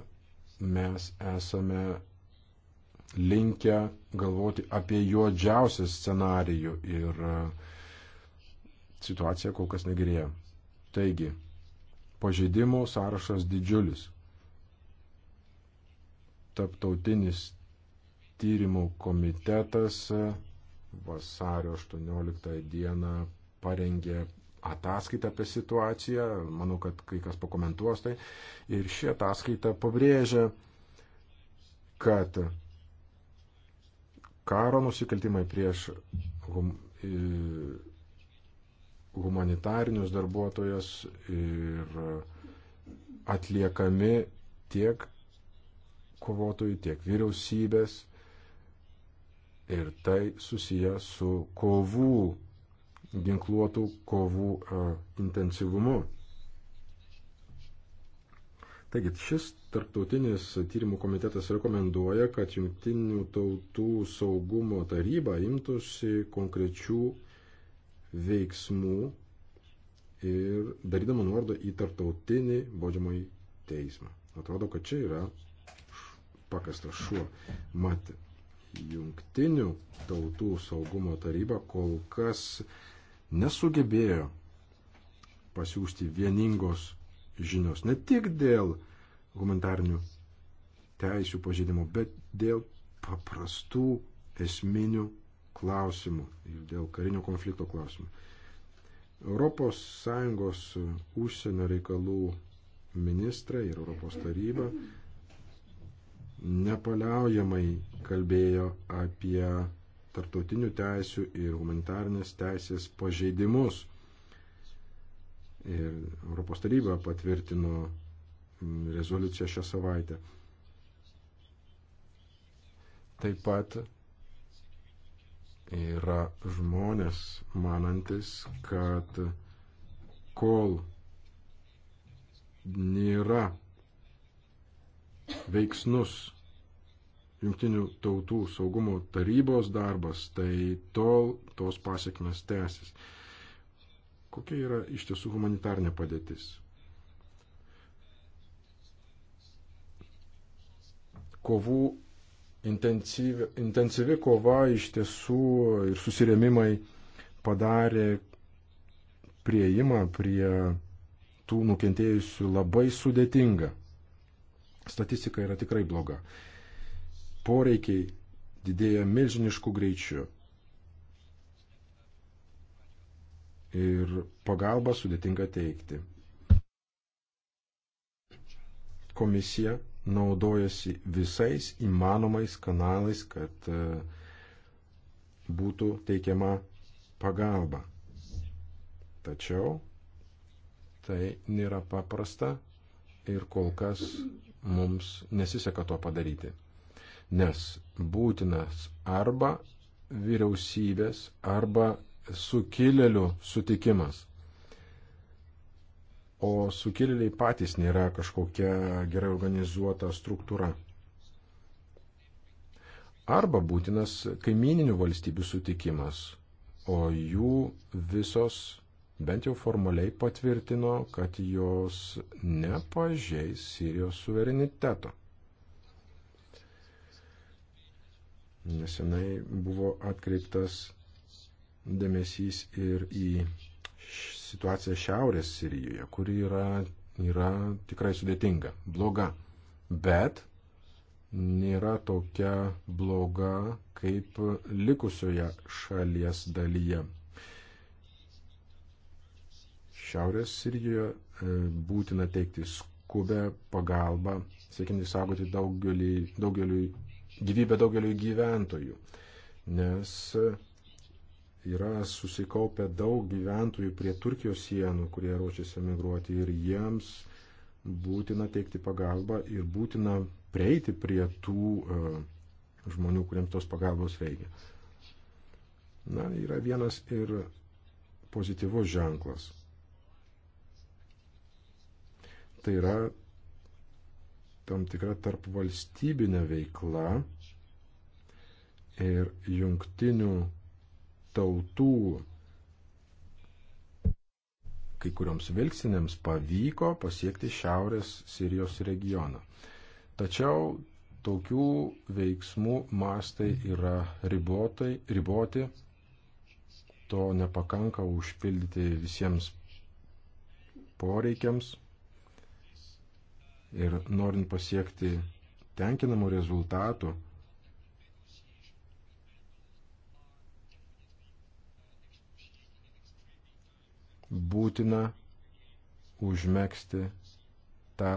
mes esame linkę galvoti apie juodžiausią scenarijų ir uh, situacija kol kas negerėja. Taigi, pažeidimų sąrašas didžiulis. Taptautinis tyrimų komitetas e, vasario 18 dieną parengė ataskaitą apie situaciją, manau, kad kai kas pakomentuos tai. Ir ši ataskaita pabrėžia, kad karo nusikaltimai prieš hum, humanitarinius darbuotojus ir atliekami tiek kovotojų, tiek vyriausybės. Ir tai susiję su kovų, ginkluotų kovų a, e, intensyvumu. Taigi, šis tarptautinis tyrimų komitetas rekomenduoja, kad jungtinių tautų saugumo taryba imtųsi konkrečių veiksmų ir darydama nuorodą į tarptautinį baudžiamąjį teismą. Atrodo, kad čia yra pakastas šuo. Mat, jungtinių tautų saugumo taryba kol kas nesugebėjo pasiūsti vieningos žinios ne tik dėl humanitarnių teisių pažeidimo, bet dėl paprastų esminių klausimų ir dėl karinio konflikto klausimų. ES užsienio reikalų ministrai ir Europos taryba nepaliaujamai kalbėjo apie tarptautinių teisių ir humanitarnės teisės pažeidimus. Ir Europos taryba patvirtino rezoliuciją šią savaitę. Taip pat yra žmonės manantis, kad kol nėra veiksnus Junktinių tautų saugumo tarybos darbas, tai tol tos pasiekmes tęsis. Kokia yra iš tiesų humanitarnė padėtis? Kovų intensyvi, intensyvi kova iš tiesų ir susirėmimai padarė prieimą prie tų nukentėjusių labai sudėtinga. Statistika yra tikrai bloga. Poreikiai didėja milžiniškų greičių. Ir pagalbą sudėtinga teikti. Komisija naudojasi visais įmanomais kanalais, kad e, būtų teikiama pagalba. Tačiau tai nėra paprasta ir kol kas mums nesiseka to padaryti. Nes būtinas arba vyriausybės, arba sukilėlių sutikimas o sukilėliai patys nėra kažkokia gerai organizuota struktūra. Arba būtinas kaimininių valstybių sutikimas, o jų visos bent jau formaliai patvirtino, kad jos nepažeis Sirijos suvereniteto. Nesenai buvo atkreiptas dėmesys ir į situacija Šiaurės Sirijoje, kuri yra, yra tikrai sudėtinga, bloga, bet nėra tokia bloga kaip likusioje šalies dalyje. Šiaurės Sirijoje e, būtina teikti skubę pagalbą, siekiant išsaugoti daugelį, daugelį, gyvybę daugeliu gyventojų, nes yra susikaupę daug gyventojų prie Turkijos sienų, kurie ruošiasi emigruoti ir jiems būtina teikti pagalbą ir būtina prieiti prie tų uh, žmonių, kuriems tos pagalbos reikia. Na, yra vienas ir pozityvus ženklas. Tai yra tam tikra tarp valstybinė veikla ir jungtinių tautų kai kurioms vilksinėms pavyko pasiekti šiaurės Sirijos regioną. Tačiau tokių veiksmų mastai yra ribotai, riboti, to nepakanka užpildyti visiems poreikiams ir norint pasiekti tenkinamų rezultatų, būtina užmėgsti tą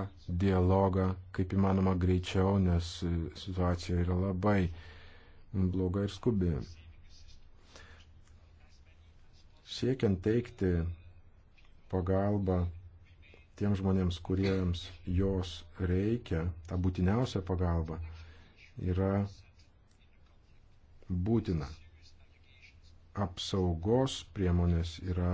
dialogą kaip įmanoma greičiau, nes situacija yra labai bloga ir skubi. Siekiant teikti pagalbą tiems žmonėms, kuriems jos reikia, tą būtiniausią pagalbą, yra būtina. Apsaugos priemonės yra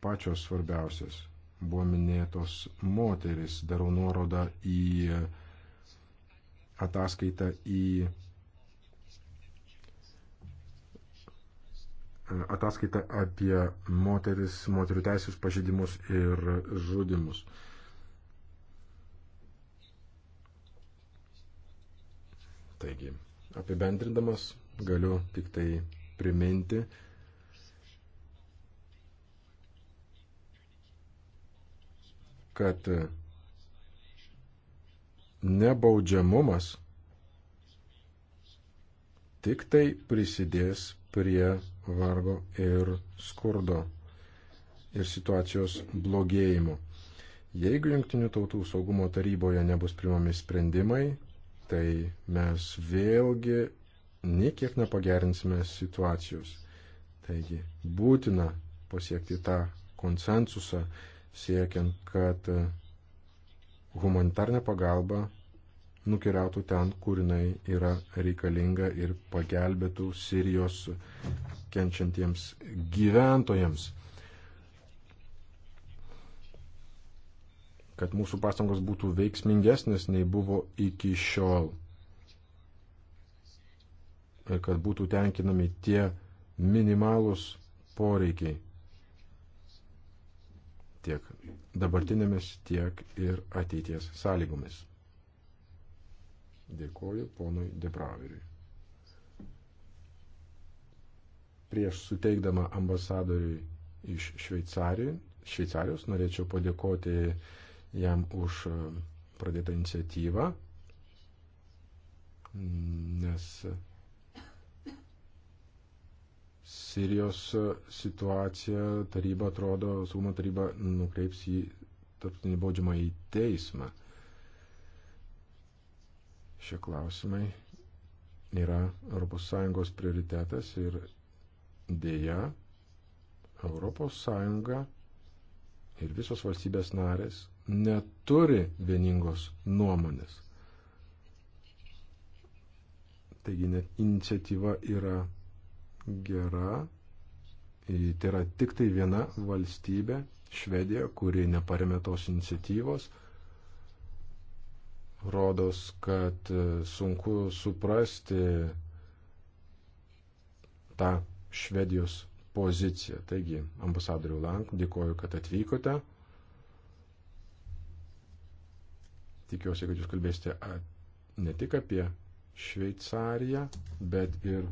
pačios svarbiausios. Buvo minėtos moteris, darau nuorodą į ataskaitą į e, ataskaita apie moteris, moterių teisės pažeidimus ir žudimus. Taigi, apibendrindamas galiu tik tai priminti, kad nebaudžiamumas tik tai prisidės prie vargo ir skurdo ir situacijos blogėjimo. Jeigu Junktinių tautų saugumo taryboje nebus primami sprendimai, tai mes vėlgi niekiek nepagerinsime situacijos. Taigi būtina pasiekti tą konsensusą siekiant, kad e, humanitarnė pagalba nukeliautų ten, kur jinai yra reikalinga ir pagelbėtų Sirijos kenčiantiems gyventojams. Kad mūsų pastangos būtų veiksmingesnės nei buvo iki šiol. Ir kad būtų tenkinami tie minimalus poreikiai tiek dabartinėmis, tiek ir ateities sąlygomis. Dėkoju ponui Depraveriui. Prieš suteikdama ambasadoriui iš Šveicarijos norėčiau padėkoti jam už e, pradėtą iniciatyvą, nes Sirijos situaciją taryba atrodo, saugumo taryba nukreips į tarptautinį baudžiamą į teismą. Šie klausimai yra ES prioritetas ir dėja ES ir visos valstybės narės neturi vieningos nuomonės. Taigi net iniciatyva yra gera, tai yra tik tai viena valstybė, Švedija, kuri neparėmė tos iniciatyvos. Rodos, kad e, sunku suprasti tą Švedijos poziciją. Taigi, ambasadoriu Lank, dėkoju, kad atvykote. Tikiuosi, kad jūs kalbėsite ne tik apie Šveicariją, bet ir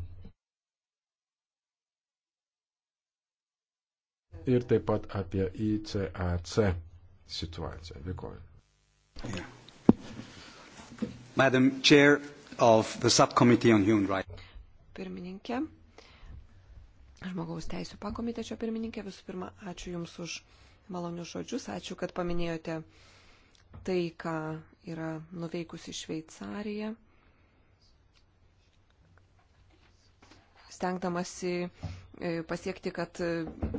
ir taip pat apie ICAC situaciją. Dėkuoju. Yeah. Madam Chair of the Subcommittee on Human Rights. Pirmininkė, žmogaus teisų pakomitečio pirmininkė, visų pirma, ačiū Jums už malonius žodžius, ačiū, kad paminėjote tai, ką yra nuveikusi Šveicarija. Stengdamasi E, pasiekti, kad e,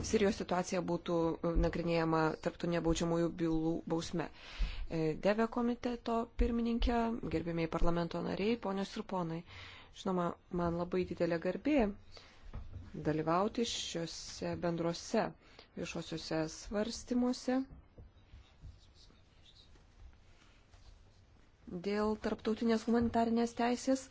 Sirijos situacija būtų e, nagrinėjama tarptautinė baudžiamųjų bylų bausme. Deve komiteto pirmininkė, gerbėmiai parlamento nariai, ponios ir ponai. Žinoma, man labai didelė garbė dalyvauti šiuose bendruose viešuosiuose svarstymuose dėl tarptautinės humanitarinės teisės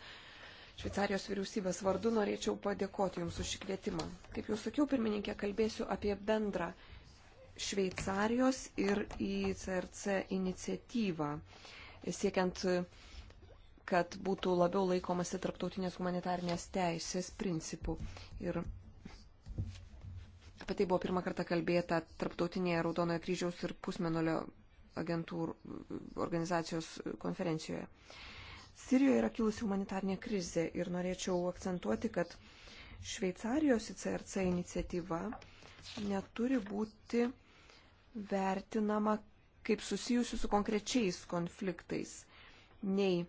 Šveicarijos vyriausybės vardu norėčiau padėkoti Jums už šį kvietimą. Kaip jau sakiau, pirmininkė, kalbėsiu apie bendrą Šveicarijos ir ICRC iniciatyvą, siekiant, kad būtų labiau laikomasi tarptautinės humanitarnės teisės principų. Ir apie tai buvo pirmą kartą kalbėta tarptautinėje Raudonojo kryžiaus ir pusmenolio agentūrų organizacijos konferencijoje. Sirijoje yra kilusi humanitarnė krizė ir norėčiau akcentuoti, kad Šveicarijos ICRC iniciatyva neturi būti vertinama kaip susijusi su konkrečiais konfliktais, nei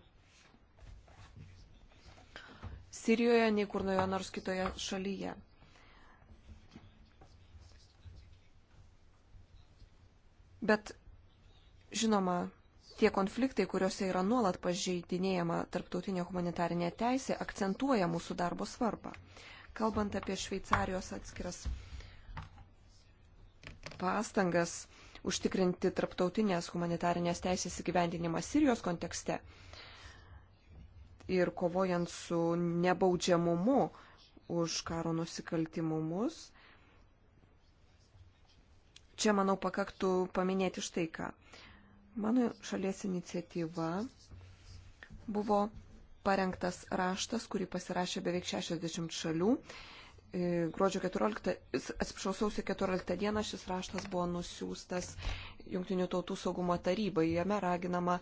Sirijoje, nei kur nuo jo nors kitoje šalyje. Bet, žinoma, Tie konfliktai, kuriuose yra nuolat pažeidinėjama tarptautinė humanitarinė teisė, akcentuoja mūsų darbo svarbą. Kalbant apie Šveicarijos atskiras pastangas užtikrinti tarptautinės humanitarinės teisės įgyvendinimą Sirijos kontekste ir kovojant su nebaudžiamumu už karo nusikaltimumus, čia, manau, pakaktų paminėti štai ką. Mano šalies iniciatyva buvo parengtas raštas, kurį pasirašė beveik 60 šalių. E, gruodžio 14, atsiprašau, sausio 14 dieną šis raštas buvo nusiųstas Junktinių tautų saugumo tarybai. Jame raginama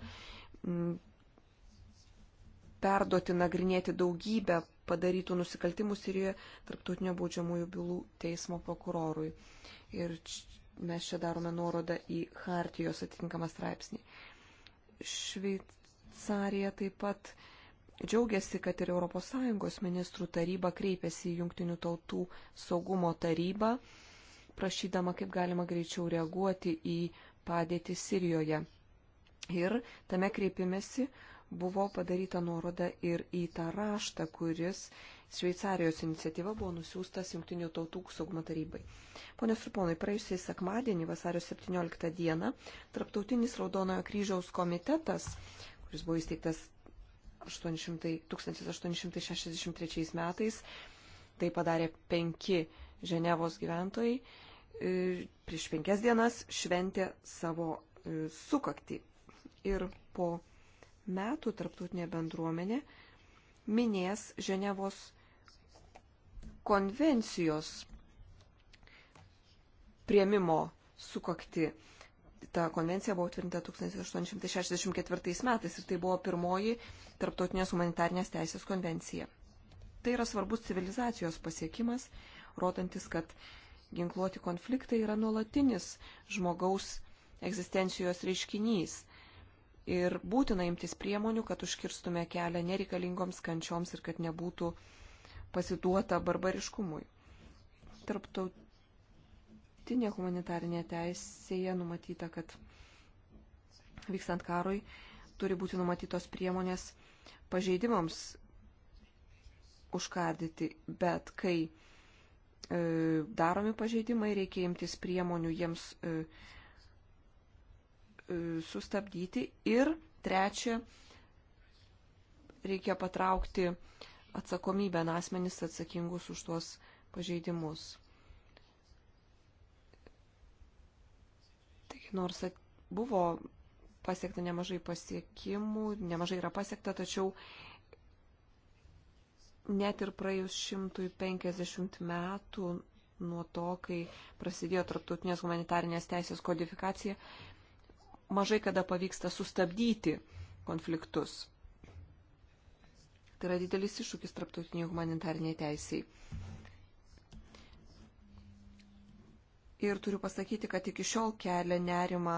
perduoti, nagrinėti daugybę padarytų nusikaltimų Sirijoje tarptautinio baudžiamųjų bylų teismo prokurorui. Ir mes čia darome nuorodą į Hartijos atitinkamą straipsnį. Šveicarija taip pat džiaugiasi, kad ir ES ministrų taryba kreipėsi į Junktinių tautų saugumo tarybą, prašydama kaip galima greičiau reaguoti į padėtį Sirijoje. Ir tame kreipimėsi buvo padaryta nuoroda ir į tą raštą, kuris Šveicarijos iniciatyva buvo nusiųstas Junktinių tautų saugumo tarybai. Pone Suponai, praėjusiai sekmadienį, vasario 17 dieną, Tarptautinis Raudonojo kryžiaus komitetas, kuris buvo įsteigtas 800, 1863 metais, tai padarė penki Ženevos gyventojai, e, prieš penkias dienas šventė savo e, sukakti. Ir po metų tarptautinė bendruomenė minės Ženevos konvencijos prieimimo sukakti. Ta konvencija buvo tvirtinta 1864 metais ir tai buvo pirmoji tarptautinės humanitarnės teisės konvencija. Tai yra svarbus civilizacijos pasiekimas, rodantis, kad ginkluoti konfliktai yra nuolatinis žmogaus egzistencijos reiškinys ir būtina imtis priemonių, kad užkirstume kelią nereikalingoms kančioms ir kad nebūtų uh, pasiduota barbariškumui. Tarptautinė humanitarinė teisėje numatyta, kad vykstant karui turi būti numatytos priemonės pažeidimams užkardyti, bet kai e, daromi pažeidimai, reikia imtis priemonių jiems e, e, sustabdyti. Ir trečia, reikia patraukti e, atsakomybę asmenis atsakingus už tuos pažeidimus. Taigi, nors buvo pasiekta nemažai pasiekimų, nemažai yra pasiekta, tačiau net ir praėjus 150 metų nuo to, kai prasidėjo tarptautinės humanitarinės teisės kodifikacija, mažai kada pavyksta sustabdyti konfliktus. Tai yra didelis iššūkis tarptautiniai humanitariniai teisiai. Ir turiu pasakyti, kad iki šiol kelia nerima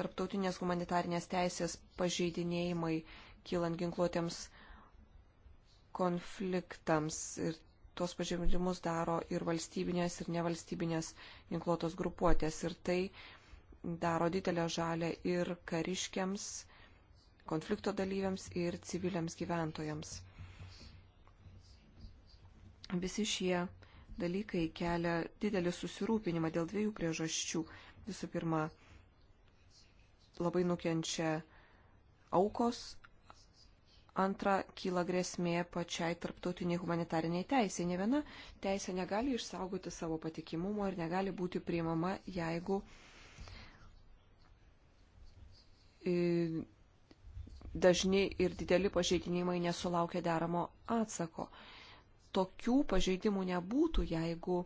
tarptautinės humanitarnės teisės pažeidinėjimai, kylant ginkluotėms konfliktams. Ir tuos pažeidimus daro ir valstybinės, ir nevalstybinės ginkluotos grupuotės. Ir tai daro didelę žalę ir kariškiams, konflikto dalyviams ir civiliams gyventojams. Visi šie dalykai kelia didelį susirūpinimą dėl dviejų priežasčių. Visų pirma, labai nukenčia aukos, antra, kyla grėsmė pačiai tarptautiniai humanitariniai teisė. Ne viena teisė negali išsaugoti savo patikimumo ir negali būti priimama, jeigu e, dažni ir dideli pažeidinimai nesulaukia deramo atsako. Tokių pažeidimų nebūtų, jeigu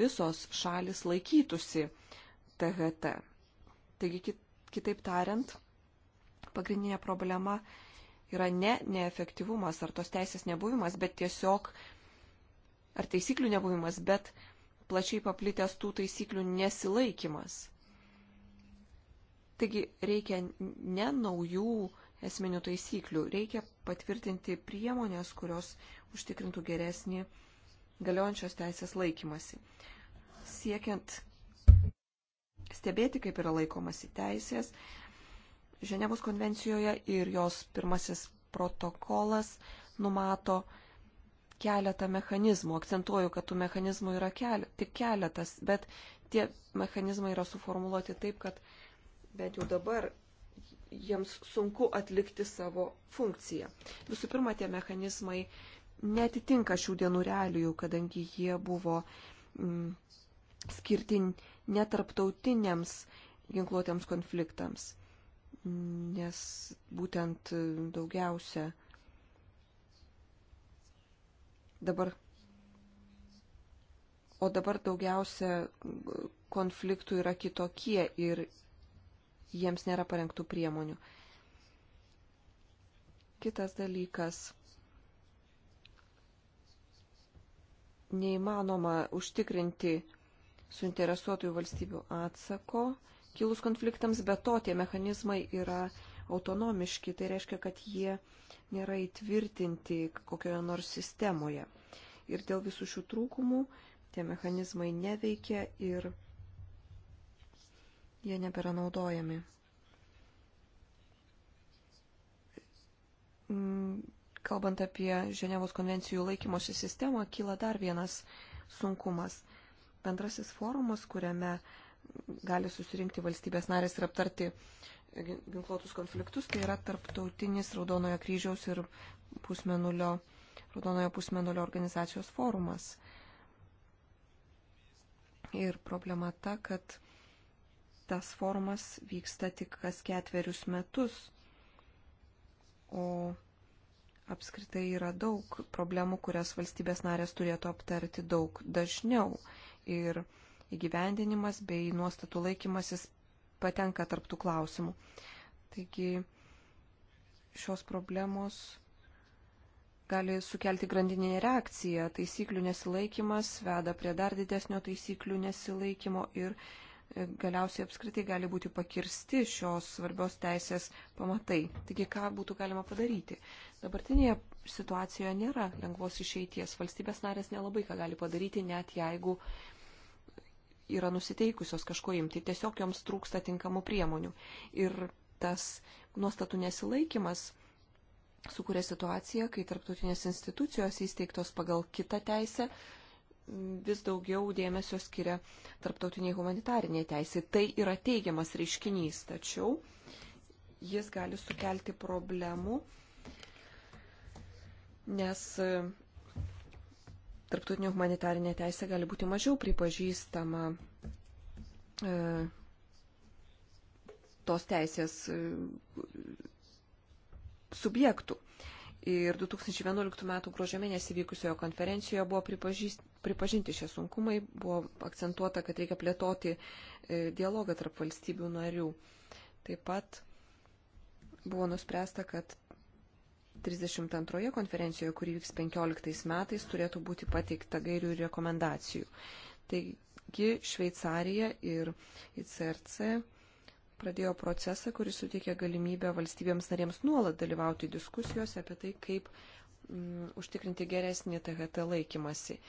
visos šalis laikytųsi THT. Taigi, kitaip tariant, pagrindinė problema yra ne neefektyvumas ar tos teisės nebuvimas, bet tiesiog ar taisyklių nebuvimas, bet plačiai paplitęs tų taisyklių nesilaikimas. Taigi reikia ne naujų esminių taisyklių. Reikia patvirtinti priemonės, kurios užtikrintų geresnį galiojančios teisės laikymasi. Siekiant stebėti, kaip yra laikomasi teisės, Ženevos konvencijoje ir jos pirmasis protokolas numato keletą mechanizmų. Akcentuoju, kad tų mechanizmų yra keli, tik keletas, bet tie mechanizmai yra suformuoluoti taip, kad bent jau dabar jiems sunku atlikti savo funkciją. Visų pirma, tie mechanizmai netitinka šių dienų realijų, kadangi jie buvo mm, skirti netarptautiniams ginkluotėms konfliktams, nes būtent daugiausia dabar, o dabar daugiausia konfliktų yra kitokie ir jiems nėra parengtų priemonių. Kitas dalykas. Neįmanoma užtikrinti suinteresuotųjų valstybių atsako kilus konfliktams, bet to tie mechanizmai yra autonomiški, tai reiškia, kad jie nėra įtvirtinti kokioje nors sistemoje. Ir dėl visų šių trūkumų tie mechanizmai neveikia ir jie nebėra naudojami. Mm, kalbant apie Ženevos konvencijų laikymosi sistemą, kyla dar vienas sunkumas. Bendrasis forumas, kuriame gali susirinkti valstybės narės ir aptarti ginkluotus konfliktus, tai yra tarptautinis Raudonojo kryžiaus ir pusmenulio, Raudonojo pusmenulio organizacijos forumas. Ir problema ta, kad tas forumas vyksta tik kas ketverius metus, o apskritai yra daug problemų, kurias valstybės narės turėtų aptarti daug dažniau. Ir įgyvendinimas bei nuostatų laikymasis patenka tarptų klausimų. Taigi šios problemos gali sukelti grandininę reakciją. Taisyklių nesilaikimas veda prie dar didesnio taisyklių nesilaikymo ir galiausiai apskritai gali būti pakirsti šios svarbios teisės pamatai. Taigi, ką būtų galima padaryti? Dabartinėje situacijoje nėra lengvos išeities. Valstybės narės nelabai ką gali padaryti, net jeigu yra nusiteikusios kažko imti. Tiesiog joms trūksta tinkamų priemonių. Ir tas nuostatų nesilaikimas sukuria situaciją, kai tarptautinės institucijos įsteigtos pagal kitą teisę vis daugiau dėmesio skiria tarptautiniai humanitariniai teisai. Tai yra teigiamas reiškinys, tačiau jis gali sukelti problemų, nes e, tarptautinė humanitarinė teisė gali būti mažiau pripažįstama e, tos teisės e, subjektų. Ir 2011 m. gruožio mėnesį vykusioje konferencijoje buvo pripažįst, pripažinti šie sunkumai, buvo akcentuota, kad reikia plėtoti e, dialogą tarp valstybių narių. Taip pat buvo nuspręsta, kad 32 konferencijoje, kuri vyks 15 metais, turėtų būti pateikta gairių ir rekomendacijų. Taigi Šveicarija ir ICRC pradėjo procesą, kuris suteikė galimybę valstybėms narėms nuolat dalyvauti diskusijose apie tai, kaip m, mm, užtikrinti geresnį THT laikymasi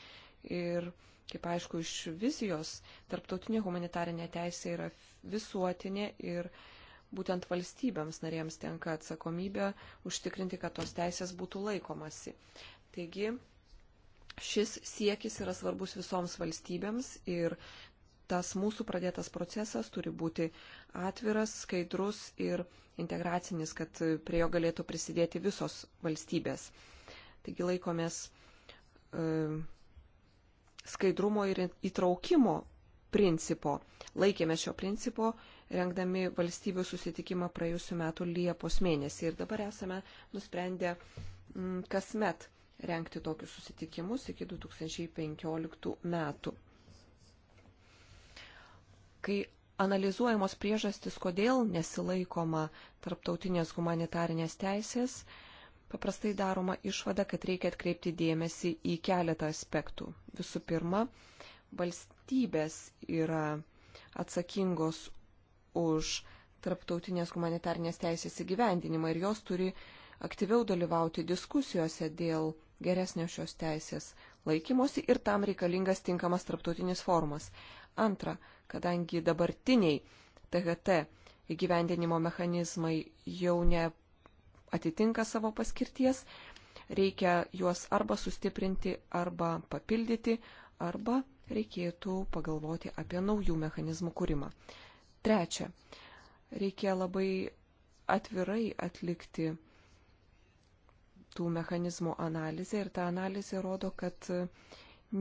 ir, kaip aišku, iš vizijos tarptautinė humanitarinė teisė yra visuotinė ir būtent valstybėms narėms tenka atsakomybė užtikrinti, kad tos teisės būtų laikomasi. Taigi, šis siekis yra svarbus visoms valstybėms ir tas mūsų pradėtas procesas turi būti atviras, skaidrus ir integracinis, kad prie jo galėtų prisidėti visos valstybės. Taigi laikomės e, skaidrumo ir įtraukimo principo. Laikėme šio principo, rengdami valstybių susitikimą praėjusiu metu Liepos mėnesį. Ir dabar esame nusprendę mm, kasmet rengti tokius susitikimus iki 2015 metų. Kai analizuojamos priežastis, kodėl nesilaikoma tarptautinės humanitarinės teisės, paprastai daroma išvada, kad reikia atkreipti dėmesį į keletą aspektų. Visų pirma, valstybės yra atsakingos už tarptautinės humanitarnės teisės įgyvendinimą ir jos turi aktyviau dalyvauti diskusijose dėl geresnio šios teisės laikymosi ir tam reikalingas tinkamas tarptautinis formas. Antra, kadangi dabartiniai THT įgyvendinimo mechanizmai jau ne atitinka savo paskirties, reikia juos arba sustiprinti, arba papildyti, arba reikėtų pagalvoti apie naujų mechanizmų kūrimą. Trečia, reikia labai atvirai atlikti tų mechanizmų analizę ir ta analizė rodo, kad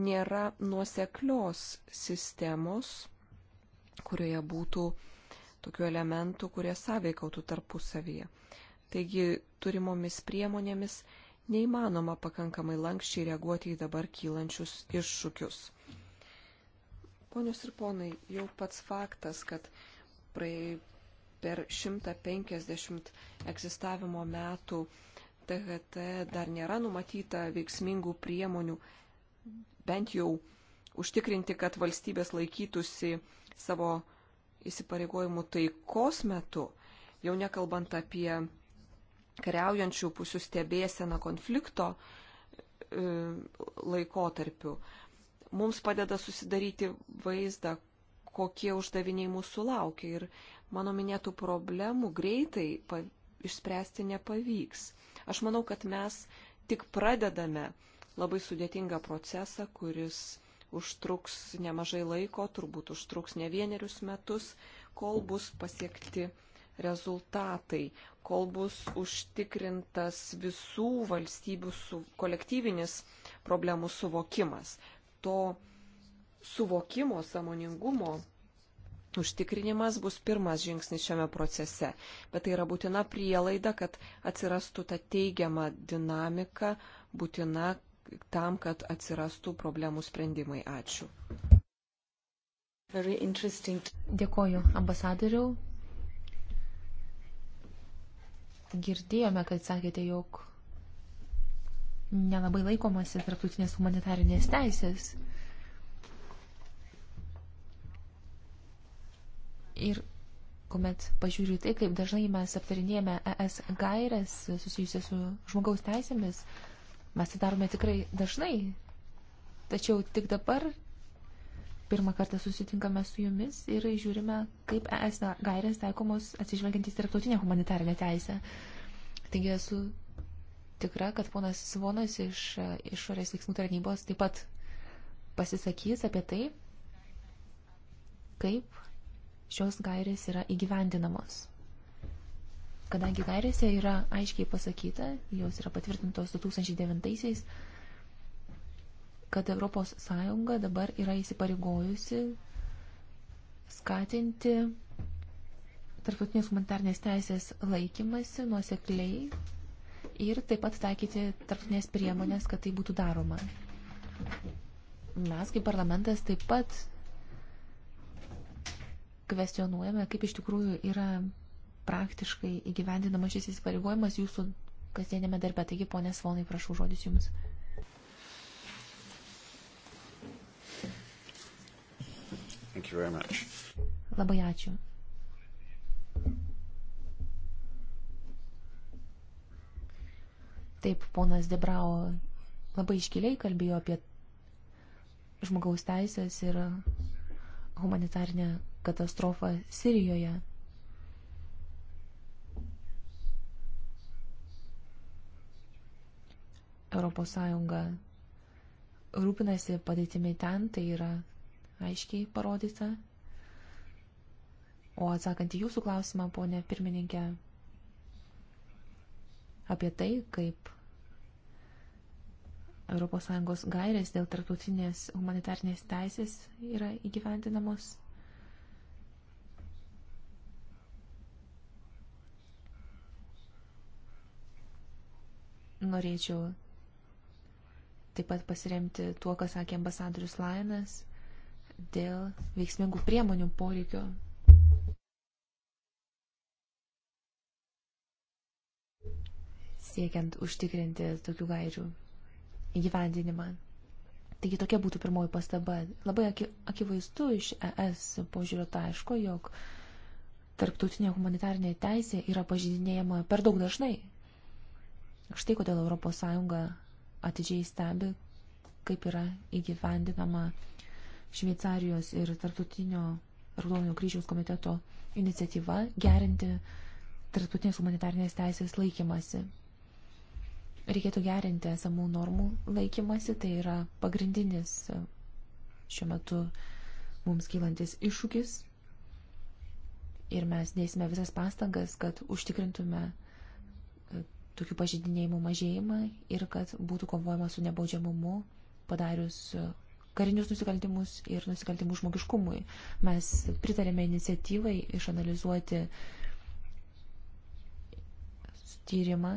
nėra nuoseklios sistemos, kurioje būtų tokių elementų, kurie sąveikautų tarpusavyje. Taigi turimomis priemonėmis neįmanoma pakankamai lankščiai reaguoti į dabar kylančius iššūkius. Ponios ir ponai, jau pats faktas, kad praėjai per 150 egzistavimo metų THT dar nėra numatyta veiksmingų priemonių, bent jau užtikrinti, kad valstybės laikytųsi savo įsipareigojimų taikos metu, jau nekalbant apie kariaujančių pusių stebėsena konflikto e, laikotarpiu, mums padeda susidaryti vaizdą, kokie uždaviniai mūsų laukia ir mano minėtų problemų greitai išspręsti nepavyks. Aš manau, kad mes tik pradedame labai sudėtingą procesą, kuris užtruks nemažai laiko, turbūt užtruks ne vienerius metus, kol bus pasiekti rezultatai, kol bus užtikrintas visų valstybių su, kolektyvinis problemų suvokimas. To suvokimo, samoningumo užtikrinimas bus pirmas žingsnis šiame procese, bet tai yra būtina prielaida, kad atsirastų ta teigiama dinamika, būtina tam, kad atsirastų problemų sprendimai. Ačiū. Dėkoju ambasadoriau. Girdėjome, kad sakėte, jog nelabai laikomasi tarptautinės humanitarinės teisės. Ir kuomet pažiūriu tai, kaip dažnai mes aptarinėjame ES gairias susijusias su žmogaus teisėmis, mes tai darome tikrai dažnai. Tačiau tik dabar Pirmą kartą susitinkame su jumis ir žiūrime, kaip ES gairės taikomos atsižvelgiant į tarptautinę humanitarinę teisę. Taigi esu tikra, kad ponas Svonas iš e, išorės veiksmų tarnybos taip pat pasisakys apie tai, kaip šios gairės yra įgyvendinamos. Kadangi gairėse yra aiškiai pasakyta, jos yra patvirtintos 2009-aisiais, kad ES dabar yra įsipareigojusi skatinti tarptautinės humanitarnės teisės laikymasi nuosekliai ir taip pat taikyti tarptautinės priemonės, kad tai būtų daroma. Mes kaip parlamentas taip pat kvestionuojame, kaip iš tikrųjų yra praktiškai įgyvendinamas šis įsipareigojimas jūsų kasdienėme darbe. Taigi, ponė Svonai, prašau žodis jums. Thank you very much. Labai ačiū. Taip, ponas Debrao labai iškiliai kalbėjo apie žmogaus teisės ir humanitarinę katastrofą Sirijoje. Europos Sąjunga rūpinasi padėtimi ten, tai yra aiškiai parodyta. O atsakant į jūsų klausimą, ponė pirmininkė, apie tai, kaip ES gairės dėl tarptautinės humanitarnės teisės yra įgyvendinamos. Norėčiau taip pat pasiremti tuo, ką sakė ambasadorius Lainas dėl veiksmingų priemonių poreikio. siekiant užtikrinti tokių gairių įgyvendinimą. Taigi tokia būtų pirmoji pastaba. Labai akivaizdu iš ES požiūrio taško, jog tarptautinė humanitarinė teisė yra pažydinėjama per daug dažnai. Štai kodėl ES atidžiai stebi, kaip yra įgyvendinama Šveicarijos ir Tartutinio Raudonojo kryžiaus komiteto iniciatyva gerinti tartutinės humanitarnės teisės laikymasi. Reikėtų gerinti esamų normų laikymasi, tai yra pagrindinis šiuo metu mums kylantis iššūkis. Ir mes dėsime visas pastangas, kad užtikrintume e, tokių pažydinėjimų mažėjimą ir kad būtų kovojama su nebaudžiamumu padarius e, karinius nusikaltimus ir nusikaltimus žmogiškumui. Mes pritarėme iniciatyvai išanalizuoti tyrimą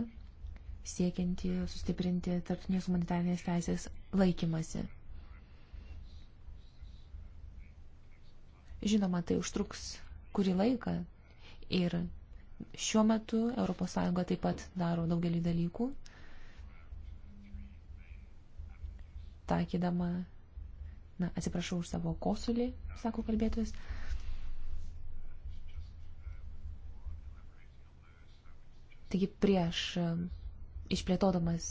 siekiantį sustiprinti tarptautinės humanitarinės teisės laikymasi. Žinoma, tai užtruks kurį laiką ir šiuo metu ES taip pat daro daugelį dalykų, taikydama Na, atsiprašau už savo kosulį, sako kalbėtojas. Taigi prieš e, išplėtodamas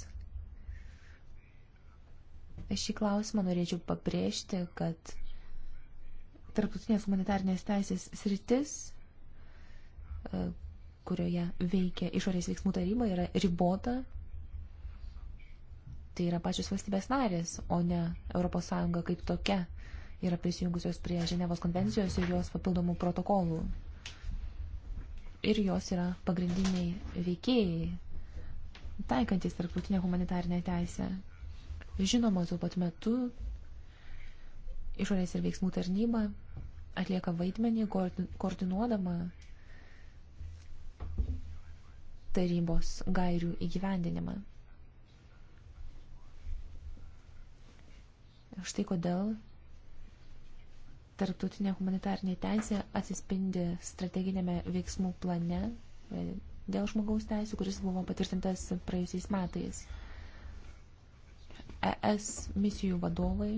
šį klausimą norėčiau pabrėžti, kad tarptautinės humanitarnės teisės sritis, e, kurioje veikia išorės veiksmų taryba, yra ribota tai yra pačios valstybės narės, o ne ES kaip tokia yra prisijungusios prie Ženevos konvencijos ir jos papildomų protokolų. Ir jos yra pagrindiniai veikėjai, taikantis tarptautinę humanitarinę teisę. Žinoma, tuo pat metu išorės ir veiksmų tarnyba atlieka vaidmenį koordinuodama tarybos gairių įgyvendinimą. Štai kodėl tarptautinė humanitarnė teisė atsispindi strateginėme veiksmų plane e, dėl žmogaus teisų, kuris buvo patvirtintas praėjusiais metais. ES misijų vadovai,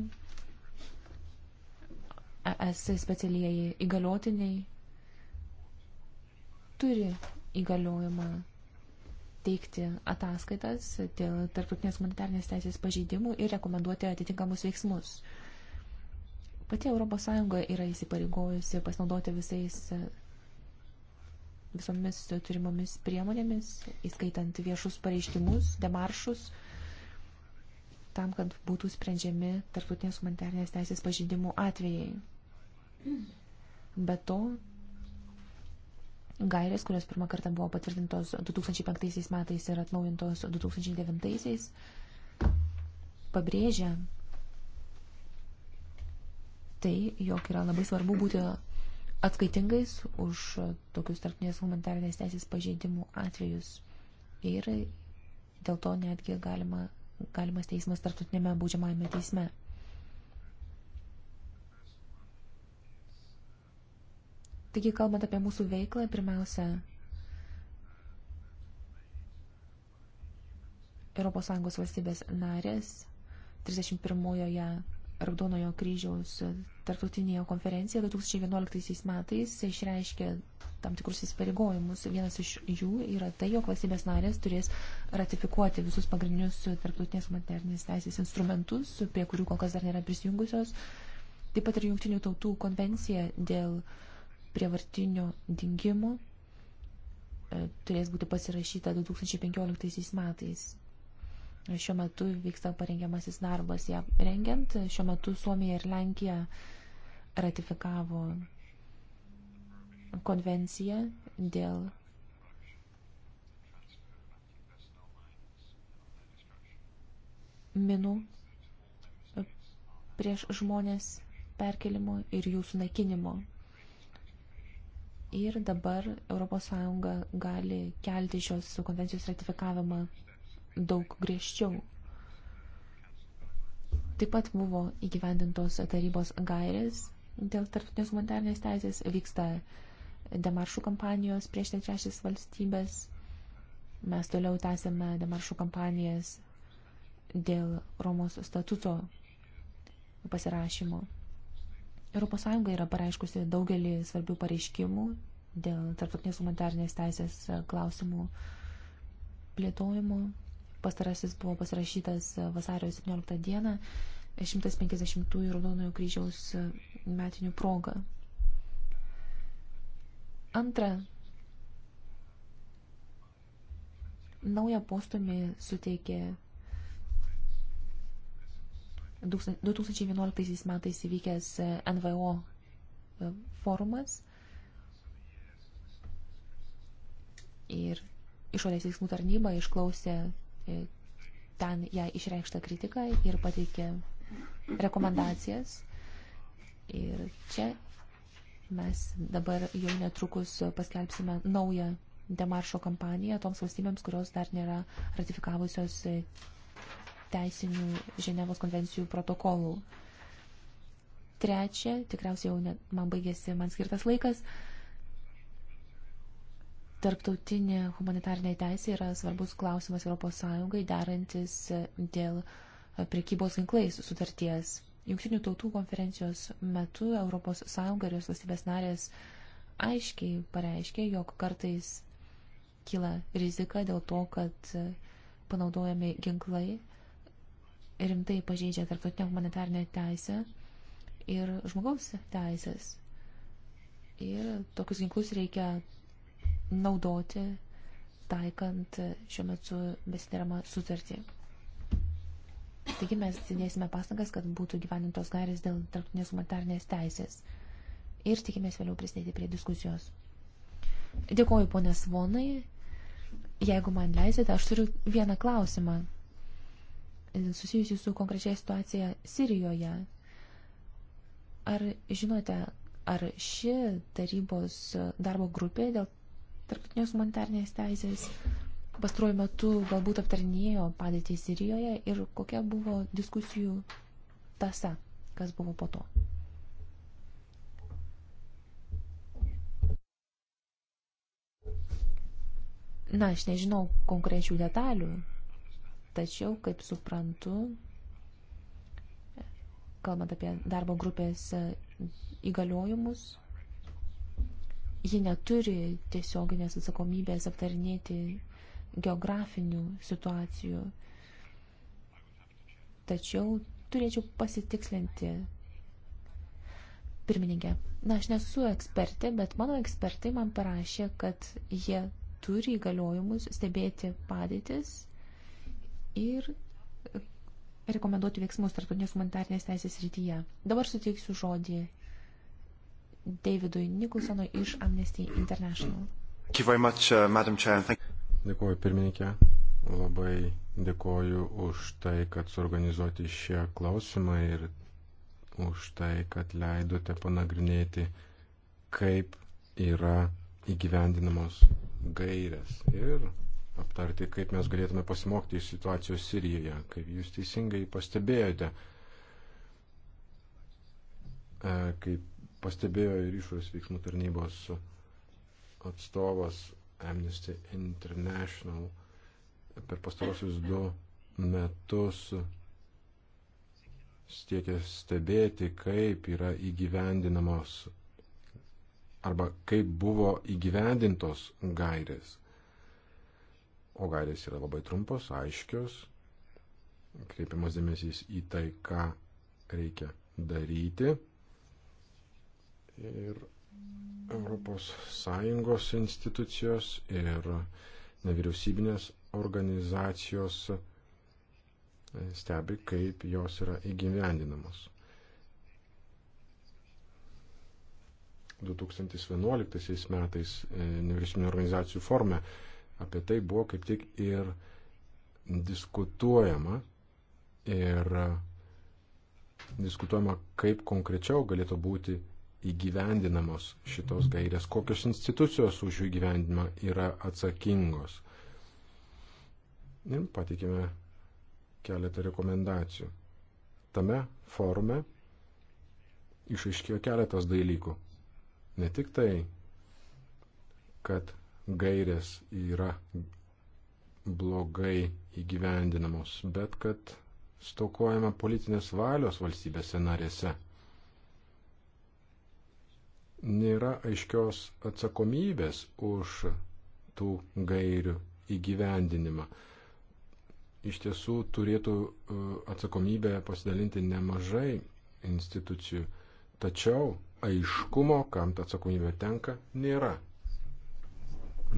ES specialieji įgaliotiniai turi įgaliojimą teikti ataskaitas dėl tarptautinės humanitarnės teisės pažeidimų ir rekomenduoti atitinkamus veiksmus. Pati ES yra įsipareigojusi pasinaudoti visais visomis turimomis priemonėmis, įskaitant viešus pareiškimus, demaršus, tam, kad būtų sprendžiami tarptautinės humanitarnės teisės pažeidimų atvejai. Be to, gairės, kurios pirmą kartą buvo patvirtintos 2005 metais ir atnaujintos 2009, pabrėžia tai, jog yra labai svarbu būti atskaitingais už tokius tarptinės humanitarinės teisės pažeidimų atvejus. Ir dėl to netgi galima, galimas teismas tarptautinėme baudžiamajame teisme. Taigi, kalbant apie mūsų veiklą, pirmiausia, ES valstybės narės 31-ojoje Raudonojo kryžiaus tarptautinėje konferencijoje 2011 metais išreiškė tam tikrus įsipareigojimus. Vienas iš jų yra tai, jog valstybės narės turės ratifikuoti visus pagrindinius tarptautinės materinės teisės instrumentus, prie kurių kol kas dar nėra prisijungusios. Taip pat ir Junktinių tautų konvencija dėl uh, prievartinių dingimų e, turės būti pasirašyta 2015 metais. E, šiuo metu vyksta parengiamasis darbas ją rengiant. E, šiuo metu Suomija ir Lenkija ratifikavo konvenciją dėl minų prieš žmonės perkelimo ir jų sunaikinimo ir dabar ES gali kelti šios konvencijos ratifikavimą daug griežčiau. Taip pat buvo įgyvendintos tarybos gairės dėl tarptautinės humanitarnės teisės, vyksta demaršų kampanijos prieš trečiasis valstybės. Mes toliau tęsėme demaršų kampanijas dėl Romos statuto pasirašymo. ES yra pareiškusi daugelį svarbių pareiškimų dėl tarptautinės humanitarnės teisės e, klausimų plėtojimo. Pastarasis buvo pasirašytas e, vasario 17 dieną 150-ųjų e, Raudonojo kryžiaus metinių progą. Antra, naują postumį suteikė 2011 metais įvykęs e, NVO e, forumas ir išorės veiksmų tarnyba išklausė e, ten ją išreikštą kritiką ir pateikė rekomendacijas. Ir čia mes dabar jau netrukus paskelbsime naują demaršo kampaniją toms valstybėms, kurios dar nėra ratifikavusios teisinių Ženevos konvencijų protokolų. Trečia, tikriausiai jau net, man baigėsi man skirtas laikas, tarptautinė humanitarinė teisė yra svarbus klausimas ES derantis dėl prekybos ginklais sutarties. Junktinių tautų konferencijos metu ES ir jos valstybės narės aiškiai pareiškė, jog kartais kyla rizika dėl to, kad panaudojami ginklai rimtai pažeidžia tarptautinę humanitarinę teisę ir žmogaus teisės. Ir tokius ginklus reikia naudoti, taikant šiuo metu besidaramą sutartį. Taigi mes dėsime pastangas, kad būtų gyvenintos gairės dėl tarptautinės humanitarnės teisės. Ir tikimės vėliau prisidėti prie diskusijos. Dėkuoju, ponė Svonai. Jeigu man leisite, aš turiu vieną klausimą susijusi su konkrečia situacija Sirijoje. Ar žinote, ar ši tarybos darbo grupė dėl tarptautinės humanitarnės teisės pastruoju metu galbūt aptarnėjo padėtį Sirijoje ir kokia buvo diskusijų tasa, kas buvo po to? Na, aš nežinau konkrečių detalių, Tačiau, kaip suprantu, kalbant apie darbo grupės įgaliojimus, ji neturi tiesioginės atsakomybės aptarinėti geografinių situacijų. Tačiau turėčiau pasitikslinti. Pirmininkė, na, aš nesu ekspertė, bet mano ekspertai man parašė, kad jie turi įgaliojimus stebėti padėtis ir e, rekomenduoti veiksmus tarptautinės humanitarnės teisės rytyje. Dabar suteiksiu žodį Davidui Nikolsonui iš Amnesty International. Much, uh, dėkuoju pirmininkė. Labai dėkuoju už tai, kad suorganizuoti šie klausimą ir už tai, kad leidote panagrinėti, kaip yra įgyvendinamos gairės ir aptarti, kaip mes galėtume pasimokti iš situacijos Sirijoje. Kaip jūs teisingai pastebėjote, e, kaip pastebėjo ir išorės veiksmų tarnybos atstovas Amnesty International per pastarosius du metus siekia stebėti, kaip yra įgyvendinamos arba kaip buvo įgyvendintos gairės o gairės yra labai trumpos, aiškios, kreipiamas dėmesys į tai, ką reikia daryti. Ir ES institucijos ir nevyriausybinės organizacijos stebi, kaip jos yra įgyvendinamos. 2011 metais e, nevyriausybinio organizacijų forme Apie tai buvo kaip tik ir diskutuojama ir e, diskutuojama, kaip konkrečiau galėtų būti įgyvendinamos šitos gairės, kokios institucijos už jų įgyvendinimą yra atsakingos. Ir pateikime keletą rekomendacijų. Tame forume išaiškėjo keletas dalykų. Ne tik tai, kad gairės yra blogai įgyvendinamos, bet kad stokojama politinės valios valstybėse narėse. Nėra aiškios atsakomybės už tų gairių įgyvendinimą. Iš tiesų turėtų e, atsakomybę pasidalinti nemažai institucijų, tačiau aiškumo, kam ta atsakomybė tenka, nėra.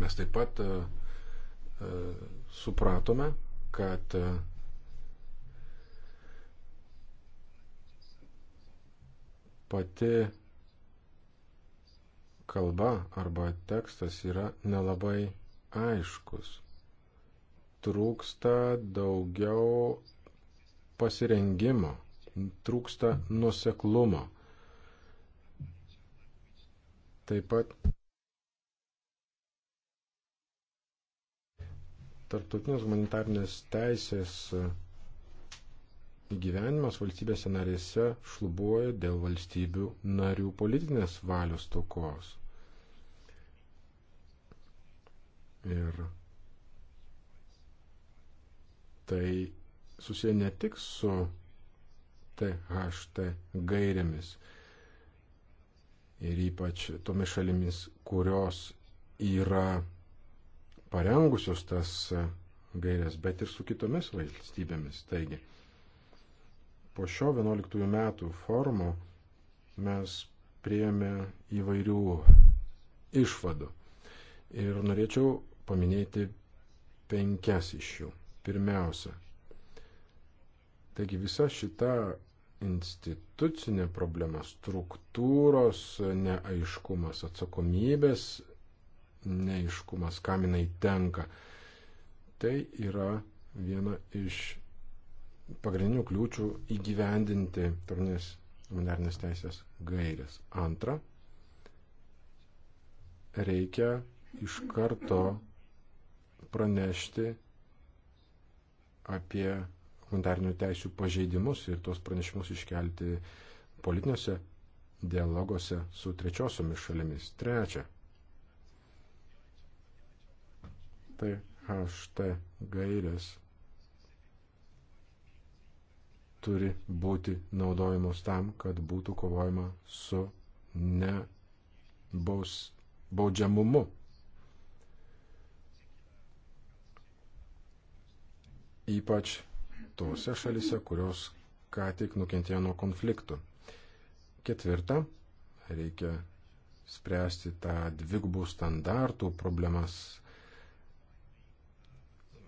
Mes taip pat e, e, supratome, kad e, pati kalba arba tekstas yra nelabai aiškus. Trūksta daugiau pasirengimo, trūksta nuseklumo. Taip pat tarptautinės humanitarnės teisės įgyvenimas valstybėse narėse šlubuoja dėl valstybių narių politinės valios tokos. Ir tai susiję ne tik su THT gairėmis ir ypač tomis šalimis, kurios yra parengusios tas e, gairias, bet ir su kitomis valstybėmis. Taigi, po šio 11 metų forumo mes prieėmė įvairių išvadų. Ir norėčiau paminėti penkias iš jų. Pirmiausia, taigi visa šita institucinė problema, struktūros neaiškumas, atsakomybės neiškumas, kam jinai tenka. Tai yra viena iš pagrindinių kliūčių įgyvendinti tarnės humanitarnės teisės gairės. Antra, reikia iš karto pranešti apie humanitarnių teisių pažeidimus ir tuos pranešimus iškelti politiniuose dialoguose su trečiosiomis šalimis. Trečia, THT gairės turi būti naudojamos tam, kad būtų kovojama su nebaus, baudžiamumu. Ypač tose šalise, kurios ką tik nukentėjo nuo konfliktų. Ketvirta, reikia spręsti tą dvigubų standartų problemas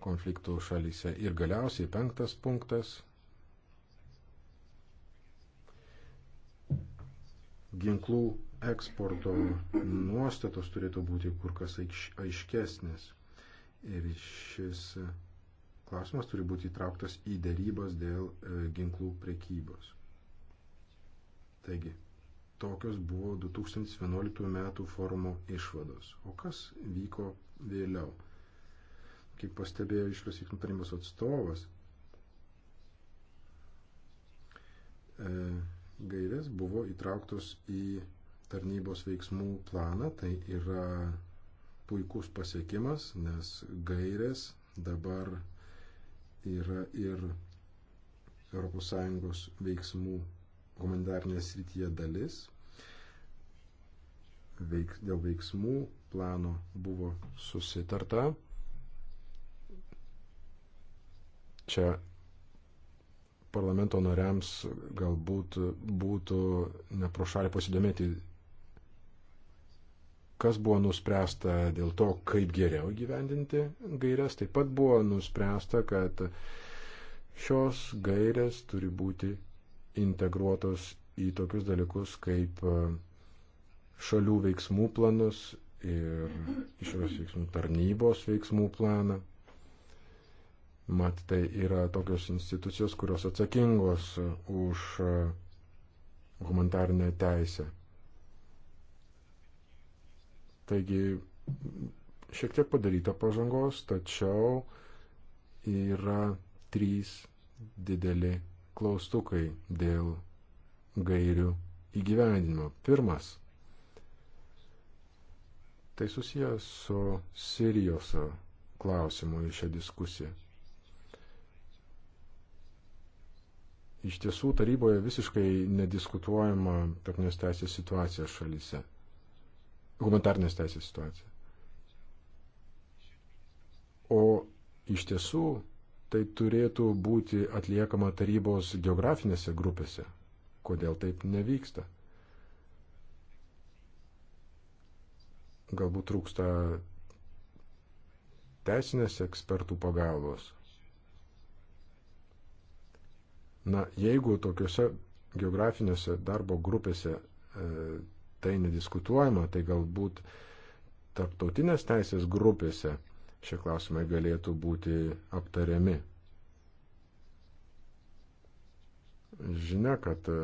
konfliktų šalyse. Ir galiausiai penktas punktas - ginklų eksporto nuostatos turėtų būti kur kas aiškesnės. Ir šis klausimas turi būti įtrauktas į dėrybas dėl e, ginklų prekybos. Taigi, tokios buvo 2011 m. forumo išvados. O kas vyko vėliau? kiek pastebėjo išras veiksmų tarnybos atstovas, e, gairės buvo įtrauktos į tarnybos veiksmų planą. Tai yra puikus pasiekimas, nes gairės dabar yra ir ES veiksmų humanitarnės srityje dalis. Veik, dėl veiksmų plano buvo susitarta Čia parlamento nariams galbūt būtų nepro šalį pasidomėti, kas buvo nuspręsta dėl to, kaip geriau gyvendinti gairias. Taip pat buvo nuspręsta, kad šios gairės turi būti integruotos į tokius dalykus kaip e, šalių veiksmų planus ir išorės veiksmų tarnybos veiksmų planą. Mat tai yra tokios institucijos, kurios atsakingos už e, humanitarinę teisę. Taigi šiek tiek padaryta pažangos, tačiau yra trys dideli klaustukai dėl gairių įgyvendinimo. Pirmas Tai susijęs su Sirijos e, klausimu į šią diskusiją. Iš tiesų taryboje visiškai nediskutuojama tarpinės teisės situacija šalyse. Humanitarnės teisės situacija. O iš tiesų tai turėtų būti atliekama tarybos geografinėse grupėse. Kodėl taip nevyksta? Galbūt trūksta teisinės ekspertų pagalbos, Na, jeigu tokiuose geografinėse darbo grupėse e, tai nediskutuojama, tai galbūt tarptautinės teisės grupėse šie klausimai galėtų būti aptariami. Žinia, kad e,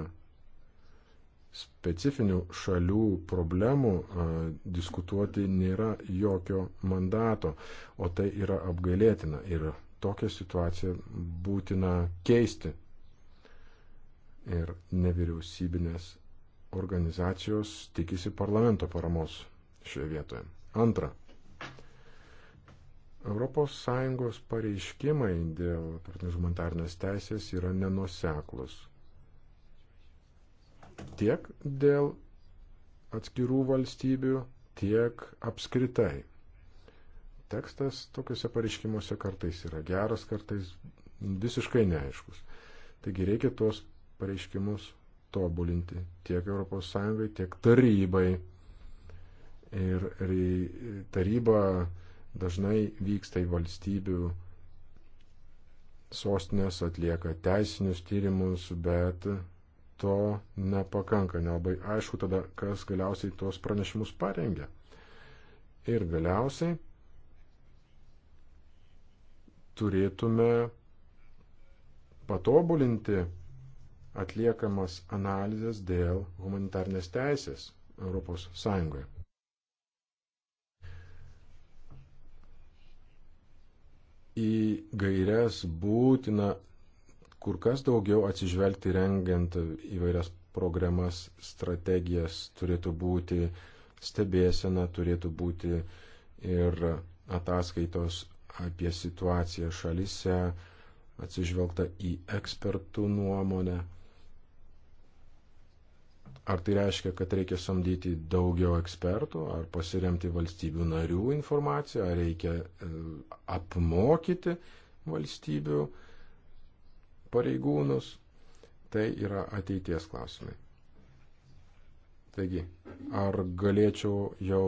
specifinių šalių problemų a, e, diskutuoti nėra jokio mandato, o tai yra apgailėtina ir tokią situaciją būtina keisti ir nevyriausybinės organizacijos tikisi parlamento paramos šioje vietoje. Antra. ES pareiškimai dėl tarptautinės humanitarnės teisės yra nenuseklus. Tiek dėl atskirų valstybių, tiek apskritai. Tekstas tokiuose pareiškimuose kartais yra geras, kartais visiškai neaiškus. Taigi reikia tuos pareiškimus tobulinti tiek ES, tiek tarybai. Ir taryba dažnai vyksta į valstybių sostinės, atlieka teisinius tyrimus, bet to nepakanka. Nelabai aišku tada, kas galiausiai tuos pranešimus parengia. Ir galiausiai turėtume patobulinti atliekamos analizės dėl humanitarnės teisės ES. Į gairias būtina kur kas daugiau atsižvelgti rengiant įvairias programas, strategijas, turėtų būti stebėsena, turėtų būti ir ataskaitos apie situaciją šalise, atsižvelgta į ekspertų nuomonę Ar tai reiškia, kad reikia samdyti daugiau ekspertų, ar pasiremti valstybių narių informaciją, ar reikia e, apmokyti valstybių pareigūnus? Tai yra ateities klausimai. Taigi, ar galėčiau jau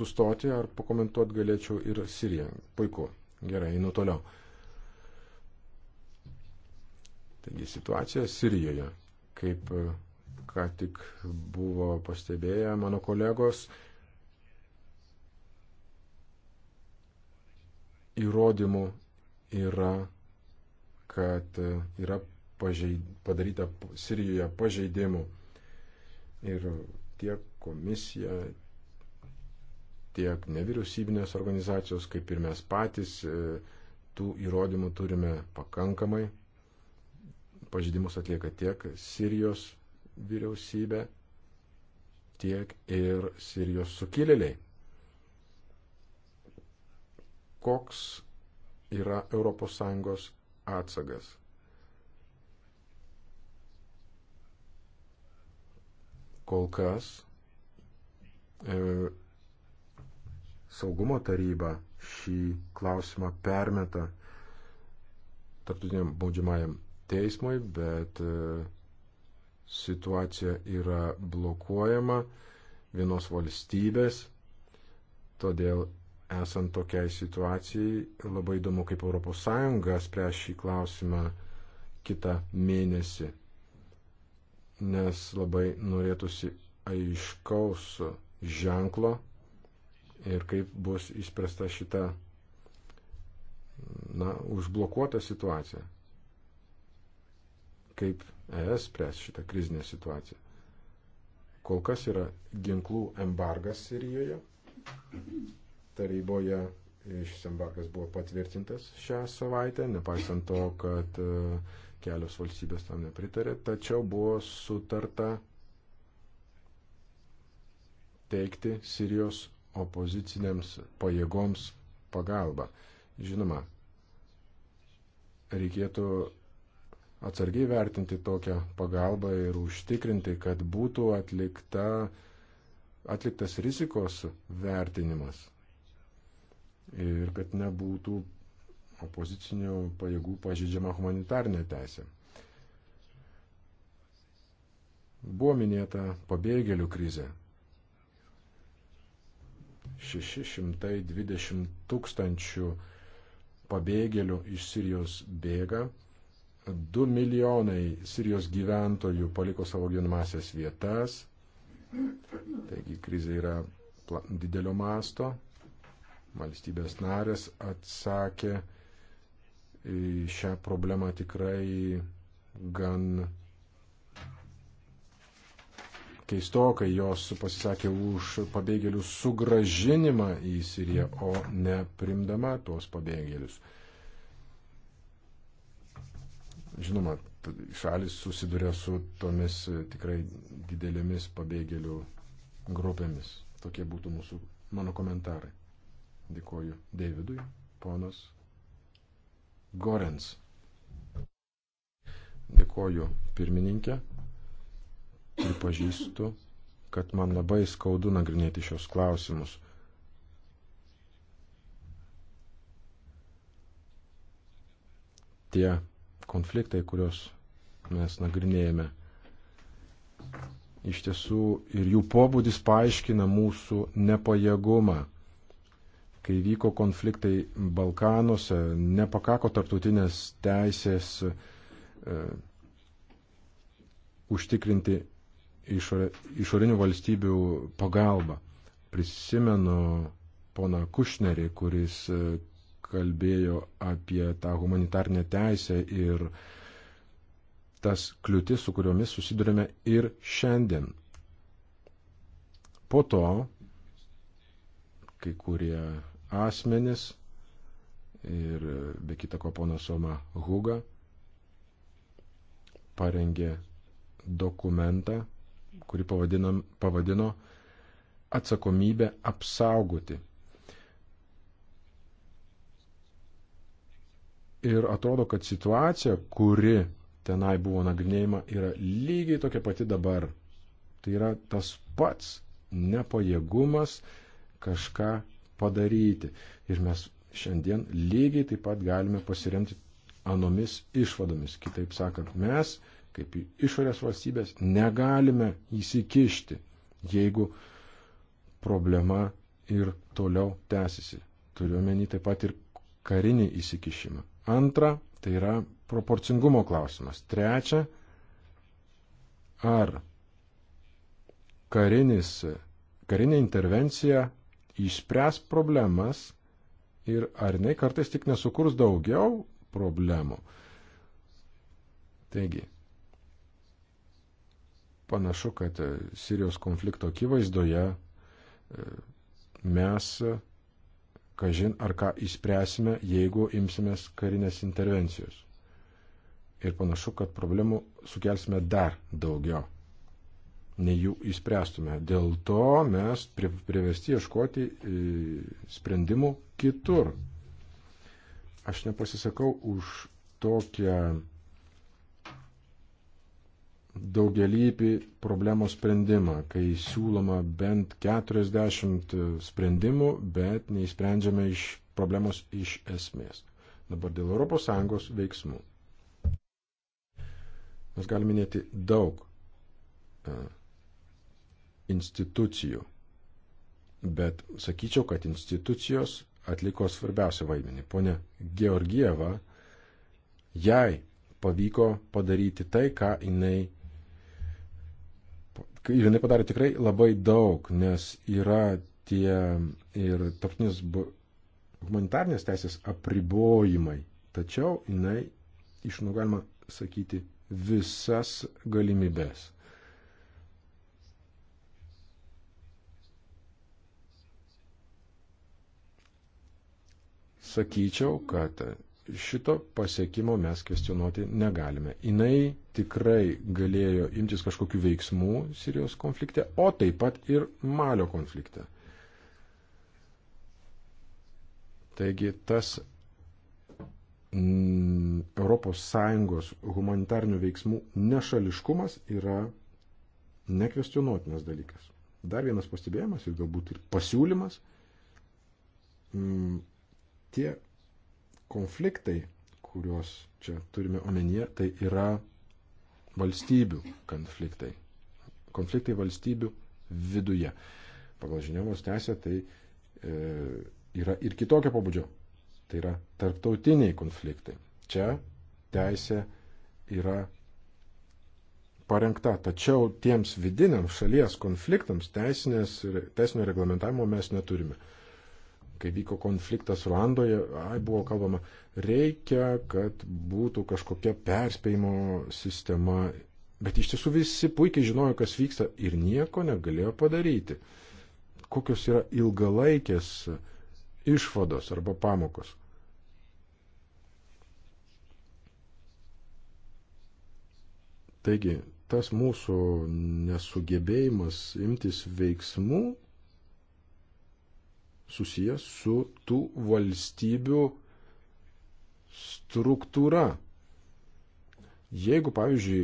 sustoti, ar pakomentuoti galėčiau ir Siriją? Puiku, gerai, einu toliau. Taigi situacija Sirijoje kaip e, ką tik buvo pastebėję mano kolegos, įrodymų yra, kad e, yra pažeid, padaryta Sirijoje pažeidimų. Ir tiek komisija, tiek nevyriausybinės organizacijos, kaip ir mes patys, e, tų įrodymų turime pakankamai pažydimus atlieka tiek Sirijos vyriausybė, tiek ir Sirijos sukilėliai. Koks yra ES atsagas? Kol kas e, saugumo taryba šį klausimą permeta tarptautiniam baudžiamajam teismui, bet e, situacija yra blokuojama vienos valstybės, todėl esant tokiai situacijai labai įdomu, kaip ES spręs šį klausimą kitą mėnesį, nes labai norėtųsi aiškaus ženklo ir kaip bus išspręsta šita na, užblokuota situacija kaip ES spręs šitą krizinę situaciją. Kol kas yra ginklų embargas Sirijoje. Taryboje šis embargas buvo patvirtintas šią savaitę, nepaisant to, kad e, kelios valstybės tam nepritarė, tačiau buvo sutarta teikti Sirijos opozicinėms pajėgoms pagalbą. Žinoma, reikėtų atsargiai vertinti tokią pagalbą ir užtikrinti, kad būtų atlikta, atliktas rizikos vertinimas ir kad nebūtų opozicinių pajėgų pažydžiama humanitarnė teisė. Buvo minėta pabėgėlių krizė. 620 tūkstančių pabėgėlių iš Sirijos bėga 2 milijonai Sirijos gyventojų paliko savo gyvenamasias vietas, taigi krizė yra didelio masto. Valstybės narės atsakė šią problemą tikrai gan keistokai, jos pasisakė už pabėgėlių sugražinimą į Siriją, o ne primdama tuos pabėgėlius. Žinoma, šalis susiduria su tomis e, tikrai didelėmis pabėgėlių grupėmis. Tokie būtų mūsų mano komentarai. Dėkoju Davidui, ponas Gorens. Dėkoju pirmininkė. Pripažįstu, kad man labai skaudu nagrinėti šios klausimus. Tie konfliktai, kuriuos mes nagrinėjame, iš tiesų ir jų pobūdis paaiškina mūsų nepajėgumą. Kai vyko konfliktai Balkanuose, nepakako tarptautinės teisės e, užtikrinti išorė, išorinių valstybių pagalbą. Prisimenu poną Kušnerį, kuris e, kalbėjo apie tą humanitarnę teisę ir tas kliūtis, su kuriomis susidurime ir šiandien. Po to kai kurie asmenys ir be kita ko ponas Oma Huga parengė dokumentą, kurį pavadinam, pavadino atsakomybę apsaugoti. Ir atrodo, kad situacija, kuri tenai buvo nagrinėjama, yra lygiai tokia pati dabar. Tai yra tas pats nepajėgumas kažką padaryti. Ir mes šiandien lygiai taip pat galime pasiremti anomis išvadomis. Kitaip sakant, mes kaip išorės valstybės negalime įsikišti, jeigu problema ir toliau tęsiasi. Turiuomenį taip pat ir karinį įsikišimą. Antra, tai yra proporcingumo klausimas. Trečia, ar karinis, karinė intervencija išspręs problemas ir ar jinai kartais tik nesukurs daugiau problemų. Taigi, panašu, kad Sirijos konflikto akivaizdoje e, mes kažin ar ką įspręsime, jeigu imsimės karinės intervencijos. Ir panašu, kad problemų sukelsime dar daugiau, nei jų įspręstume. Dėl to mes privesti ieškoti e, sprendimų kitur. Aš nepasisakau už tokią daugelįpį problemos sprendimą, kai siūloma bent 40 sprendimų, bet neįsprendžiame iš problemos iš esmės. Dabar dėl ES veiksmų. Mes galime minėti daug e, institucijų, bet sakyčiau, kad institucijos atliko svarbiausią vaidmenį. Pone Georgieva, jai pavyko padaryti tai, ką jinai ir jinai padarė tikrai labai daug, nes yra tie ir tarptinės humanitarnės teisės apribojimai. Tačiau jinai išnaudoja, galima sakyti, visas galimybės. Sakyčiau, kad šito pasiekimo mes kvestionuoti negalime. Inai tikrai galėjo imtis kažkokių veiksmų Sirijos konflikte, o taip pat ir Malio konflikte. Taigi tas mm, ES humanitarnių veiksmų nešališkumas yra nekvestionuotinas dalykas. Dar vienas pastebėjimas ir galbūt ir pasiūlymas mm, tie konfliktai, kuriuos čia turime omenyje, tai yra valstybių konfliktai. Konfliktai valstybių viduje. Pagal Ženevos teisę tai e, yra ir kitokio pabudžio. Tai yra tarptautiniai konfliktai. Čia teisė yra parengta, tačiau tiems vidiniams šalies konfliktams teisinės, teisinio reglamentavimo mes neturime kai vyko konfliktas Ruandoje, ai buvo kalbama, reikia, kad būtų kažkokia perspėjimo sistema, bet iš tiesų visi puikiai žinojo, kas vyksta ir nieko negalėjo padaryti. Kokios yra ilgalaikės išvados arba pamokos. Taigi, tas mūsų nesugebėjimas imtis veiksmų susijęs su tų valstybių struktūra. Jeigu, pavyzdžiui,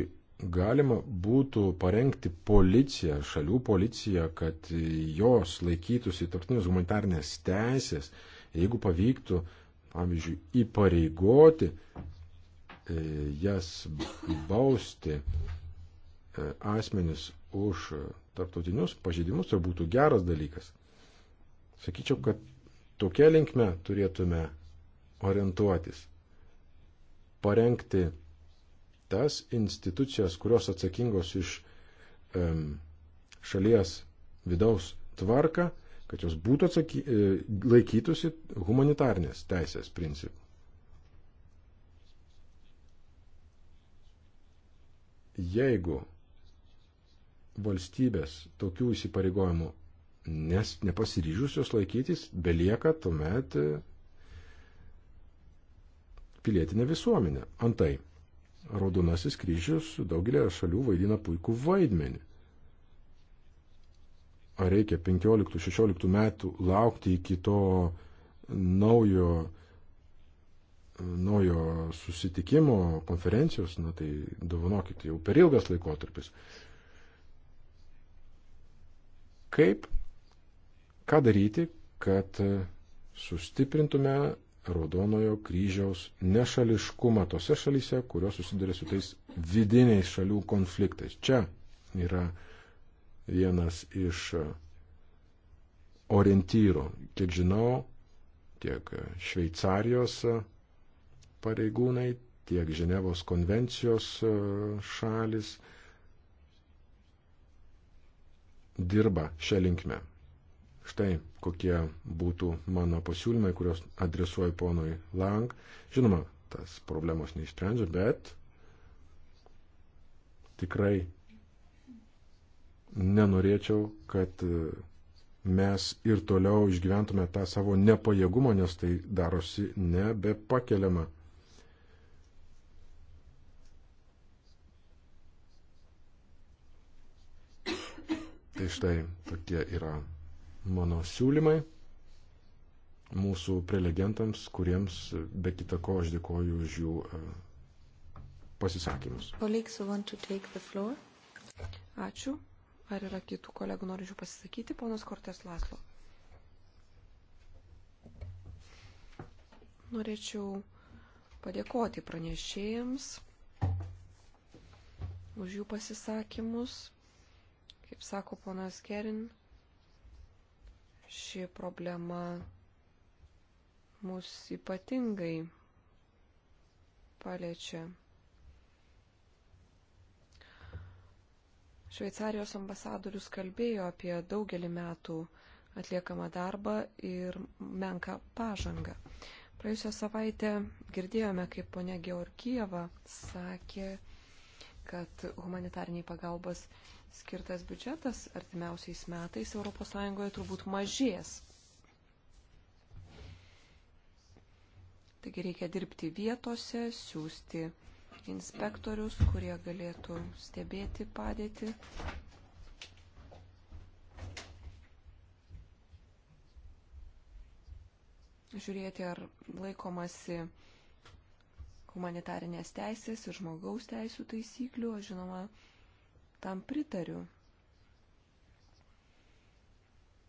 galima būtų parengti policiją, šalių policiją, kad jos laikytųsi tarptautinės humanitarnės teisės, jeigu pavyktų, pavyzdžiui, įpareigoti e, jas bausti e, asmenis už tarptautinius pažeidimus, tai būtų geras dalykas. Sakyčiau, kad tokia linkme turėtume orientuotis. Parengti tas institucijas, kurios atsakingos iš um, šalies vidaus tvarką, kad jos būtų atsaky, e, laikytųsi humanitarnės teisės principų. Jeigu valstybės tokių įsipareigojimų nes nepasiryžusios laikytis belieka tuomet e, pilietinė visuomenė. Antai, Raudonasis kryžius daugelį šalių vaidina puikų vaidmenį. Ar reikia 15-16 metų laukti iki to naujo, e, naujo susitikimo, konferencijos, na tai dovanokit, jau per ilgas laikotarpis. Kaip Ką daryti, kad sustiprintume Raudonojo kryžiaus nešališkumą tose šalyse, kurios susiduria su tais vidiniais šalių konfliktais. Čia yra vienas iš orientyrų. Kiek žinau, tiek Šveicarijos pareigūnai, tiek Ženevos konvencijos šalis dirba šią linkmę. Štai kokie būtų mano pasiūlymai, kuriuos adresuoju ponui Lang. Žinoma, tas problemos neišsprendžia, bet tikrai nenorėčiau, kad mes ir toliau išgyventume tą savo nepajėgumą, nes tai darosi nebepakeliama. Tai štai tokie yra mano siūlymai mūsų prelegentams, kuriems be kita ko aš dėkoju už jų e, pasisakymus. Ačiū. Ar yra kitų kolegų norinčių pasisakyti, ponas Kortės Laslo? Norėčiau padėkoti pranešėjams už jų pasisakymus. Kaip sako ponas Kerin, ši problema mus ypatingai paliečia. Šveicarijos ambasadorius kalbėjo apie daugelį metų atliekamą darbą ir menką pažangą. Praėjusią savaitę girdėjome, kaip ponia Georgieva sakė, kad humanitariniai pagalbos skirtas biudžetas artimiausiais metais ES turbūt mažės. Taigi reikia dirbti vietose, siūsti inspektorius, kurie galėtų stebėti padėtį. Žiūrėti, ar laikomasi humanitarinės teisės ir žmogaus teisų taisyklių, o žinoma, tam pritariu.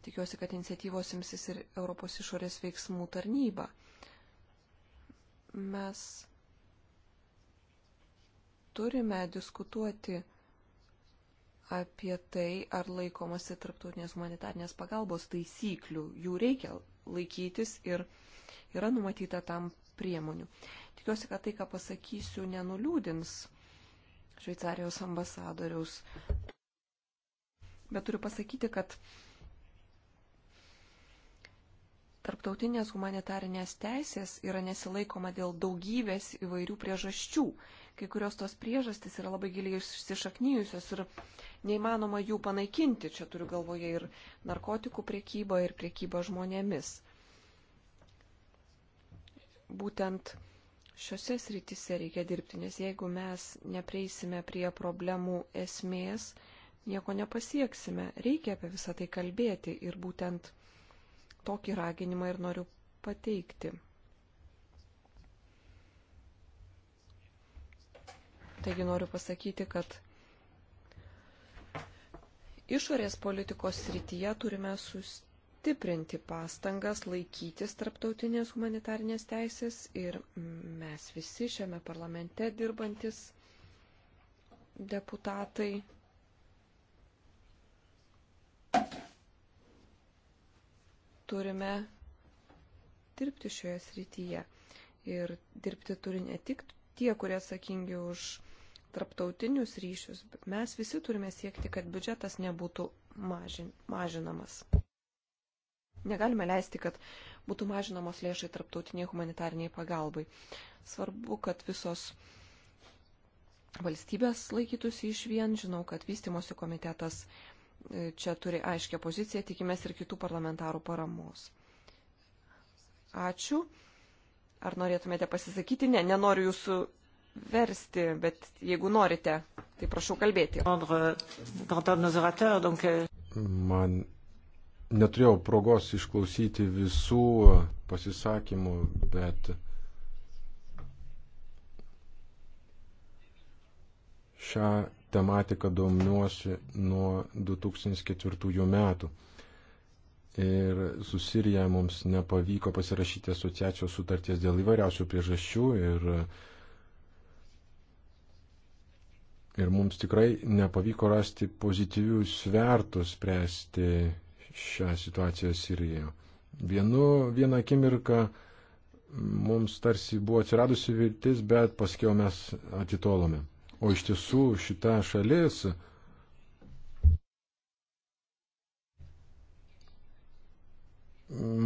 Tikiuosi, kad iniciatyvos imsis ir Europos išorės veiksmų tarnyba. Mes turime diskutuoti apie tai, ar laikomasi tarptautinės humanitarnės pagalbos taisyklių. Jų reikia laikytis ir yra numatyta tam priemonių. Tikiuosi, kad tai, ką pasakysiu, nenuliūdins Šveicarijos ambasadoriaus. Bet turiu pasakyti, kad tarptautinės humanitarinės teisės yra nesilaikoma dėl daugybės įvairių priežasčių. Kai kurios tos priežastys yra labai giliai išsišaknyjusios ir neįmanoma jų panaikinti. Čia turiu galvoje ir narkotikų priekybą, ir priekybą žmonėmis. Būtent šiuose srityse reikia dirbti, nes jeigu mes neprieisime prie problemų esmės, nieko nepasieksime. Reikia apie visą tai kalbėti ir būtent tokį raginimą ir noriu pateikti. Taigi noriu pasakyti, kad išorės politikos srityje turime sustiprinti stiprinti pastangas laikytis tarptautinės humanitarinės teisės ir mes visi šiame parlamente dirbantis deputatai turime dirbti šioje srityje. Ir dirbti turi ne tik tie, kurie atsakingi už tarptautinius ryšius, mes visi turime siekti, kad biudžetas nebūtų mažin, mažinamas. Negalime leisti, kad būtų mažinamos lėšai tarptautiniai humanitariniai pagalbai. Svarbu, kad visos valstybės laikytųsi iš vien. Žinau, kad vystimosi komitetas e, čia turi aiškę poziciją, tikimės ir kitų parlamentarų paramos. Ačiū. Ar norėtumėte pasisakyti? Ne, nenoriu jūsų versti, bet jeigu norite, tai prašau kalbėti. Euh, euh. Man Neturėjau progos išklausyti visų pasisakymų, bet šią tematiką domiuosi nuo 2004 metų. Ir su Sirija mums nepavyko pasirašyti asociacijos sutarties dėl įvairiausių priežasčių ir, ir mums tikrai nepavyko rasti pozityvių svertų spręsti šią situaciją Sirijoje. Vienu, vieną akimirką mums tarsi buvo atsiradusi viltis, bet paskiau mes atitolome. O iš tiesų šita šalis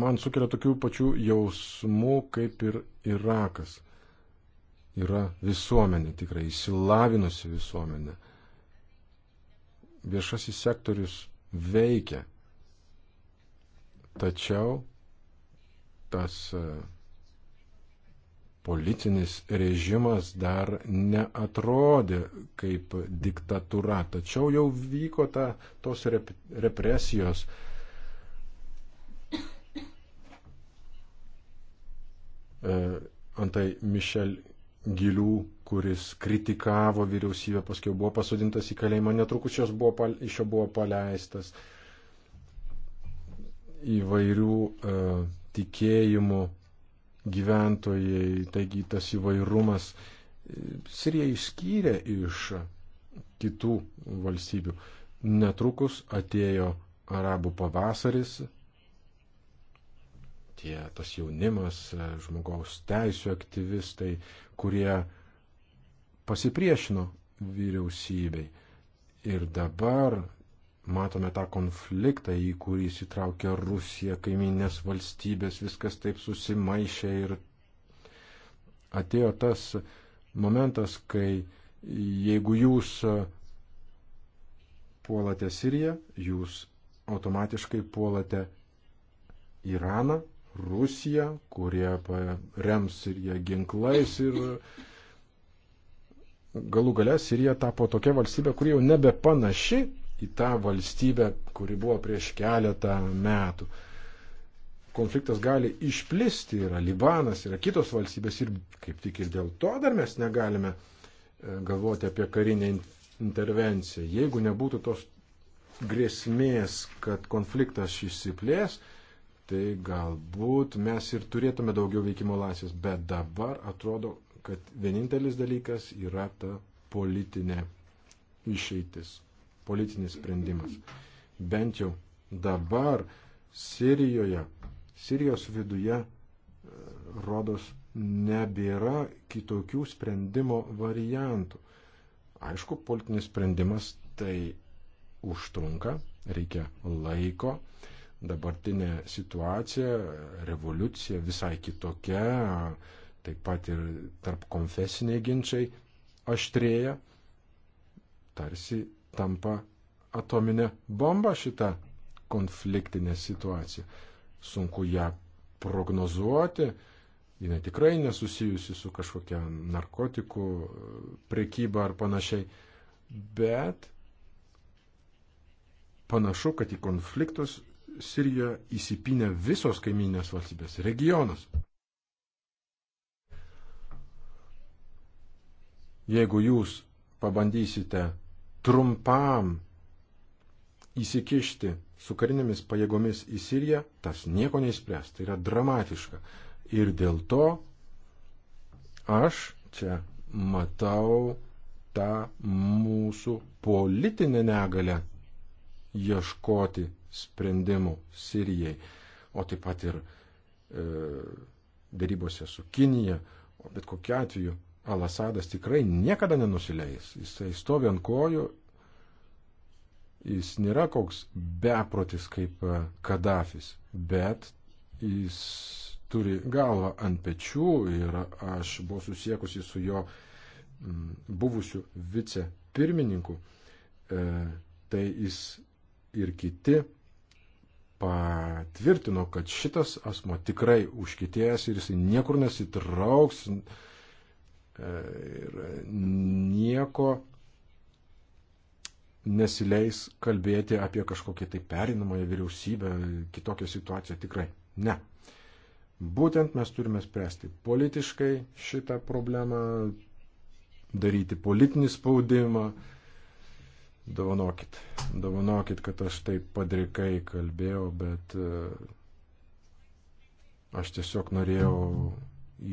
man sukelia tokių pačių jausmų kaip ir Irakas. Yra visuomenė, tikrai įsilavinusi visuomenė. Viešasis sektorius veikia, Tačiau tas e, politinis režimas dar neatrodė kaip diktatūra, tačiau jau vyko ta, tos rep, represijos. E, antai Mišel Gilių, kuris kritikavo vyriausybę, paskui buvo pasodintas į kalėjimą, netrukus buvo, iš jo buvo paleistas. E, įvairių e, tikėjimų gyventojai, taigi tas įvairumas e, Sirija išskyrė iš kitų valstybių. Netrukus atėjo arabų pavasaris, tie tas jaunimas, e, žmogaus teisų aktyvistai, kurie pasipriešino vyriausybei. Ir dabar matome tą konfliktą, į kurį įsitraukia Rusija, kaiminės valstybės, viskas taip susimaišė ir atėjo tas momentas, kai jeigu jūs puolate Siriją, jūs automatiškai puolate Iraną, Rusiją, kurie rems Siriją ginklais ir galų gale Sirija tapo tokia valstybė, kuri jau nebepanaši į tą valstybę, kuri buvo prieš keletą metų. Konfliktas gali išplisti, yra Libanas, yra kitos valstybės ir kaip tik ir dėl to dar mes negalime e, galvoti apie karinę intervenciją. Jeigu nebūtų tos grėsmės, kad konfliktas išsiplės, tai galbūt mes ir turėtume daugiau veikimo laisvės, bet dabar atrodo, kad vienintelis dalykas yra ta politinė išeitis politinis sprendimas. Bent jau dabar Sirijoje, Sirijos viduje, e, rodos, nebėra kitokių sprendimo variantų. Aišku, politinis sprendimas tai užtrunka, reikia laiko. Dabartinė situacija, revoliucija visai kitokia, taip pat ir tarp konfesiniai ginčiai aštrėja, tarsi tampa atominė bomba šita konfliktinė situacija. Sunku ją prognozuoti, jinai tikrai nesusijusi su kažkokia narkotikų e, prekyba ar panašiai, bet panašu, kad į konfliktus Sirijoje įsipinę visos kaiminės valstybės regionas. Jeigu jūs pabandysite trumpam įsikišti su karinėmis pajėgomis į Siriją, tas nieko neįspręs, tai yra dramatiška. Ir dėl to aš čia matau tą mūsų politinę negalę ieškoti sprendimų Sirijai, o taip pat ir e, darybose su Kinija, o bet kokiu atveju Alasadas tikrai niekada nenusileis. Jisai stovi ant kojų Jis nėra koks beprotis kaip e, Kadafis, bet jis turi galvą ant pečių ir aš buvau susiekusi su jo buvusiu vicepirmininku. E, tai jis ir kiti patvirtino, kad šitas asmo tikrai užkitėjęs ir jisai niekur nesitrauks e, ir nieko nesileis kalbėti apie kažkokią tai perinamąją vyriausybę, kitokią situaciją. Tikrai ne. Būtent mes turime spręsti politiškai šitą problemą, daryti politinį spaudimą. Dovanokit, dovanokit, kad aš taip padrikai kalbėjau, bet e, aš tiesiog norėjau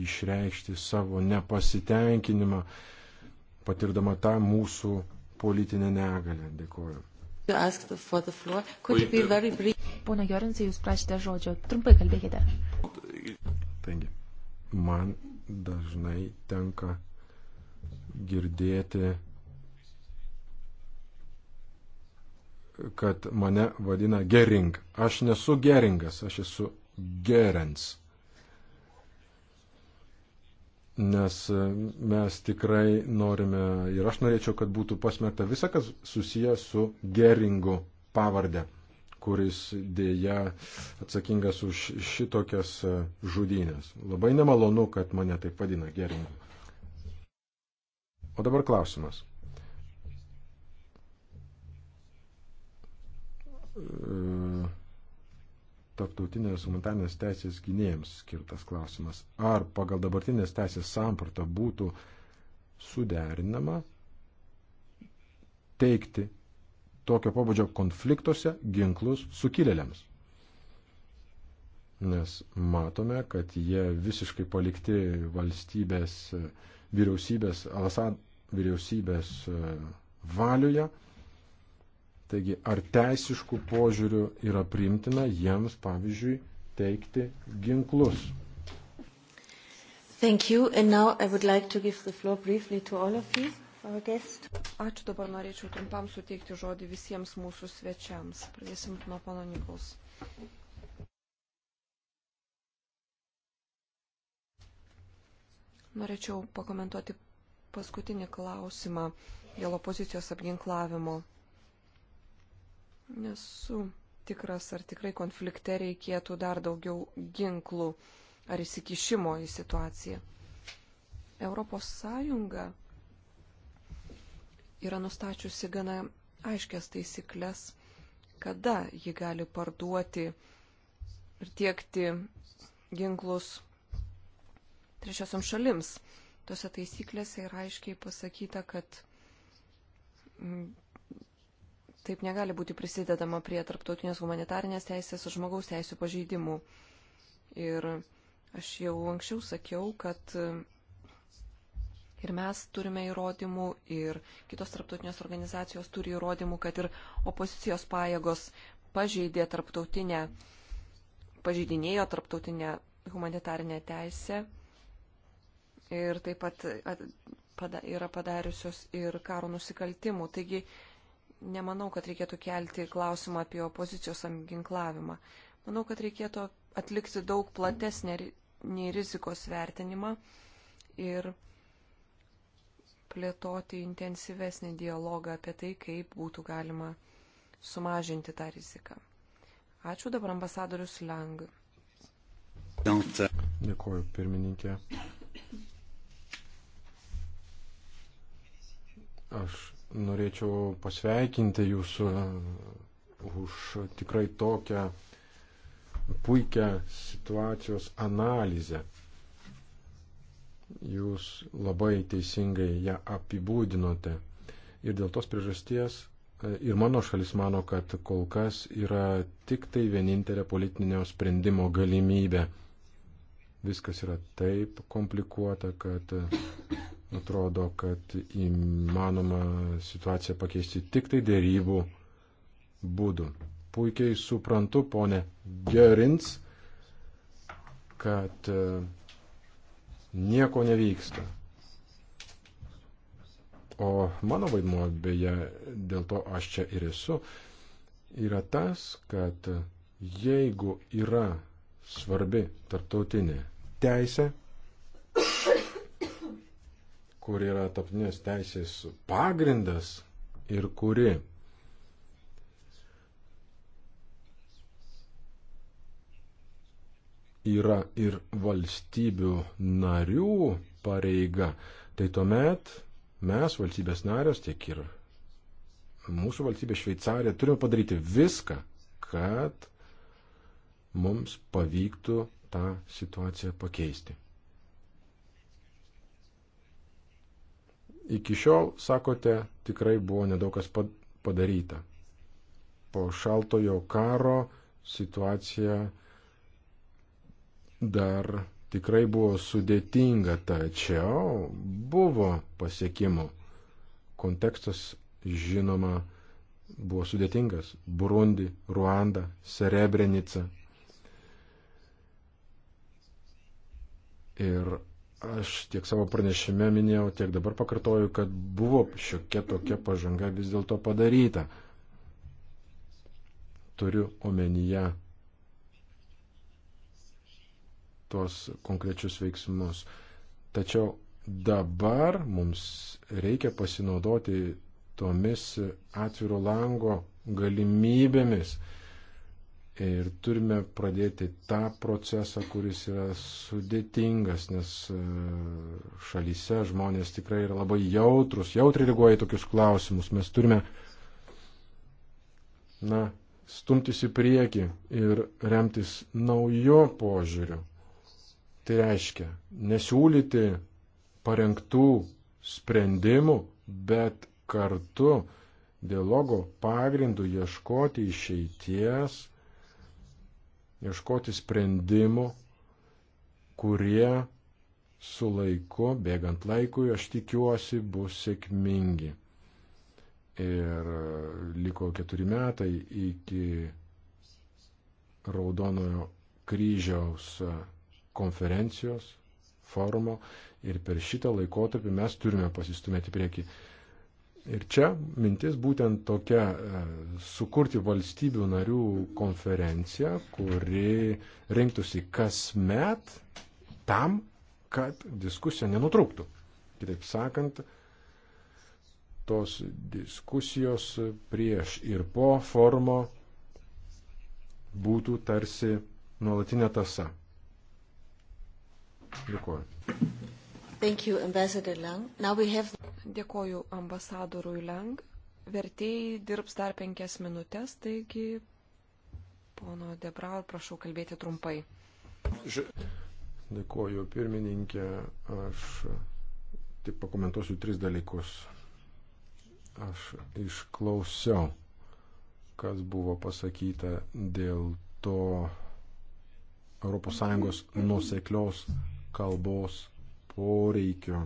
išreikšti savo nepasitenkinimą, patirdama tą mūsų politinę negalę. Dėkuoju. Euh, Pone Jorinsai, jūs prašėte žodžio. Trumpai kalbėkite. Taigi, man dažnai tenka girdėti, kad mane vadina gering. Aš nesu geringas, aš esu gerens nes e, mes tikrai norime ir aš norėčiau, kad būtų pasmerta visa, kas susiję su Geringu pavardė, kuris dėja atsakingas už šitokias e, žudynės. Labai nemalonu, kad mane taip vadina Geringu. O dabar klausimas. E tarptautinės humanitarnės teisės gynėjams skirtas klausimas. Ar pagal dabartinės teisės sampratą būtų suderinama teikti tokio pobūdžio konfliktuose ginklus sukilėliams? Nes matome, kad jie visiškai palikti valstybės vyriausybės, Alasad vyriausybės e, valiuje Taigi, ar teisiškų požiūrių yra primtina jiems, pavyzdžiui, teikti ginklus? Like Ačiū dabar norėčiau trumpam suteikti žodį visiems mūsų svečiams. Pradėsim nuo pono Nikols. Norėčiau pakomentuoti paskutinį klausimą dėl opozicijos apginklavimo. Nesu tikras, ar tikrai konflikte reikėtų dar daugiau ginklų ar įsikišimo į situaciją. Europos Sąjunga yra nustačiusi gana aiškias taisyklės, kada ji gali parduoti ir tiekti ginklus trečiosiam šalims. Tose taisyklėse yra aiškiai pasakyta, kad Taip negali būti prisidedama prie tarptautinės humanitarinės teisės žmogaus teisų pažeidimų. Ir aš jau anksčiau sakiau, kad e, ir mes turime įrodymų, ir kitos tarptautinės organizacijos turi įrodymų, kad ir opozicijos pajėgos pažeidė tarptautinę, pažeidinėjo tarptautinę humanitarinę teisę. Ir taip pat at, pada, yra padariusios ir karo nusikaltimų. Taigi nemanau, kad reikėtų kelti klausimą apie opozicijos apginklavimą. Manau, kad reikėtų atlikti daug platesnį nei rizikos vertinimą ir plėtoti intensyvesnį dialogą apie tai, kaip būtų galima sumažinti tą riziką. Ačiū dabar ambasadorius Lang. Dėkuoju, pirmininkė. Aš norėčiau pasveikinti jūsų e, už tikrai tokią puikią situacijos analizę. Jūs labai teisingai ją apibūdinote. Ir dėl tos priežasties e, ir mano šalis mano, kad kol kas yra tik tai vienintelė politinio sprendimo galimybė. Viskas yra taip komplikuota, kad Atrodo, kad įmanoma situaciją pakeisti tik tai dėrybų būdu. Puikiai suprantu, ponė Gerins, kad e, nieko nevyksta. O mano vaidmuo, beje, dėl to aš čia ir esu, yra tas, kad jeigu yra svarbi tarptautinė teisė, kur yra taptinės teisės pagrindas ir kuri yra ir valstybių narių pareiga, tai tuomet mes, valstybės narios, tiek ir mūsų valstybė Šveicarija, turime padaryti viską, kad mums pavyktų tą situaciją pakeisti. Iki šiol, sakote, tikrai buvo nedaug kas padaryta. Po šaltojo karo situacija dar tikrai buvo sudėtinga, tačiau buvo pasiekimų. Kontekstas, žinoma, buvo sudėtingas. Burundi, Ruanda, Serebrenica. Ir Aš tiek savo pranešime minėjau, tiek dabar pakartoju, kad buvo šiokia tokia pažanga vis dėlto padaryta. Turiu omenyje tuos konkrečius veiksmus. Tačiau dabar mums reikia pasinaudoti tomis atviro lango galimybėmis. Ir turime pradėti tą procesą, kuris yra sudėtingas, nes e, šalyse žmonės tikrai yra labai jautrus, jautri reaguoja į tokius klausimus. Mes turime, na, stumtis į priekį ir remtis naujo požiūriu. Tai reiškia nesiūlyti parengtų sprendimų, bet kartu dialogo pagrindų ieškoti išeities ieškoti sprendimų, kurie su laiku, bėgant laikui, aš tikiuosi, bus sėkmingi. Ir liko keturi metai iki Raudonojo kryžiaus konferencijos, forumo ir per šitą laikotarpį mes turime pasistumėti prieki. Ir čia mintis būtent tokia e, - sukurti valstybių narių konferenciją, kuri rinktųsi kasmet tam, kad diskusija nenutrūktų. Kitaip sakant, tos diskusijos prieš ir po formo būtų tarsi nuolatinė tasa. Dėkuoju. Thank you, Ambassador Lang. Now we have Dėkoju ambasadorui Leng. Vertėjai dirbs dar penkias minutės, taigi pono Debral prašau kalbėti trumpai. Dėkoju pirmininkė. Aš tik pakomentuosiu tris dalykus. Aš išklausiau, kas buvo pasakyta dėl to ES nuseklios kalbos poreikio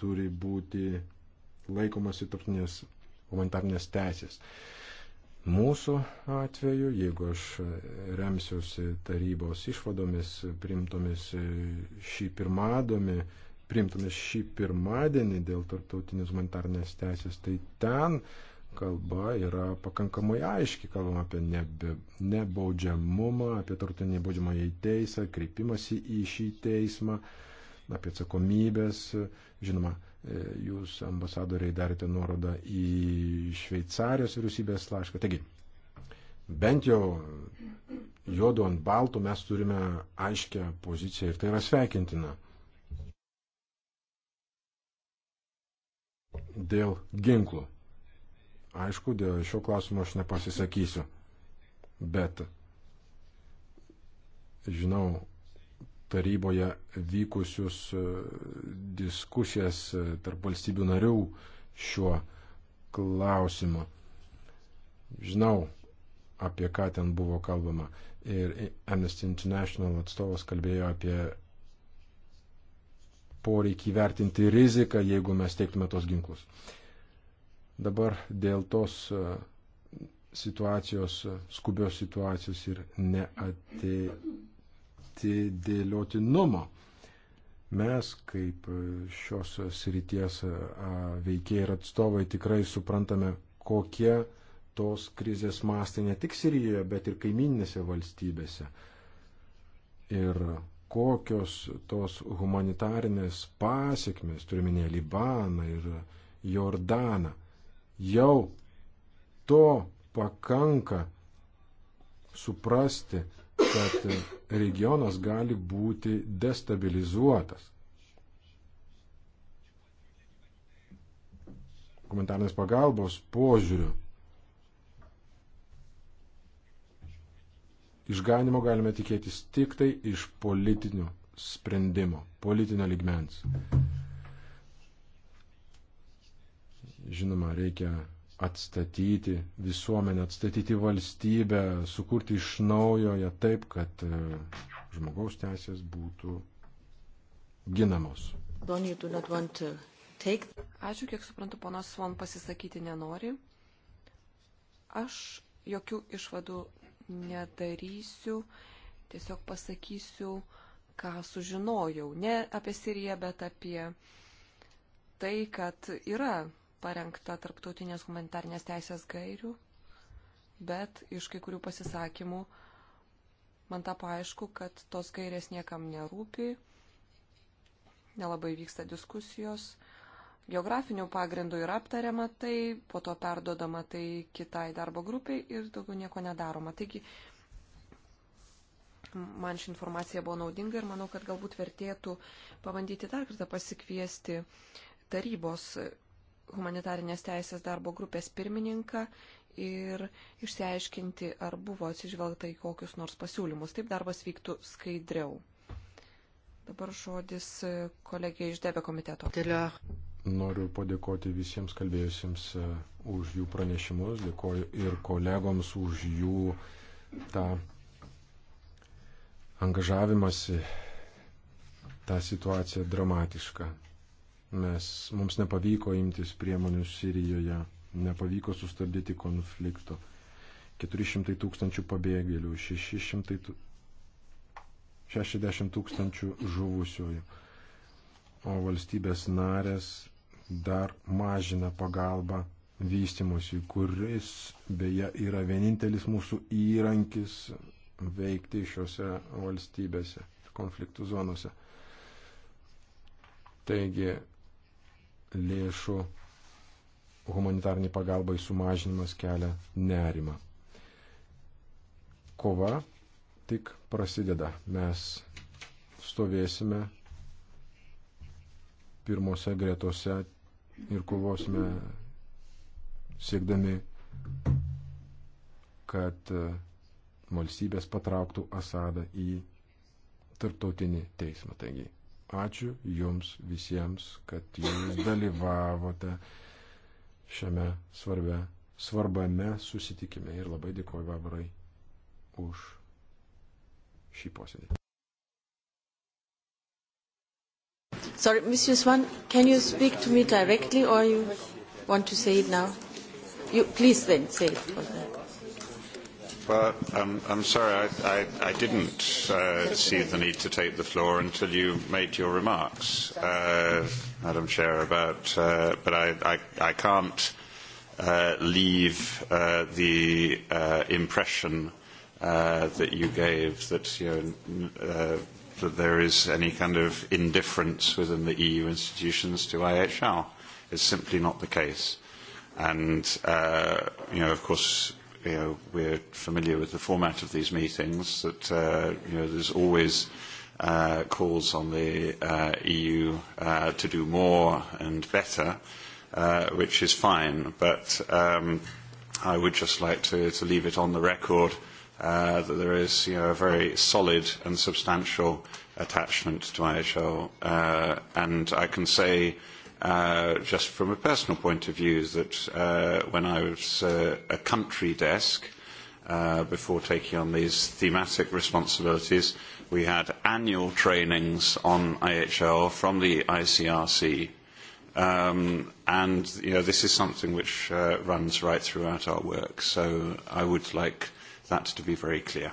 turi būti laikomasi tarptinės humanitarnės teisės. Mūsų atveju, jeigu aš remsiuosi tarybos išvadomis, primtomis šį pirmadomį, primtomis šį pirmadienį dėl tarptautinės humanitarnės teisės, tai ten kalba yra pakankamai aiški, kalbama apie nebe, nebaudžiamumą, apie tarptautinį baudžiamąjį teisą, kreipimąsi į šį teismą. Uh, apie atsakomybės. Žinoma, e, jūs ambasadoriai darėte nuorodą į Šveicarijos vyriausybės laišką. Taigi, bent jau juodu ant baltų mes turime aiškę poziciją ir tai yra sveikintina. Dėl ginklų. Aišku, dėl šio klausimo aš nepasisakysiu. Bet žinau, taryboje vykusius e, diskusijas e, tarp valstybių narių šiuo klausimu. Žinau, apie ką ten buvo kalbama. Ir Amnesty International atstovas kalbėjo apie poreikį vertinti riziką, jeigu mes teiktume tos ginklus. Dabar dėl tos e, situacijos, skubios situacijos ir neatei atidėliotinumo. Mes, kaip šios srities veikėjai ir atstovai, tikrai suprantame, kokie tos krizės mastai ne tik Sirijoje, bet ir kaiminėse valstybėse. Ir kokios tos humanitarinės pasiekmes, turiminė Libaną ir Jordaną, jau to pakanka suprasti, kad regionas gali būti destabilizuotas. Komentarnės pagalbos požiūriu. Išganimo galime tikėtis tik tai iš politinių sprendimo, politinio ligmens. Žinoma, reikia atstatyti visuomenę, atstatyti valstybę, sukurti iš naujo ją taip, kad e, žmogaus teisės būtų ginamos. Ačiū, kiek suprantu, ponas Svon pasisakyti nenori. Aš jokių išvadų nedarysiu, tiesiog pasakysiu, ką sužinojau. Ne apie Siriją, bet apie tai, kad yra parengta tarptautinės humanitarnės teisės gairių, bet iš kai kurių pasisakymų man tapo aišku, kad tos gairės niekam nerūpi, nelabai vyksta diskusijos. Geografinių pagrindų yra aptariama tai, po to perdodama tai kitai darbo grupiai ir daugiau nieko nedaroma. Taigi, man ši informacija buvo naudinga ir manau, kad galbūt vertėtų pabandyti dar kartą pasikviesti tarybos humanitarinės teisės darbo grupės pirmininką ir išsiaiškinti, ar buvo atsižvelgta į kokius nors pasiūlymus. Taip darbas vyktų skaidriau. Dabar žodis e, kolegija iš Debe komiteto. Noriu padėkoti visiems kalbėjusiems e, už jų pranešimus, dėkoju ir kolegoms už jų tą angažavimąsi. Ta situacija dramatiška. Mes, mums nepavyko imtis priemonių Sirijoje, nepavyko sustabdyti konflikto. 400 tūkstančių pabėgėlių, 600 tū... 60 tūkstančių žuvusiojų. O valstybės narės dar mažina pagalbą vystimusi, kuris beje yra vienintelis mūsų įrankis veikti šiuose valstybėse, konfliktų zonose. Taigi lėšų humanitarniai pagalbai sumažinimas kelia nerimą. Kova tik prasideda. Mes stovėsime pirmose gretose ir kovosime siekdami, kad e, valstybės patrauktų Asadą į tarptautinį teismą. Taigi Ačiū Jums visiems, kad Jūs dalyvavote šiame svarbia, svarbame susitikime ir labai dėkoju Vabarai už šį posėdį. Sorry, Mr. Swan, can you speak to me directly or you want to say it now? You, please then say it. Okay. Well, um, I'm sorry, I, I, I didn't uh, see the need to take the floor until you made your remarks, uh, Madam Chair, about, uh, but I, I, I can't uh, leave uh, the uh, impression uh, that you gave that, you know, uh, that there is any kind of indifference within the EU institutions to IHR. It's simply not the case. And, uh, you know, of course, you uh, know, we're familiar with the format of these meetings, that uh, you know, there's always uh, calls on the uh, EU uh, to do more and better, uh, which is fine. But um, I would just like to, to leave it on the record uh, that there is you know, a very solid and substantial attachment to IHL. Uh, and I can say uh, just from a personal point of view, is that uh, when I was uh, a country desk, uh, before taking on these thematic responsibilities, we had annual trainings on IHL from the ICRC. Um, and you know, this is something which uh, runs right throughout our work, so I would like that to be very clear.